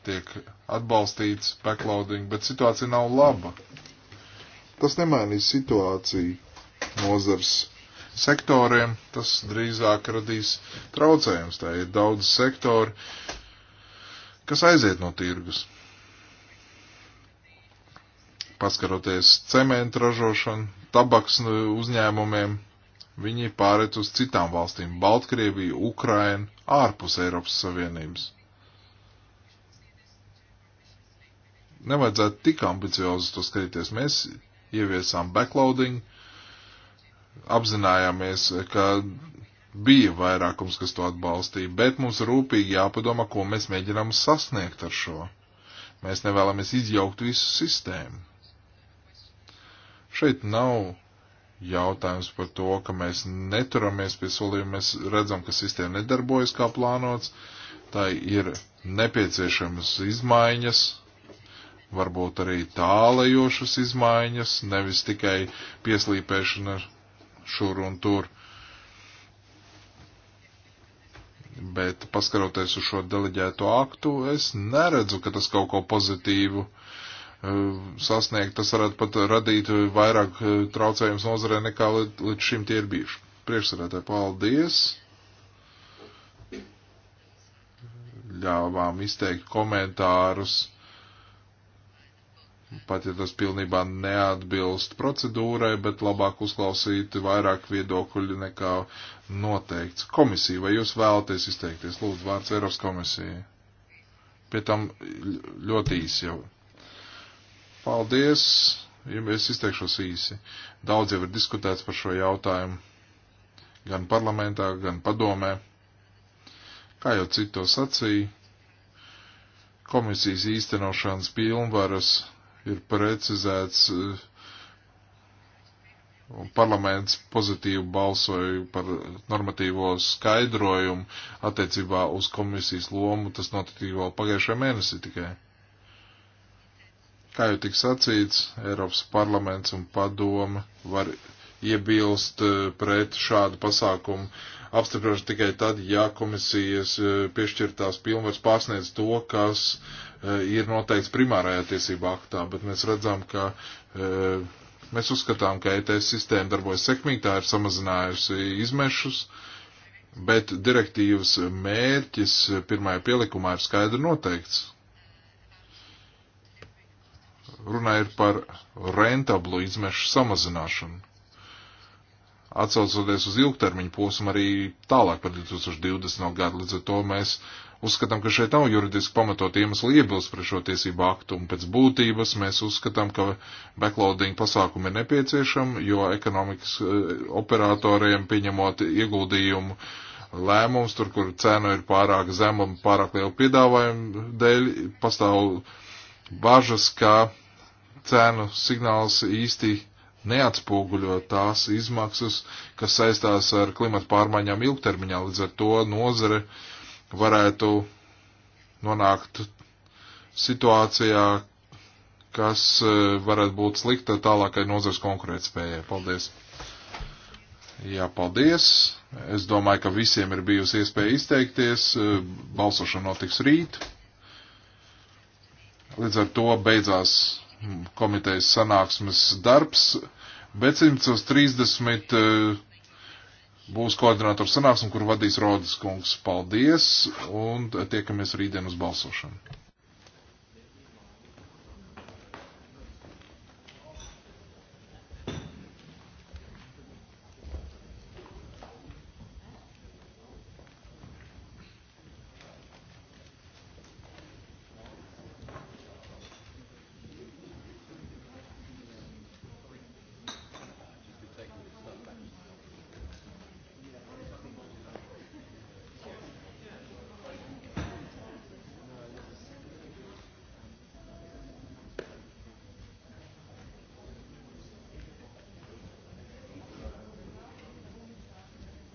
tiek atbalstīts backloading, bet situācija nav laba. Tas nemainīs situāciju nozars sektoriem, tas drīzāk radīs traucējums. Tā ir daudz sektori, kas aiziet no tirgus. Paskaroties cementu ražošanu, tabaks nu, uzņēmumiem, viņi pāriet uz citām valstīm - Baltkrieviju, Ukrainu, ārpus Eiropas Savienības. Nevajadzētu tik ambiciozi to skatīties. Mēs ieviesām backloading, uh, apzinājāmies, ka bija vairākums, kas to atbalstīja, bet mums rūpīgi jāpadomā, ko mēs mēģinām sasniegt ar šo. Mēs nevēlamies izjaukt visu sistēmu. Šeit nav jautājums par to, ka mēs neturamies pie solījuma, mēs redzam, ka sistēma nedarbojas kā plānots, tai ir nepieciešamas izmaiņas, varbūt arī tālajošas izmaiņas, nevis tikai pieslīpēšana šur un tur. Bet paskaroties uz šo deleģēto aktu, es neredzu, ka tas kaut ko pozitīvu e, sasniegt. Tas varētu pat radīt vairāk e, traucējums nozarē nekā līdz šim tie ir bijuši. Priekšsarētāji, paldies! Ļāvām izteikt komentārus pat ja tas pilnībā neatbilst procedūrai, bet labāk uzklausīt vairāk viedokļu nekā noteikts. Komisija, vai jūs vēlaties izteikties? Lūdzu, vārds Eiropas komisija. Pie tam ļoti īsi jau. Paldies, ja es izteikšos īsi. Daudz jau ir diskutēts par šo jautājumu, gan parlamentā, gan padomē. Kā jau citos sacīja, komisijas īstenošanas pilnvaras ir precizēts eh, un parlaments pozitīvi balsoja par normatīvo skaidrojumu attiecībā uz komisijas lomu. Tas notika vēl pagājušajā mēnesī tikai. Kā jau tik sacīts, Eiropas parlaments un padome var iebilst eh, pret šādu pasākumu apstiprināšanu tikai tad, ja komisijas eh, piešķirtās pilnvars pārsniedz to, kas uh, Eh, ir noteikts primārajā tiesība aktā, bet mēs redzam, ka eh, mēs uzskatām, ka ETS sistēma darbojas sekmīgi, tā ir samazinājusi izmešus, bet direktīvas mērķis pirmajā pielikumā ir skaidri noteikts. Runa ir par rentablu izmešu samazināšanu. Atcaucoties uz ilgtermiņu posmu arī tālāk par 2020. gadu, līdz ar to mēs uh, Uzskatām, ka šeit nav juridiski pamatot iemeslu iebilst pret šo tiesību aktu, un pēc būtības mēs uzskatām, ka backloading pasākumi ir nepieciešami, jo ekonomikas e, operatoriem pieņemot ieguldījumu lēmums, tur, kur cena ir pārāk zema un pārāk liela piedāvājuma dēļ, pastāv bažas, ka cēnu signāls īsti neatspūguļo tās izmaksas, kas saistās ar klimatu pārmaiņām ilgtermiņā. Līdz ar to nozare uh, varētu nonākt situācijā, kas e, varētu būt slikta tālākai nozars konkurētspējai. Paldies! Jā, paldies! Es domāju, ka visiem ir bijusi iespēja izteikties. E, balsošana notiks rīt. Līdz ar to beidzās komitejas sanāksmes darbs, bet 130 būs koordinātors sanāksme, kur vadīs Rodas kungs. Paldies un tiekamies rītdien uz balsošanu.